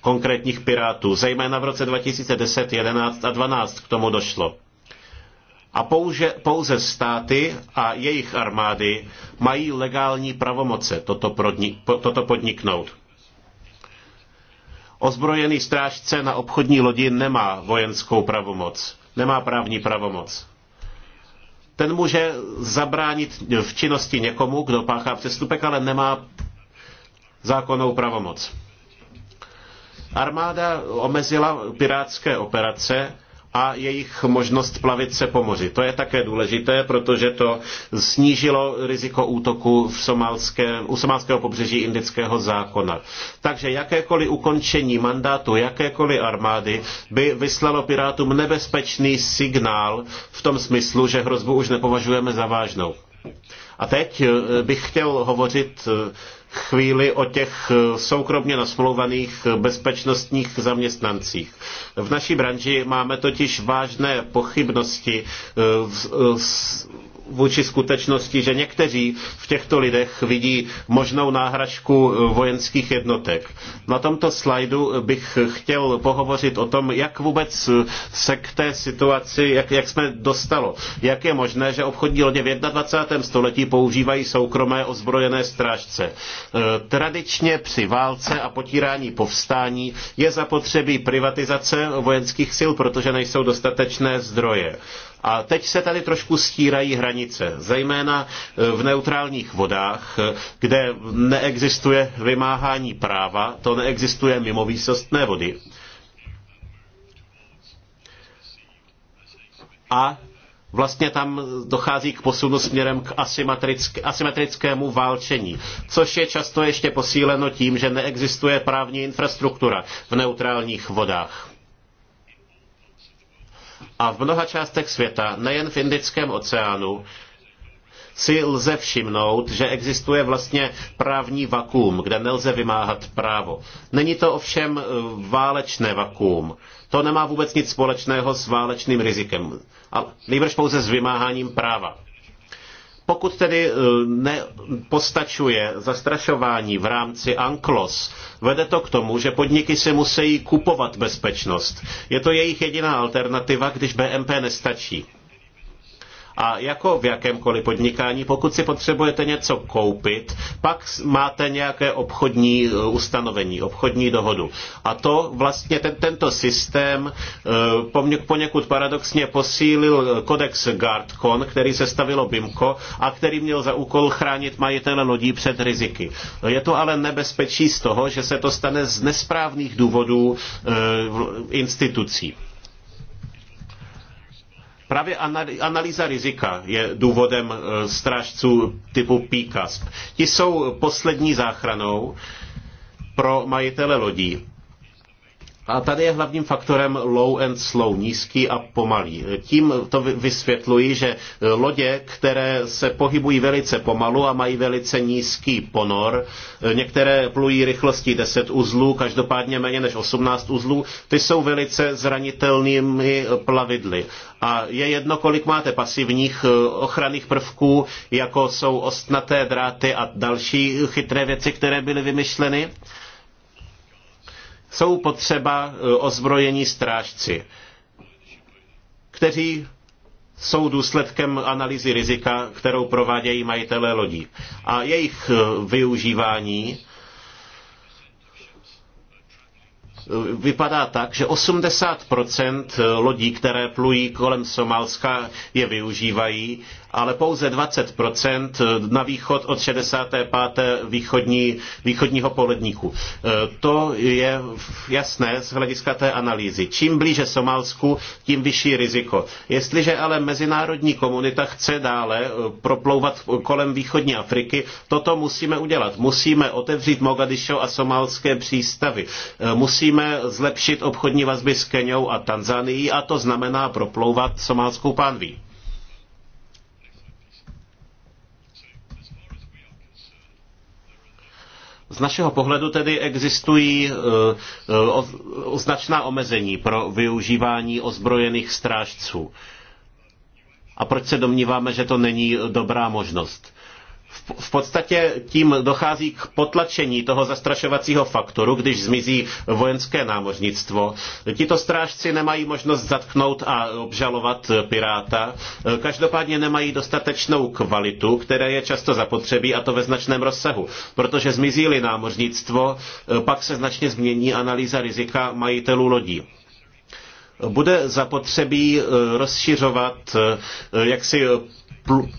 konkrétních pirátů, zejména v roce 2010, 11 a 12 k tomu došlo. A pouze, pouze státy a jejich armády mají legální pravomoce toto, prodni, toto podniknout. Ozbrojený strážce na obchodní lodi nemá vojenskou pravomoc, nemá právní pravomoc. Ten může zabránit v činnosti někomu, kdo páchá přestupek, ale nemá zákonnou pravomoc. Armáda omezila pirátské operace a jejich možnost plavit se po moři. To je také důležité, protože to snížilo riziko útoku v somálské, u somálského pobřeží indického zákona. Takže jakékoliv ukončení mandátu jakékoliv armády by vyslalo pirátům nebezpečný signál v tom smyslu, že hrozbu už nepovažujeme za vážnou. A teď eh, bych chtěl hovořit eh, chvíli o těch eh, soukromně nasmlouvaných eh, bezpečnostních zaměstnancích. V naší branži máme totiž vážné pochybnosti eh, vůči skutečnosti, že někteří v těchto lidech vidí možnou náhražku eh, vojenských jednotek. Na tomto slajdu bych chtěl pohovořit o tom, jak vůbec eh, se k té situaci, jak, jak jsme dostalo. Jak je možné, že obchodní lodě v 21. století používají soukromé ozbrojené strážce. Eh, tradičně při válce a potírání povstání je zapotřebí privatizace vojenských sil, protože nejsou dostatečné zdroje. A teď se tady trošku stírají hranice, zejména e, v neutrálních vodách, e, kde neexistuje vymáhání práva, to neexistuje mimo výsostné vody. A vlastně tam dochází k posunu směrem k asymetrickému válčení, což je často ještě posíleno tím, že neexistuje právní infrastruktura v neutrálních vodách. A v mnoha částech světa, nejen v Indickém oceánu, si lze všimnout, že existuje vlastně právní vakuum, kde nelze vymáhat právo. Není to ovšem eh, válečné vakuum. To nemá vůbec nic společného s válečným rizikem, ale nejbrž pouze s vymáháním práva. Pokud tedy eh, nepostačuje zastrašování v rámci ANKLOS, vede to k tomu, že podniky si musí kupovat bezpečnost. Je to jejich jediná alternativa, když BMP nestačí. A jako v jakémkoliv podnikání, pokud si potřebujete něco koupit, pak máte nějaké obchodní eh, ustanovení, obchodní dohodu. A to vlastně ten, tento systém eh, poněkud paradoxně posílil eh, kodex GuardCon, který se stavilo BIMCO a který měl za úkol chránit majitele lodí před riziky. Je to ale nebezpečí z toho, že se to stane z nesprávných důvodů institucí. Právě analýza rizika je důvodem eh, strážců typu Picasp. Ti jsou poslední záchranou pro majitele lodí a tady je hlavním faktorem low and slow, nízký a pomalý. Tím to vysvětluji, že e, lodě, které se pohybují velice pomalu a mají velice nízký ponor, e, některé plují rychlostí 10 uzlů, každopádně méně než 18 uzlů, ty jsou velice zranitelnými plavidly. A je jedno, kolik máte pasivních e, ochranných prvků, jako jsou ostnaté dráty a další chytré věci, které byly vymyšleny jsou potřeba e, ozbrojení strážci, kteří jsou důsledkem analýzy rizika, kterou provádějí majitelé lodí. A jejich e, využívání e, vypadá tak, že 80% lodí, které plují kolem Somálska, je využívají ale pouze 20% eh, na východ od 65. Východní, východního poledníku. Eh, to je jasné z hlediska té analýzy. Čím blíže Somálsku, tím vyšší riziko. Jestliže ale mezinárodní komunita chce dále eh, proplouvat kolem východní Afriky, toto musíme udělat. Musíme otevřít Mogadišo a somálské přístavy. Musíme zlepšit obchodní vazby s Keňou a Tanzanií a to znamená proplouvat somálskou pánví. Z našeho pohledu tedy existují eh, eh, značná omezení pro využívání ozbrojených strážců. A proč se domníváme, že to není dobrá možnost? v podstatě tím dochází k potlačení toho zastrašovacího faktoru, když zmizí vojenské námořnictvo. Tito strážci nemají možnost zatknout a obžalovat piráta. Každopádně nemají dostatečnou kvalitu, které je často zapotřebí a to ve značném rozsahu. Protože zmizí-li námořnictvo, pak se značně změní analýza rizika majitelů lodí bude zapotřebí eh, rozšiřovat eh, jaksi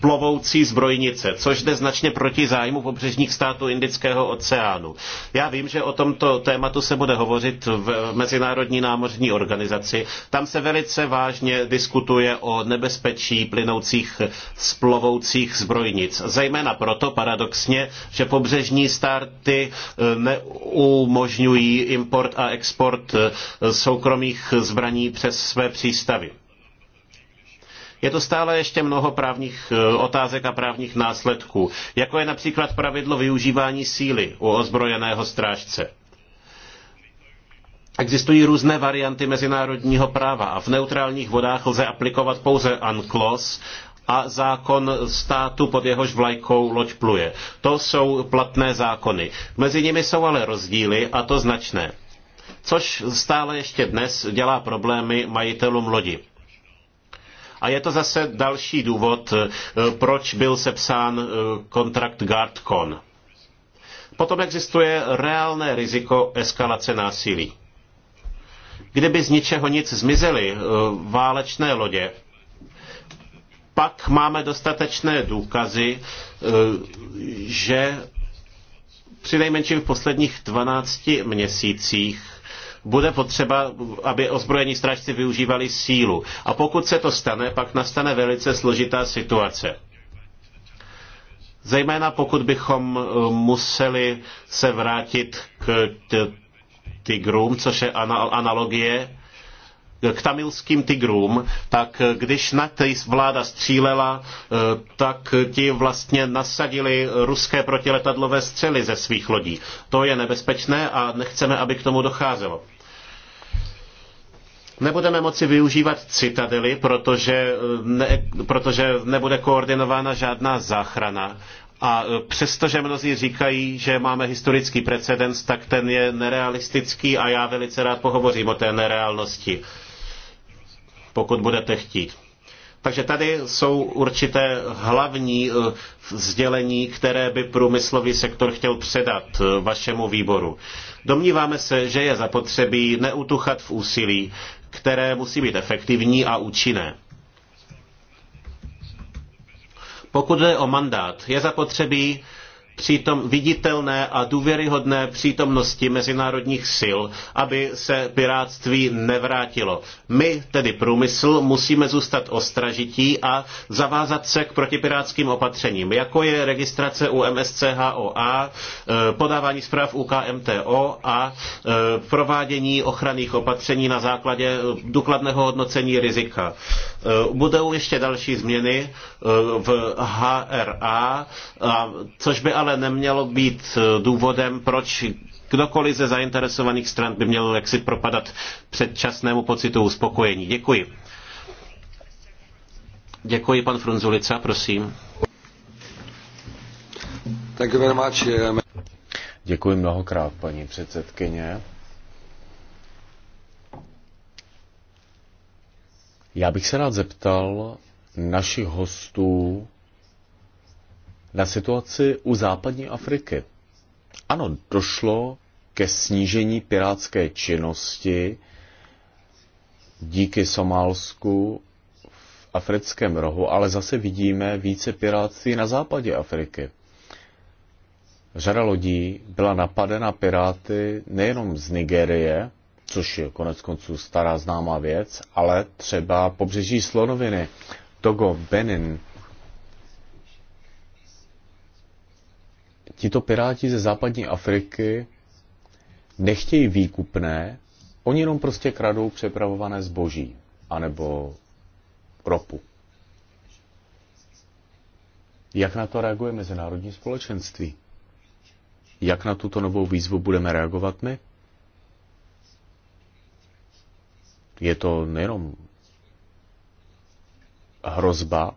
plovoucí zbrojnice, což jde značně proti zájmu pobřežních států Indického oceánu. Já vím, že o tomto tématu se bude hovořit v Mezinárodní námořní organizaci. Tam se velice vážně diskutuje o nebezpečí plynoucích z plovoucích zbrojnic. Zejména proto, paradoxně, že pobřežní státy eh, neumožňují import a export eh, soukromých zbraní přes své přístavy. Je to stále ještě mnoho právních eh, otázek a právních následků, jako je například pravidlo využívání síly u ozbrojeného strážce. Existují různé varianty mezinárodního práva a v neutrálních vodách lze aplikovat pouze UNCLOS a zákon státu, pod jehož vlajkou loď pluje. To jsou platné zákony. Mezi nimi jsou ale rozdíly a to značné. Což stále ještě dnes dělá problémy majitelům lodi. A je to zase další důvod, eh, proč byl sepsán eh, kontrakt GuardCon. Potom existuje reálné riziko eskalace násilí. Kdyby z ničeho nic zmizely eh, válečné lodě, pak máme dostatečné důkazy, že přinejmenším v posledních 12 měsících bude potřeba, aby ozbrojení strážci využívali sílu. A pokud se to stane, pak nastane velice složitá situace zejména pokud bychom eh, museli se vrátit k tigrům, což je analogie k tamilským tigrům, tak když na té vláda střílela, eh, tak ti vlastně nasadili ruské protiletadlové střely ze svých lodí. To je nebezpečné a nechceme, aby k tomu docházelo. Nebudeme moci využívat citadely, protože, eh, ne, protože nebude koordinována žádná záchrana. A eh, přestože mnozí říkají, že máme historický precedens, tak ten je nerealistický a já velice rád pohovořím o té nerealnosti pokud budete chtít. Takže tady jsou určité hlavní eh, sdělení, které by průmyslový sektor chtěl předat eh, vašemu výboru. Domníváme se, že je zapotřebí neutuchat v úsilí, které musí být efektivní a účinné. Pokud jde o mandát, je zapotřebí přítom viditelné a důvěryhodné přítomnosti mezinárodních sil, aby se pirátství nevrátilo. My, tedy průmysl, musíme zůstat ostražití a zavázat se k protipirátským opatřením, jako je registrace u MSCHOA, e, podávání zpráv u KMTO a e, provádění ochranných opatření na základě důkladného hodnocení rizika. E, budou ještě další změny v HRA, což by ale ale nemělo být eh, důvodem, proč kdokoliv ze zainteresovaných stran by měl jaksi propadat předčasnému pocitu uspokojení. Děkuji. Děkuji, pan Frunzulica, prosím. Thank you very much. Eh, Děkuji mnohokrát, paní předsedkyně. Já bych se rád zeptal našich hostů na situaci u západní Afriky. Ano, došlo ke snížení pirátské činnosti díky Somálsku v africkém rohu, ale zase vidíme více pirátství na západě Afriky. Řada lodí byla napadena piráty nejenom z Nigerie, což je konec konců stará známá věc, ale třeba pobřeží Slonoviny, Togo, Benin, tito piráti ze západní Afriky nechtějí výkupné, oni jenom prostě kradou přepravované zboží, anebo ropu. Jak na to reaguje mezinárodní společenství? Jak na tuto novou výzvu budeme reagovat my? Je to nejenom hrozba,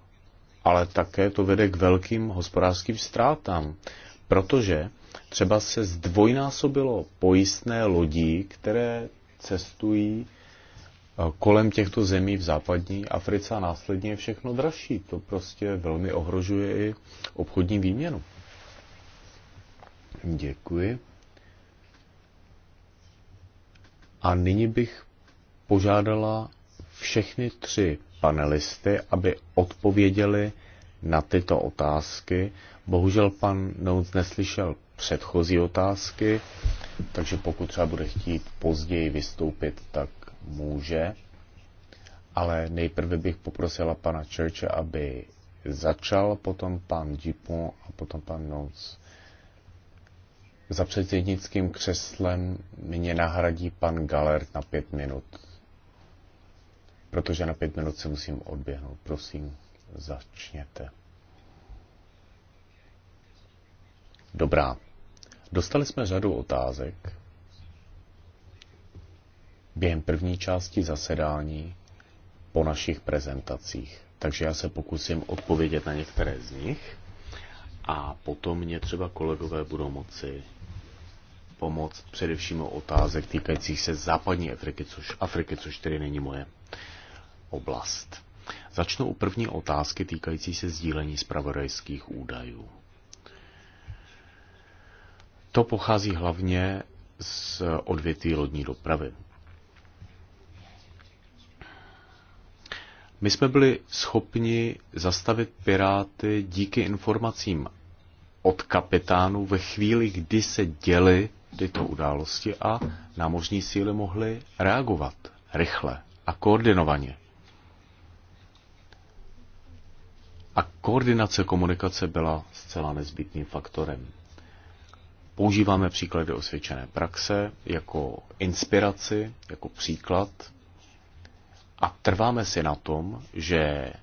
ale také to vede k velkým hospodářským ztrátám protože třeba se zdvojnásobilo pojistné lodí, které cestují eh, kolem těchto zemí v západní Africe a následně je všechno dražší. To prostě velmi ohrožuje i obchodní výměnu. Děkuji. A nyní bych požádala všechny tři panelisty, aby odpověděli na tyto otázky. Bohužel pan Nouc neslyšel předchozí otázky, takže pokud třeba bude chtít později vystoupit, tak může. Ale nejprve bych poprosila pana Churche, aby začal, potom pan Dupont a potom pan Nouc. Za předsednickým křeslem mě nahradí pan Galert na pět minut, protože na pět minut se musím odběhnout. Prosím, začněte. Dobrá. Dostali jsme řadu otázek během první části zasedání po našich prezentacích. Takže já se pokusím odpovědět na některé z nich a potom mě třeba kolegové budou moci pomoct především o otázek týkajících se západní Afriky, což, Afriky, což tedy není moje oblast. Začnu u první otázky týkající se sdílení zpravodajských údajů. To pochází hlavně z odvětví lodní dopravy. My jsme byli schopni zastavit piráty díky informacím od kapitánů ve chvíli, kdy se děly tyto události a námořní síly mohly reagovat rychle a koordinovaně. A koordinace komunikace byla zcela nezbytným faktorem. Používáme příklady osvědčené praxe jako inspiraci, jako příklad a trváme si na tom, že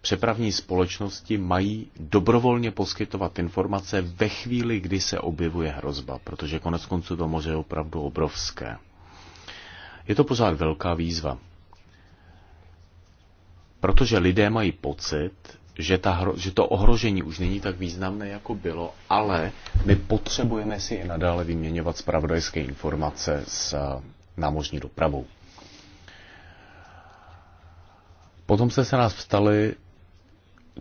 přepravní společnosti mají dobrovolně poskytovat informace ve chvíli, kdy se objevuje hrozba, protože konec konců to moře je opravdu obrovské. Je to pořád velká výzva, protože lidé mají pocit, že, ta, že to ohrožení už není tak významné, jako bylo, ale my potřebujeme si i nadále vyměňovat spravodajské informace s eh, námořní dopravou. Potom jste se nás ptali,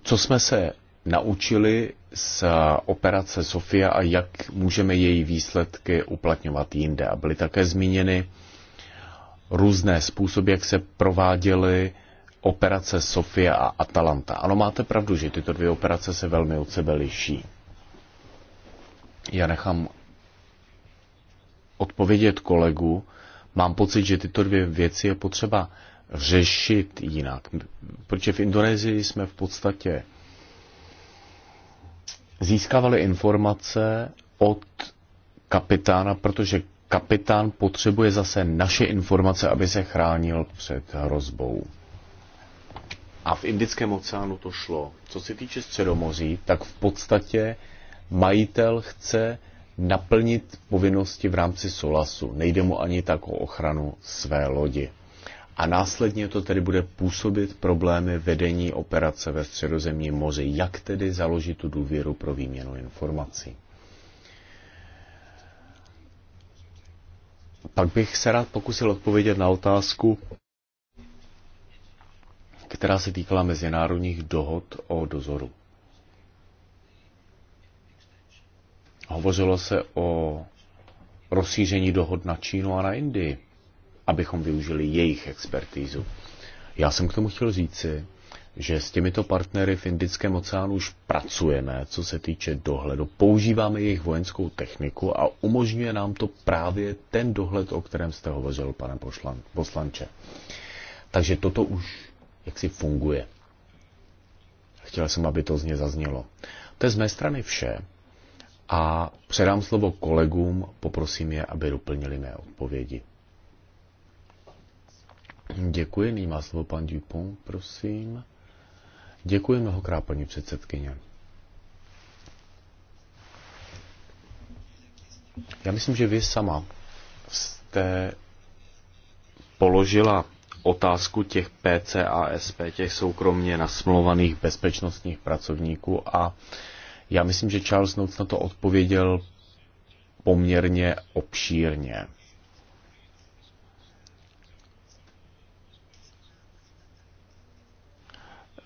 co jsme se naučili z eh, operace Sofia a jak můžeme její výsledky uplatňovat jinde. A byly také zmíněny různé způsoby, jak se prováděly operace Sofia a Atalanta. Ano, máte pravdu, že tyto dvě operace se velmi od sebe liší. Já nechám odpovědět kolegu. Mám pocit, že tyto dvě věci je potřeba řešit jinak. Protože v Indonésii jsme v podstatě získávali informace od kapitána, protože kapitán potřebuje zase naše informace, aby se chránil před hrozbou a v Indickém oceánu to šlo. Co se týče Středomoří, tak v podstatě majitel chce naplnit povinnosti v rámci SOLASu. Nejde mu ani tak o ochranu své lodi. A následně to tedy bude působit problémy vedení operace ve středozemní moři. Jak tedy založit tu důvěru pro výměnu informací? Pak bych se rád pokusil odpovědět na otázku, která se týkala mezinárodních dohod o dozoru. Hovořilo se o rozšíření dohod na Čínu a na Indii, abychom využili jejich expertízu. Já jsem k tomu chtěl říci, že s těmito partnery v Indickém oceánu už pracujeme, co se týče dohledu. Používáme jejich vojenskou techniku a umožňuje nám to právě ten dohled, o kterém jste hovořil, pane poslanče. Takže toto už jak si funguje. Chtěl jsem, aby to z ně zaznělo. To je z mé strany vše a předám slovo kolegům, poprosím je, aby doplnili mé odpovědi. Děkuji, nyní má slovo pan Dupont, prosím. Děkuji mnohokrát, paní předsedkyně. Já myslím, že vy sama jste položila otázku těch PCASP, těch soukromně nasmlovaných bezpečnostních pracovníků a já myslím, že Charles Notes na to odpověděl poměrně obšírně.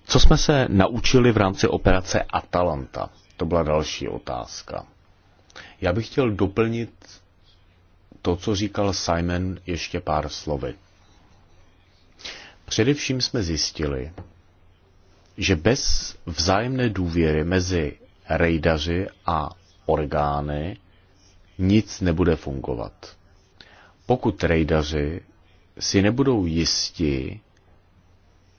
Co jsme se naučili v rámci operace Atalanta? To byla další otázka. Já bych chtěl doplnit to, co říkal Simon, ještě pár slovy. Především jsme zjistili, že bez vzájemné důvěry mezi rejdaři a orgány nic nebude fungovat. Pokud rejdaři si nebudou jisti,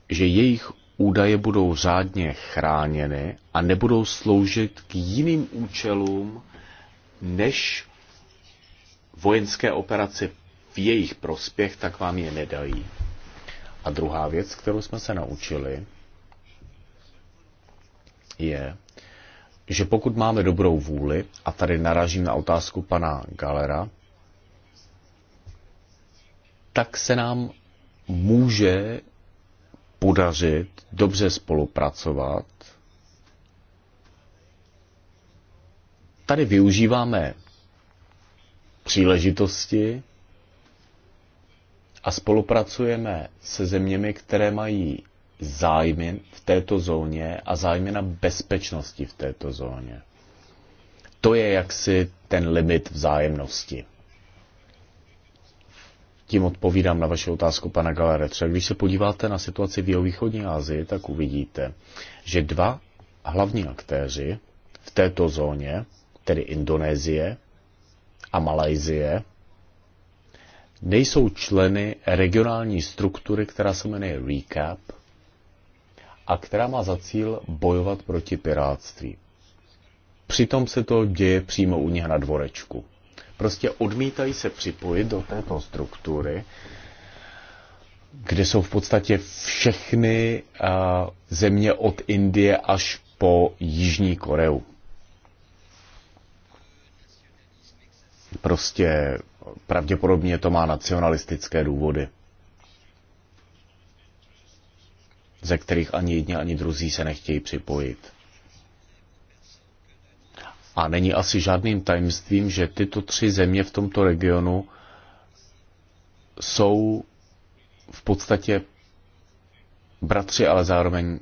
že jejich údaje budou řádně chráněny a nebudou sloužit k jiným účelům než vojenské operace v jejich prospěch, tak vám je nedají. A druhá věc, kterou jsme se naučili, je, že pokud máme dobrou vůli, a tady narážím na otázku pana Galera, tak se nám může podařit dobře spolupracovat. Tady využíváme příležitosti, a spolupracujeme se zeměmi, které mají zájmy v této zóně a zájmy na bezpečnosti v této zóně. To je jaksi ten limit vzájemnosti. Tím odpovídám na vaši otázku, pana Galeretře. Když se podíváte na situaci v jihovýchodní Asii, tak uvidíte, že dva hlavní aktéři v této zóně, tedy Indonésie a Malajzie, nejsou členy regionální struktury, která se jmenuje RECAP a která má za cíl bojovat proti piráctví. Přitom se to děje přímo u nich na dvorečku. Prostě odmítají se připojit do této struktury, kde jsou v podstatě všechny země od Indie až po Jižní Koreu. Prostě pravděpodobně to má nacionalistické důvody, ze kterých ani jedni, ani druzí se nechtějí připojit. A není asi žádným tajemstvím, že tyto tři země v tomto regionu jsou v podstatě bratři, ale zároveň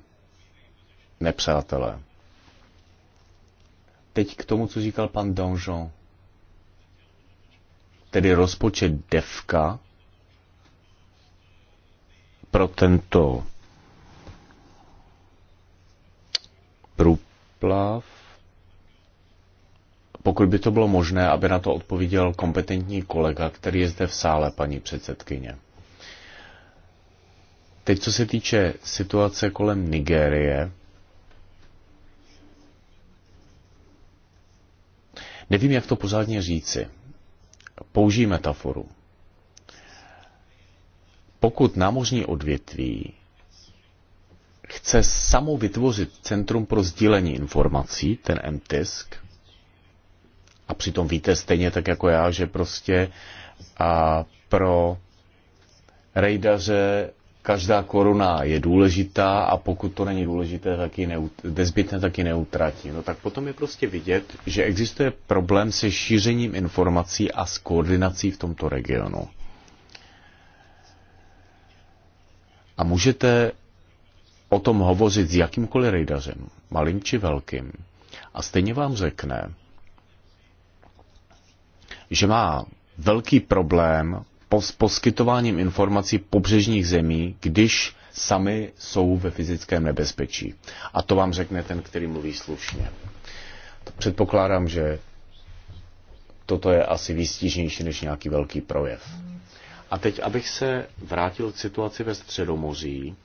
nepřátelé. Teď k tomu, co říkal pan Donjon tedy rozpočet devka pro tento průplav, pokud by to bylo možné, aby na to odpověděl kompetentní kolega, který je zde v sále, paní předsedkyně. Teď, co se týče situace kolem Nigérie, nevím, jak to pořádně říci použijí metaforu. Pokud námořní odvětví chce samo vytvořit Centrum pro sdílení informací, ten MTISK, a přitom víte stejně tak jako já, že prostě a pro rejdaře každá koruna je důležitá a pokud to není důležité, tak ji neut, nezbytné, tak ji neutratí. No tak potom je prostě vidět, že existuje problém se šířením informací a s koordinací v tomto regionu. A můžete o tom hovořit s jakýmkoliv rejdařem, malým či velkým, a stejně vám řekne, že má velký problém s poskytováním informací pobřežních zemí, když sami jsou ve fyzickém nebezpečí. A to vám řekne ten, který mluví slušně. Předpokládám, že toto je asi výstižnější než nějaký velký projev. A teď, abych se vrátil k situaci ve Středomoří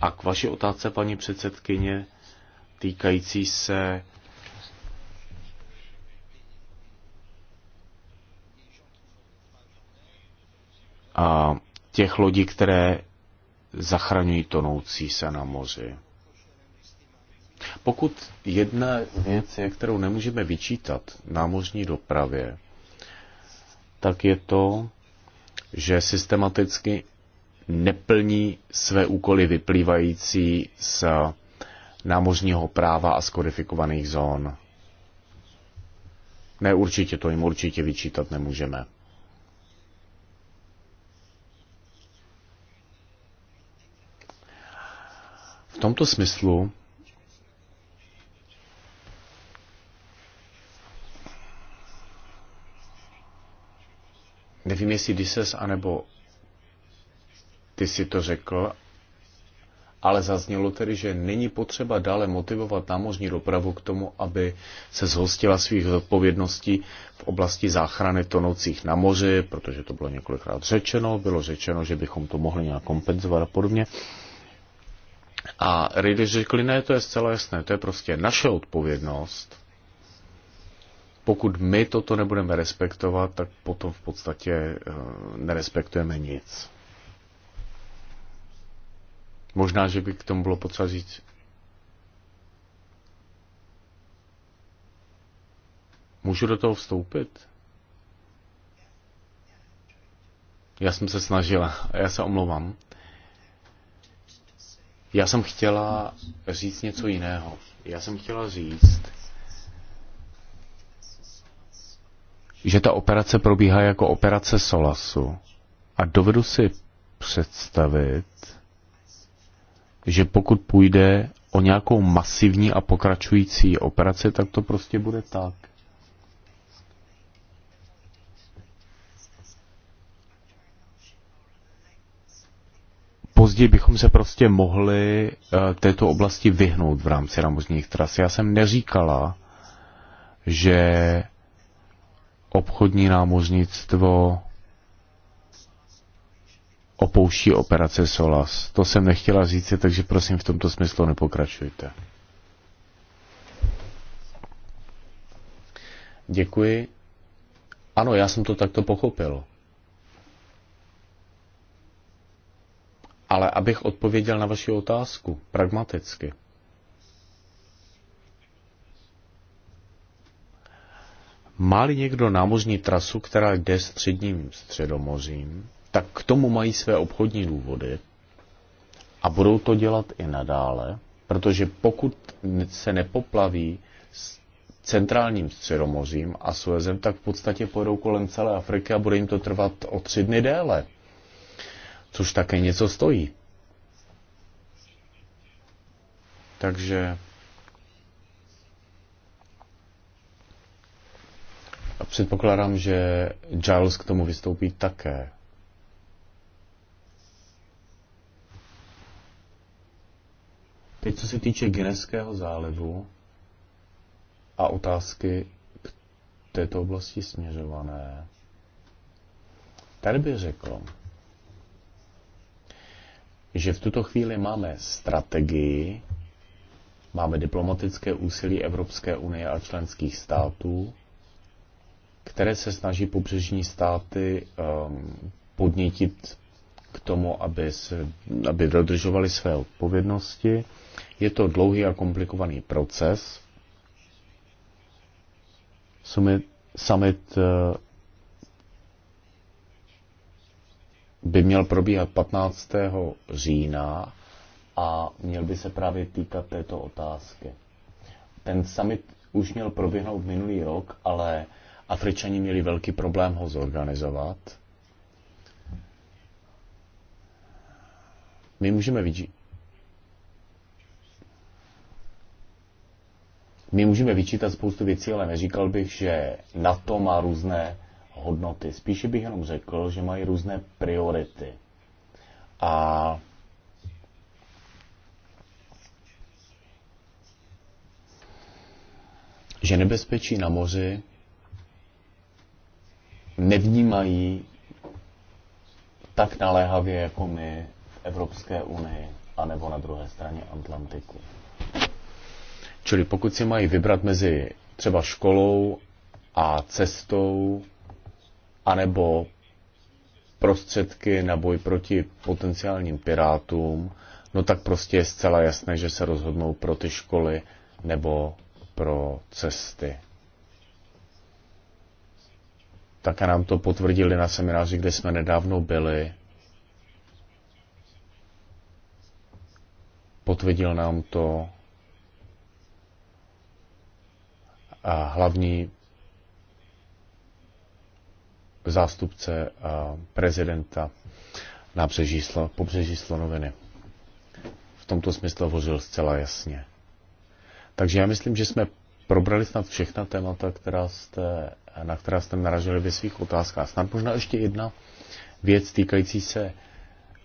a k vaší otázce, paní předsedkyně, týkající se a těch lodí, které zachraňují tonoucí se na moři. Pokud jedna věc je, kterou nemůžeme vyčítat námořní dopravě, tak je to, že systematicky neplní své úkoly vyplývající z námořního práva a z kodifikovaných zón. Ne, určitě to jim určitě vyčítat nemůžeme. tomto smyslu nevím, jestli Dises anebo ty si to řekl, ale zaznělo tedy, že není potřeba dále motivovat námořní dopravu k tomu, aby se zhostila svých odpovědností v oblasti záchrany tonoucích na moři, protože to bylo několikrát řečeno, bylo řečeno, že bychom to mohli nějak kompenzovat a podobně. A Raiders řekli, ne, to je zcela jasné, to je prostě naše odpovědnost. Pokud my toto nebudeme respektovat, tak potom v podstatě eh, nerespektujeme nic. Možná, že by k tomu bylo potřeba říct, Můžu do toho vstoupit? Já jsem se snažila a já se omlouvám. Já jsem chtěla říct něco jiného. Já jsem chtěla říct, že ta operace probíhá jako operace Solasu. A dovedu si představit, že pokud půjde o nějakou masivní a pokračující operaci, tak to prostě bude tak. později bychom se prostě mohli eh, této oblasti vyhnout v rámci ramozních tras. Já jsem neříkala, že obchodní námořnictvo opouští operace SOLAS. To jsem nechtěla říct, takže prosím v tomto smyslu nepokračujte. Děkuji. Ano, já jsem to takto pochopil. Ale abych odpověděl na vaši otázku pragmaticky. má někdo námořní trasu, která jde středním středomořím, tak k tomu mají své obchodní důvody a budou to dělat i nadále, protože pokud se nepoplaví s centrálním středomořím a Suezem, tak v podstatě pojedou kolem celé Afriky a bude jim to trvat o tři dny déle což také něco stojí. Takže předpokládám, že Giles k tomu vystoupí také. Teď co se týče Gineského zálivu a otázky k této oblasti směřované, tady bych řekl, že v tuto chvíli máme strategii, máme diplomatické úsilí Evropské unie a členských států, které se snaží pobřežní státy um, podnětit k tomu, aby, se, aby dodržovali své odpovědnosti. Je to dlouhý a komplikovaný proces. Summit, summit eh, by měl probíhat 15. října a měl by se právě týkat této otázky. Ten summit už měl proběhnout minulý rok, ale Afričani měli velký problém ho zorganizovat. My můžeme vidět, My můžeme vyčítat spoustu věcí, ale neříkal bych, že NATO má různé hodnoty. Spíše bych jenom řekl, že mají různé priority. A že nebezpečí na moři nevnímají tak naléhavě jako my v Evropské unii anebo na druhé straně Atlantiku. Čili pokud si mají vybrat mezi třeba školou a cestou anebo prostředky na boj proti potenciálním pirátům, no tak prostě je zcela jasné, že se rozhodnou pro ty školy nebo pro cesty. Také nám to potvrdili na semináři, kde jsme nedávno byli. Potvrdil nám to a hlavní zástupce eh, prezidenta nábřeží slo, pobřeží slonoviny. V tomto smyslu hovořil zcela jasně. Takže já myslím, že jsme probrali snad všechna témata, která jste, na která jste naražili ve svých otázkách. Snad možná ještě jedna věc týkající se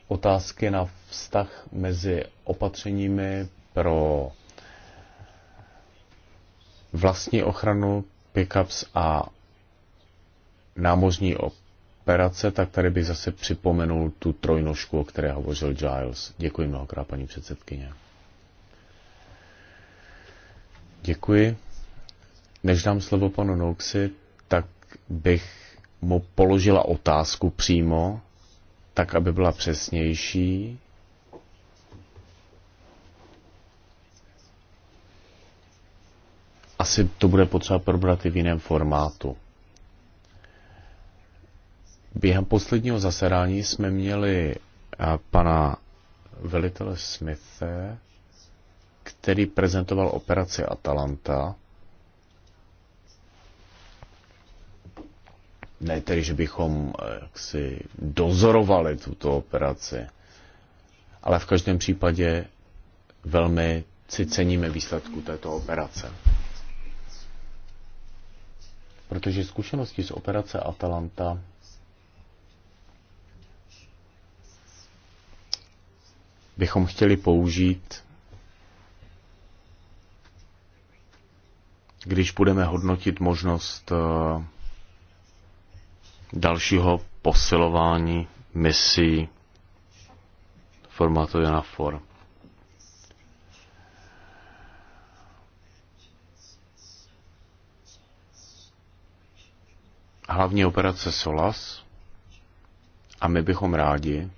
otázky na vztah mezi opatřeními pro vlastní ochranu pickups a námořní operace, tak tady bych zase připomenul tu trojnožku, o které hovořil Giles. Děkuji mnohokrát, paní předsedkyně. Děkuji. Než dám slovo panu Nouxi, tak bych mu položila otázku přímo, tak aby byla přesnější. Asi to bude potřeba probrat i v jiném formátu. Během posledního zasedání jsme měli eh, pana velitele Smithe, který prezentoval operaci Atalanta. Ne tedy, že bychom eh, jaksi dozorovali tuto operaci, ale v každém případě velmi si ceníme výsledku této operace. Protože zkušenosti z operace Atalanta bychom chtěli použít, když budeme hodnotit možnost eh, dalšího posilování misí formátu form. Hlavní operace SOLAS a my bychom rádi,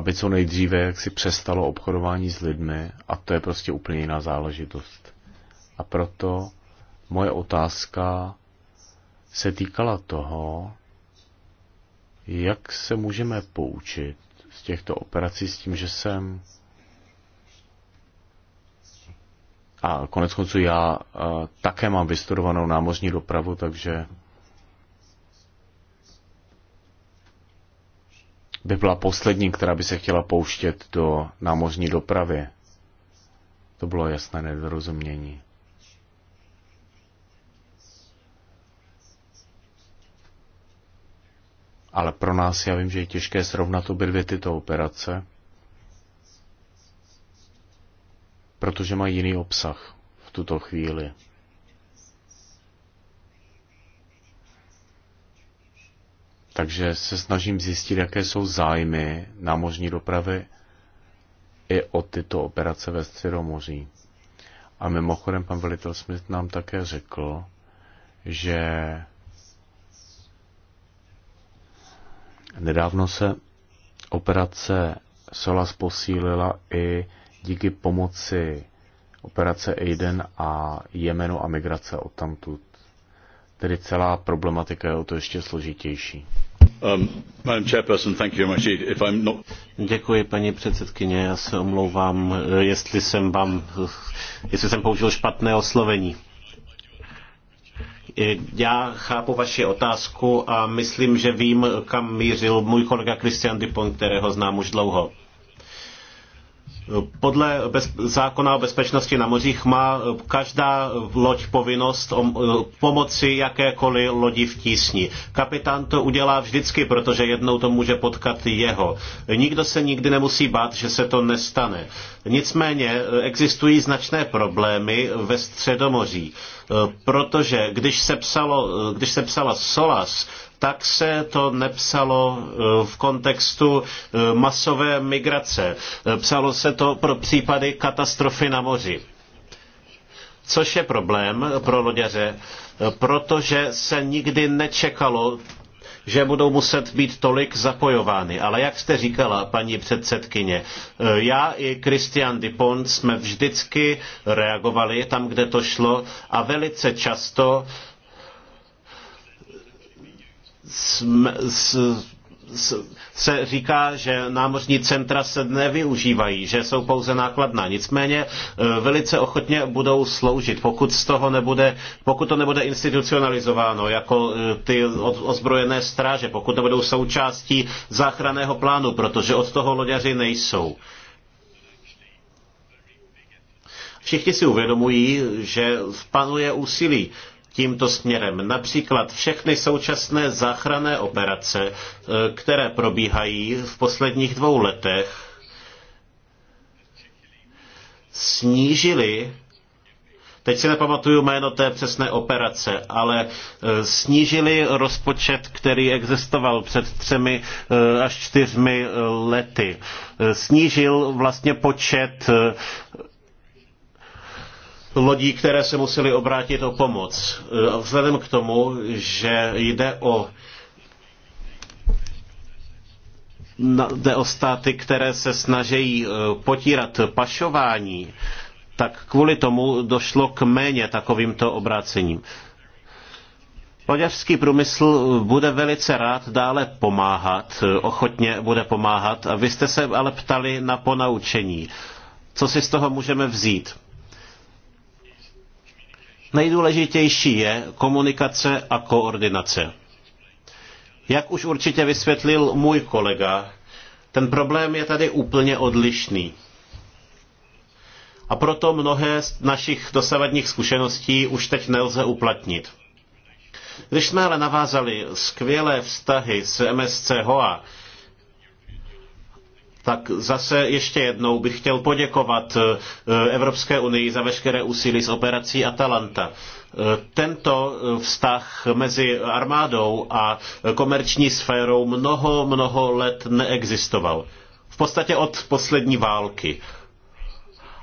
aby co nejdříve jak si přestalo obchodování s lidmi a to je prostě úplně jiná záležitost. A proto moje otázka se týkala toho, jak se můžeme poučit z těchto operací s tím, že jsem a konec konců já uh, také mám vystudovanou námořní dopravu, takže by byla poslední, která by se chtěla pouštět do námořní dopravy. To bylo jasné nedorozumění. Ale pro nás, já vím, že je těžké srovnat obě dvě tyto operace, protože mají jiný obsah v tuto chvíli. Takže se snažím zjistit, jaké jsou zájmy námořní dopravy i o tyto operace ve Středomoří. A mimochodem pan velitel Smith nám také řekl, že nedávno se operace SOLAS posílila i díky pomoci operace Aiden a Jemenu a migrace odtamtud. Tedy celá problematika je o to ještě složitější. Um, Děkuji, paní předsedkyně. Já se omlouvám, jestli jsem vám, jestli jsem použil špatné oslovení. Já chápu vaši otázku a myslím, že vím, kam mířil můj kolega Christian Dupont, kterého znám už dlouho. Podle bez, zákona o bezpečnosti na mořích má každá loď povinnost o, eh, pomoci jakékoliv lodi v tísni. Kapitán to udělá vždycky, protože jednou to může potkat jeho. Nikdo se nikdy nemusí bát, že se to nestane. Nicméně eh, existují značné problémy ve Středomoří, eh, protože když se, psalo, když se psala Solas, tak se to nepsalo e, v kontextu e, masové migrace. E, psalo se to pro případy katastrofy na moři. Což je problém pro loďaře, protože se nikdy nečekalo, že budou muset být tolik zapojovány. Ale jak jste říkala, paní předsedkyně, já i Christian Dupont jsme vždycky reagovali tam, kde to šlo a velice často uh, se říká, že námořní centra se nevyužívají, že jsou pouze nákladná. Nicméně e, velice ochotně budou sloužit, pokud, z toho nebude, pokud to nebude institucionalizováno, jako e, ty ozbrojené stráže, pokud budou součástí záchraného plánu, protože od toho loďaři nejsou. Všichni si uvědomují, že panuje úsilí tímto směrem. Například všechny současné záchranné operace, e, které probíhají v posledních dvou letech, snížily Teď si nepamatuju jméno té přesné operace, ale e, snížili rozpočet, který existoval před třemi e, až čtyřmi lety. Snížil vlastně počet lodí, které se musely obrátit o pomoc. E, vzhledem k tomu, že jde o jde o státy, které se snaží e, potírat pašování, tak kvůli tomu došlo k méně takovýmto obrácením. Loďařský průmysl bude velice rád dále pomáhat, e, ochotně bude pomáhat. A vy jste se ale ptali na ponaučení. Co si z toho můžeme vzít? Nejdůležitější je komunikace a koordinace. Jak už určitě vysvětlil můj kolega, ten problém je tady úplně odlišný. A proto mnohé z našich dosavadních zkušeností už teď nelze uplatnit. Když jsme ale navázali skvělé vztahy s MSC HOA, tak zase ještě jednou bych chtěl poděkovat eh, Evropské unii za veškeré úsilí s operací Atalanta. Eh, tento eh, vztah mezi armádou a komerční sférou mnoho, mnoho let neexistoval. V podstatě od poslední války.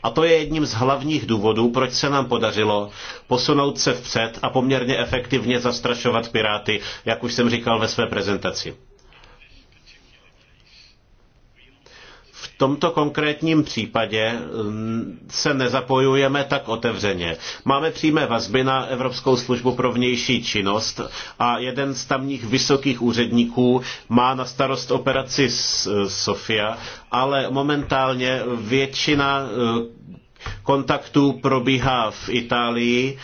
A to je jedním z hlavních důvodů, proč se nám podařilo posunout se vpřed a poměrně efektivně zastrašovat piráty, jak už jsem říkal ve své prezentaci. tomto konkrétním případě eh, se nezapojujeme tak otevřeně. Máme přímé vazby na Evropskou službu pro vnější činnost a jeden z tamních vysokých úředníků má na starost operaci eh, Sofia, ale momentálně většina eh, kontaktů probíhá v Itálii,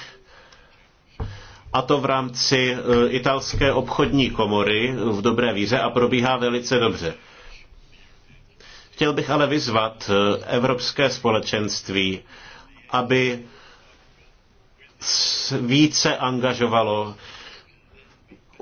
a to v rámci italské obchodní komory v dobré víře a probíhá velice dobře. Chtěl bych ale vyzvat eh, Evropské společenství, aby více angažovalo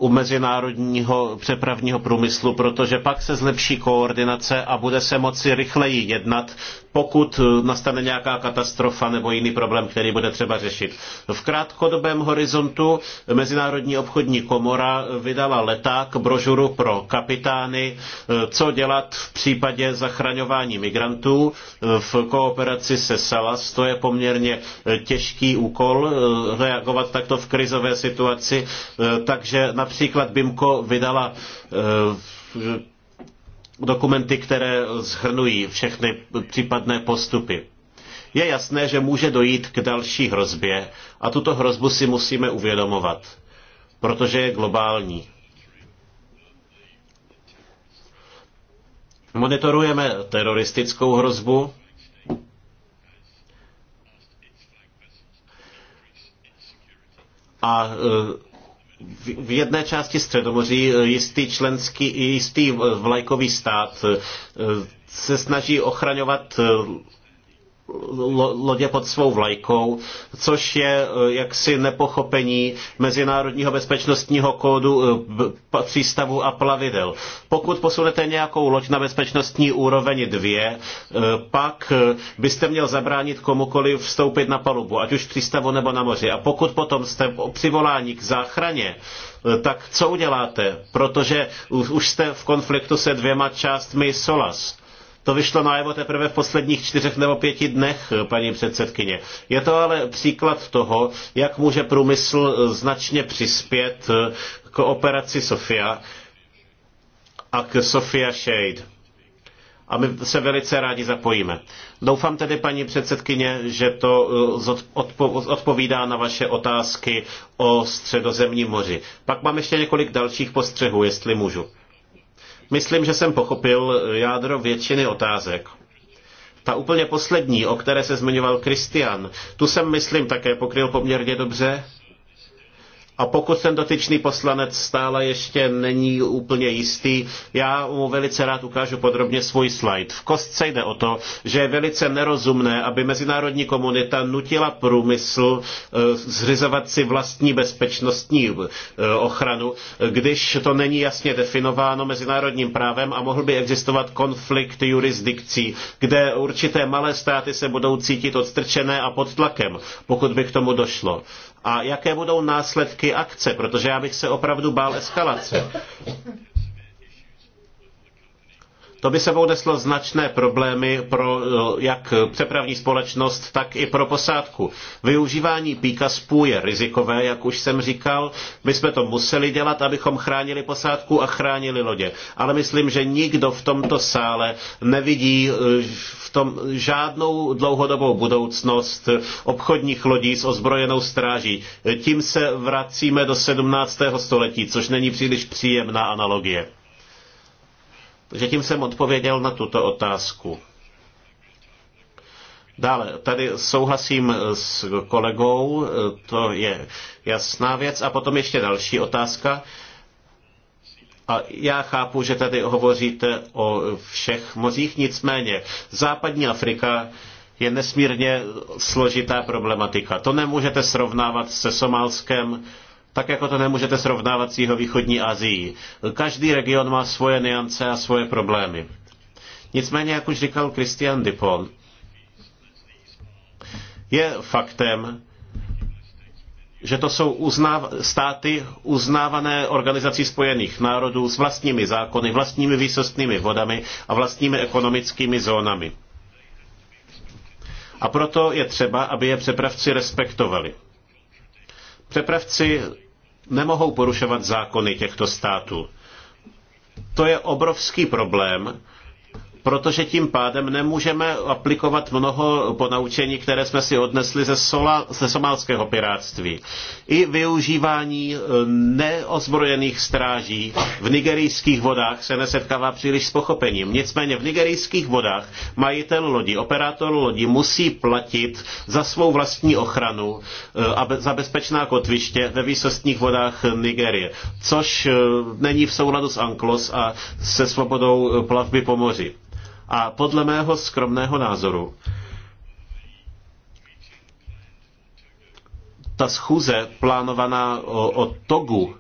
u mezinárodního přepravního průmyslu, protože pak se zlepší koordinace a bude se moci rychleji jednat, pokud nastane nějaká katastrofa nebo jiný problém, který bude třeba řešit. V krátkodobém horizontu Mezinárodní obchodní komora vydala leták brožuru pro kapitány, co dělat v případě zachraňování migrantů v kooperaci se SALAS. To je poměrně těžký úkol reagovat takto v krizové situaci, takže například Například BIMCO vydala eh, dokumenty, které shrnují všechny případné postupy. Je jasné, že může dojít k další hrozbě a tuto hrozbu si musíme uvědomovat, protože je globální. Monitorujeme teroristickou hrozbu, a eh, v jedné části Středomoří jistý členský, jistý vlajkový stát eh, se snaží ochraňovat eh, lodě pod svou vlajkou, což je eh, jaksi nepochopení mezinárodního bezpečnostního kódu eh, přístavu a plavidel. Pokud posunete nějakou loď na bezpečnostní úroveň dvě, eh, pak byste měl zabránit komukoliv vstoupit na palubu, ať už přístavu nebo na moři. A pokud potom jste přivolání k záchraně, tak co uděláte? Protože už jste v konfliktu se dvěma částmi SOLAS to vyšlo najevo teprve v posledních čtyřech nebo pěti dnech, paní předsedkyně. Je to ale příklad toho, jak může průmysl značně přispět k operaci Sofia a k Sofia Shade a my se velice rádi zapojíme. Doufám tedy, paní předsedkyně, že to eh, odpovídá na vaše otázky o středozemním moři. Pak mám ještě několik dalších postřehů, jestli můžu. Myslím, že jsem pochopil jádro většiny otázek. Ta úplně poslední, o které se zmiňoval Kristian, tu jsem, myslím, také pokryl poměrně dobře. A pokud ten dotyčný poslanec stále ještě není úplně jistý, já mu velice rád ukážu podrobně svůj slide. V kostce jde o to, že je velice nerozumné, aby mezinárodní komunita nutila průmysl eh, zřizovat si vlastní bezpečnostní eh, ochranu, když to není jasně definováno mezinárodním právem a mohl by existovat konflikt jurisdikcí, kde určité malé státy se budou cítit odstrčené a pod tlakem, pokud by k tomu došlo a jaké budou následky akce, protože já bych se opravdu bál eskalace. To by sebou neslo značné problémy pro eh, jak přepravní společnost, tak i pro posádku. Využívání píkaspů je rizikové, jak už jsem říkal. My jsme to museli dělat, abychom chránili posádku a chránili lodě. Ale myslím, že nikdo v tomto sále nevidí eh, v tom žádnou dlouhodobou budoucnost obchodních lodí s ozbrojenou stráží. Tím se vracíme do 17. století, což není příliš příjemná analogie. Takže tím jsem odpověděl na tuto otázku. Dále, tady souhlasím s kolegou, to je jasná věc. A potom ještě další otázka. A já chápu, že tady hovoříte o všech mořích, nicméně západní Afrika je nesmírně složitá problematika. To nemůžete srovnávat se Somálskem, tak jako to nemůžete srovnávat s jeho východní Asií. Každý region má svoje niance a svoje problémy. Nicméně, jak už říkal Christian Dipol, je faktem, že to jsou uznáv- státy uznávané organizací spojených národů s vlastními zákony, vlastními výsostnými vodami a vlastními ekonomickými zónami. A proto je třeba, aby je přepravci respektovali. Přepravci nemohou porušovat zákony těchto států. To je obrovský problém, protože tím pádem nemůžeme aplikovat mnoho ponaučení, které jsme si odnesli ze, sola, ze somálského pirátství. I využívání eh, neozbrojených stráží v nigerijských vodách se nesetkává příliš s pochopením. Nicméně v nigerijských vodách majitel lodi, operátor lodi musí platit za svou vlastní ochranu eh, a za bezpečná kotviště ve výsostních vodách Nigerie, což eh, není v souladu s Anklos a se svobodou plavby po moři. A podle mého skromného názoru, ta schůze plánovaná o, Togu,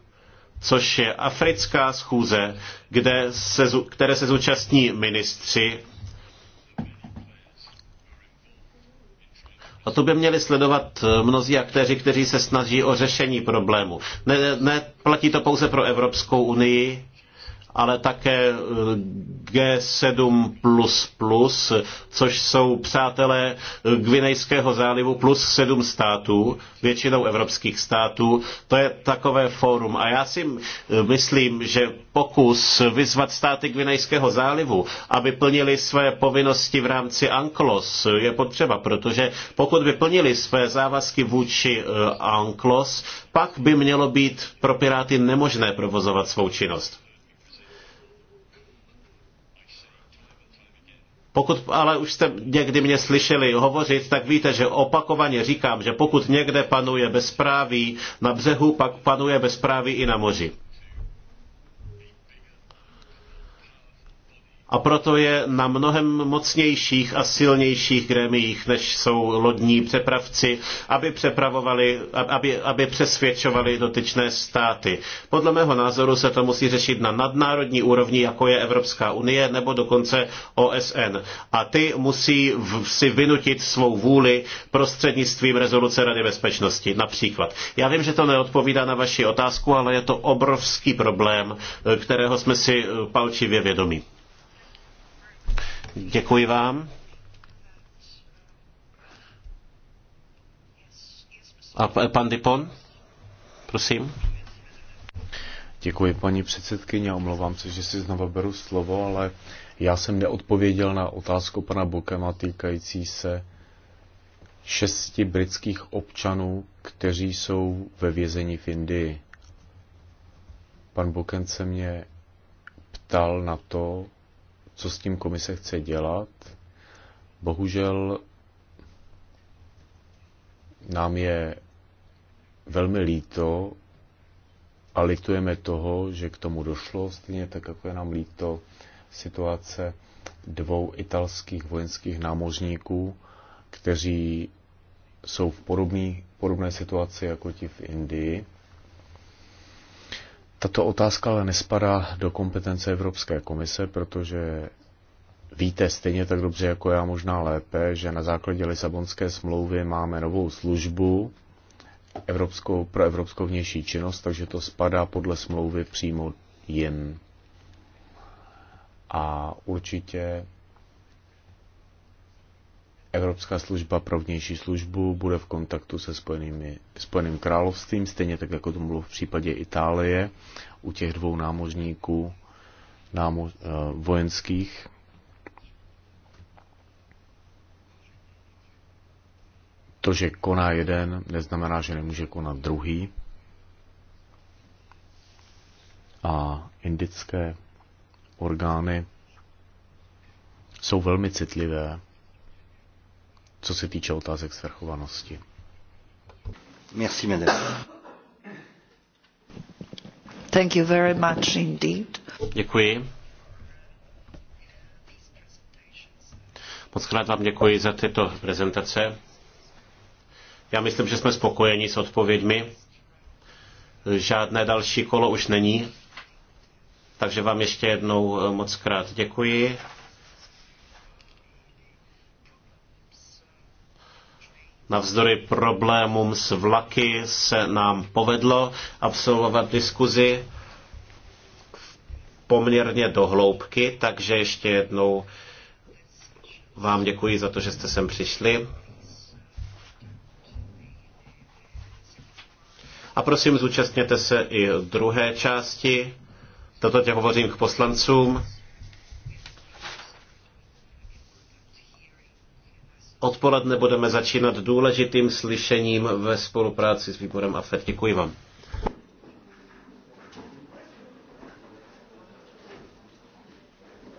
což je africká schůze, kde se, které se zúčastní ministři. A to by měli sledovat eh, mnozí aktéři, kteří se snaží o řešení problému. Ne, ne platí to pouze pro Evropskou unii, ale také eh, G7++, což jsou přátelé eh, Gvinejského zálivu plus sedm států, většinou evropských států. To je takové fórum. A já si eh, myslím, že pokus vyzvat státy Gvinejského zálivu, aby plnili své povinnosti v rámci ANKLOS, je potřeba, protože pokud by plnili své závazky vůči ANKLOS, pak by mělo být pro Piráty nemožné provozovat svou činnost. Pokud ale už jste někdy mě slyšeli hovořit, tak víte, že opakovaně říkám, že pokud někde panuje bezpráví na břehu, pak panuje bezpráví i na moři. a proto je na mnohem mocnějších a silnějších grémiích, než jsou lodní přepravci, aby přepravovali, aby, aby přesvědčovali dotyčné státy. Podle mého názoru se to musí řešit na nadnárodní úrovni, jako je Evropská unie nebo dokonce OSN. A ty musí v, si vynutit svou vůli prostřednictvím rezoluce Rady bezpečnosti například. Já vím, že to neodpovídá na vaši otázku, ale je to obrovský problém, kterého jsme si palčivě vědomí. Děkuji vám. A pan Dipon, prosím. Děkuji, paní předsedkyně, omlouvám se, že si znovu beru slovo, ale já jsem neodpověděl na otázku pana Bokema týkající se šesti britských občanů, kteří jsou ve vězení v Indii. Pan Buken se mě ptal na to, co s tím komise chce dělat. Bohužel nám je velmi líto a litujeme toho, že k tomu došlo, stejně tak, jako je nám líto situace dvou italských vojenských námořníků, kteří jsou v podobný, podobné situaci jako ti v Indii. Tato otázka ale nespadá do kompetence Evropské komise, protože víte stejně tak dobře jako já, možná lépe, že na základě Lisabonské smlouvy máme novou službu evropskou, pro evropskou vnější činnost, takže to spadá podle smlouvy přímo jen A určitě Evropská služba pro vnější službu bude v kontaktu se Spojenými, Spojeným královstvím, stejně tak jako to bylo v případě Itálie u těch dvou námořníků námo, eh, vojenských. To, že koná jeden, neznamená, že nemůže konat druhý. A indické orgány jsou velmi citlivé co se týče otázek svrchovanosti. Merci, madame. Thank you very much indeed. Děkuji. Moc krát vám děkuji za tyto prezentace. Já myslím, že jsme spokojeni s odpověďmi. Žádné další kolo už není. Takže vám ještě jednou moc krát děkuji. Navzdory problémům s vlaky se nám povedlo absolvovat diskuzi poměrně do hloubky, takže ještě jednou vám děkuji za to, že jste sem přišli. A prosím, zúčastněte se i druhé části. Toto tě hovořím k poslancům. Odpoledne budeme začínat důležitým slyšením ve spolupráci s výborem AFED. Děkuji vám.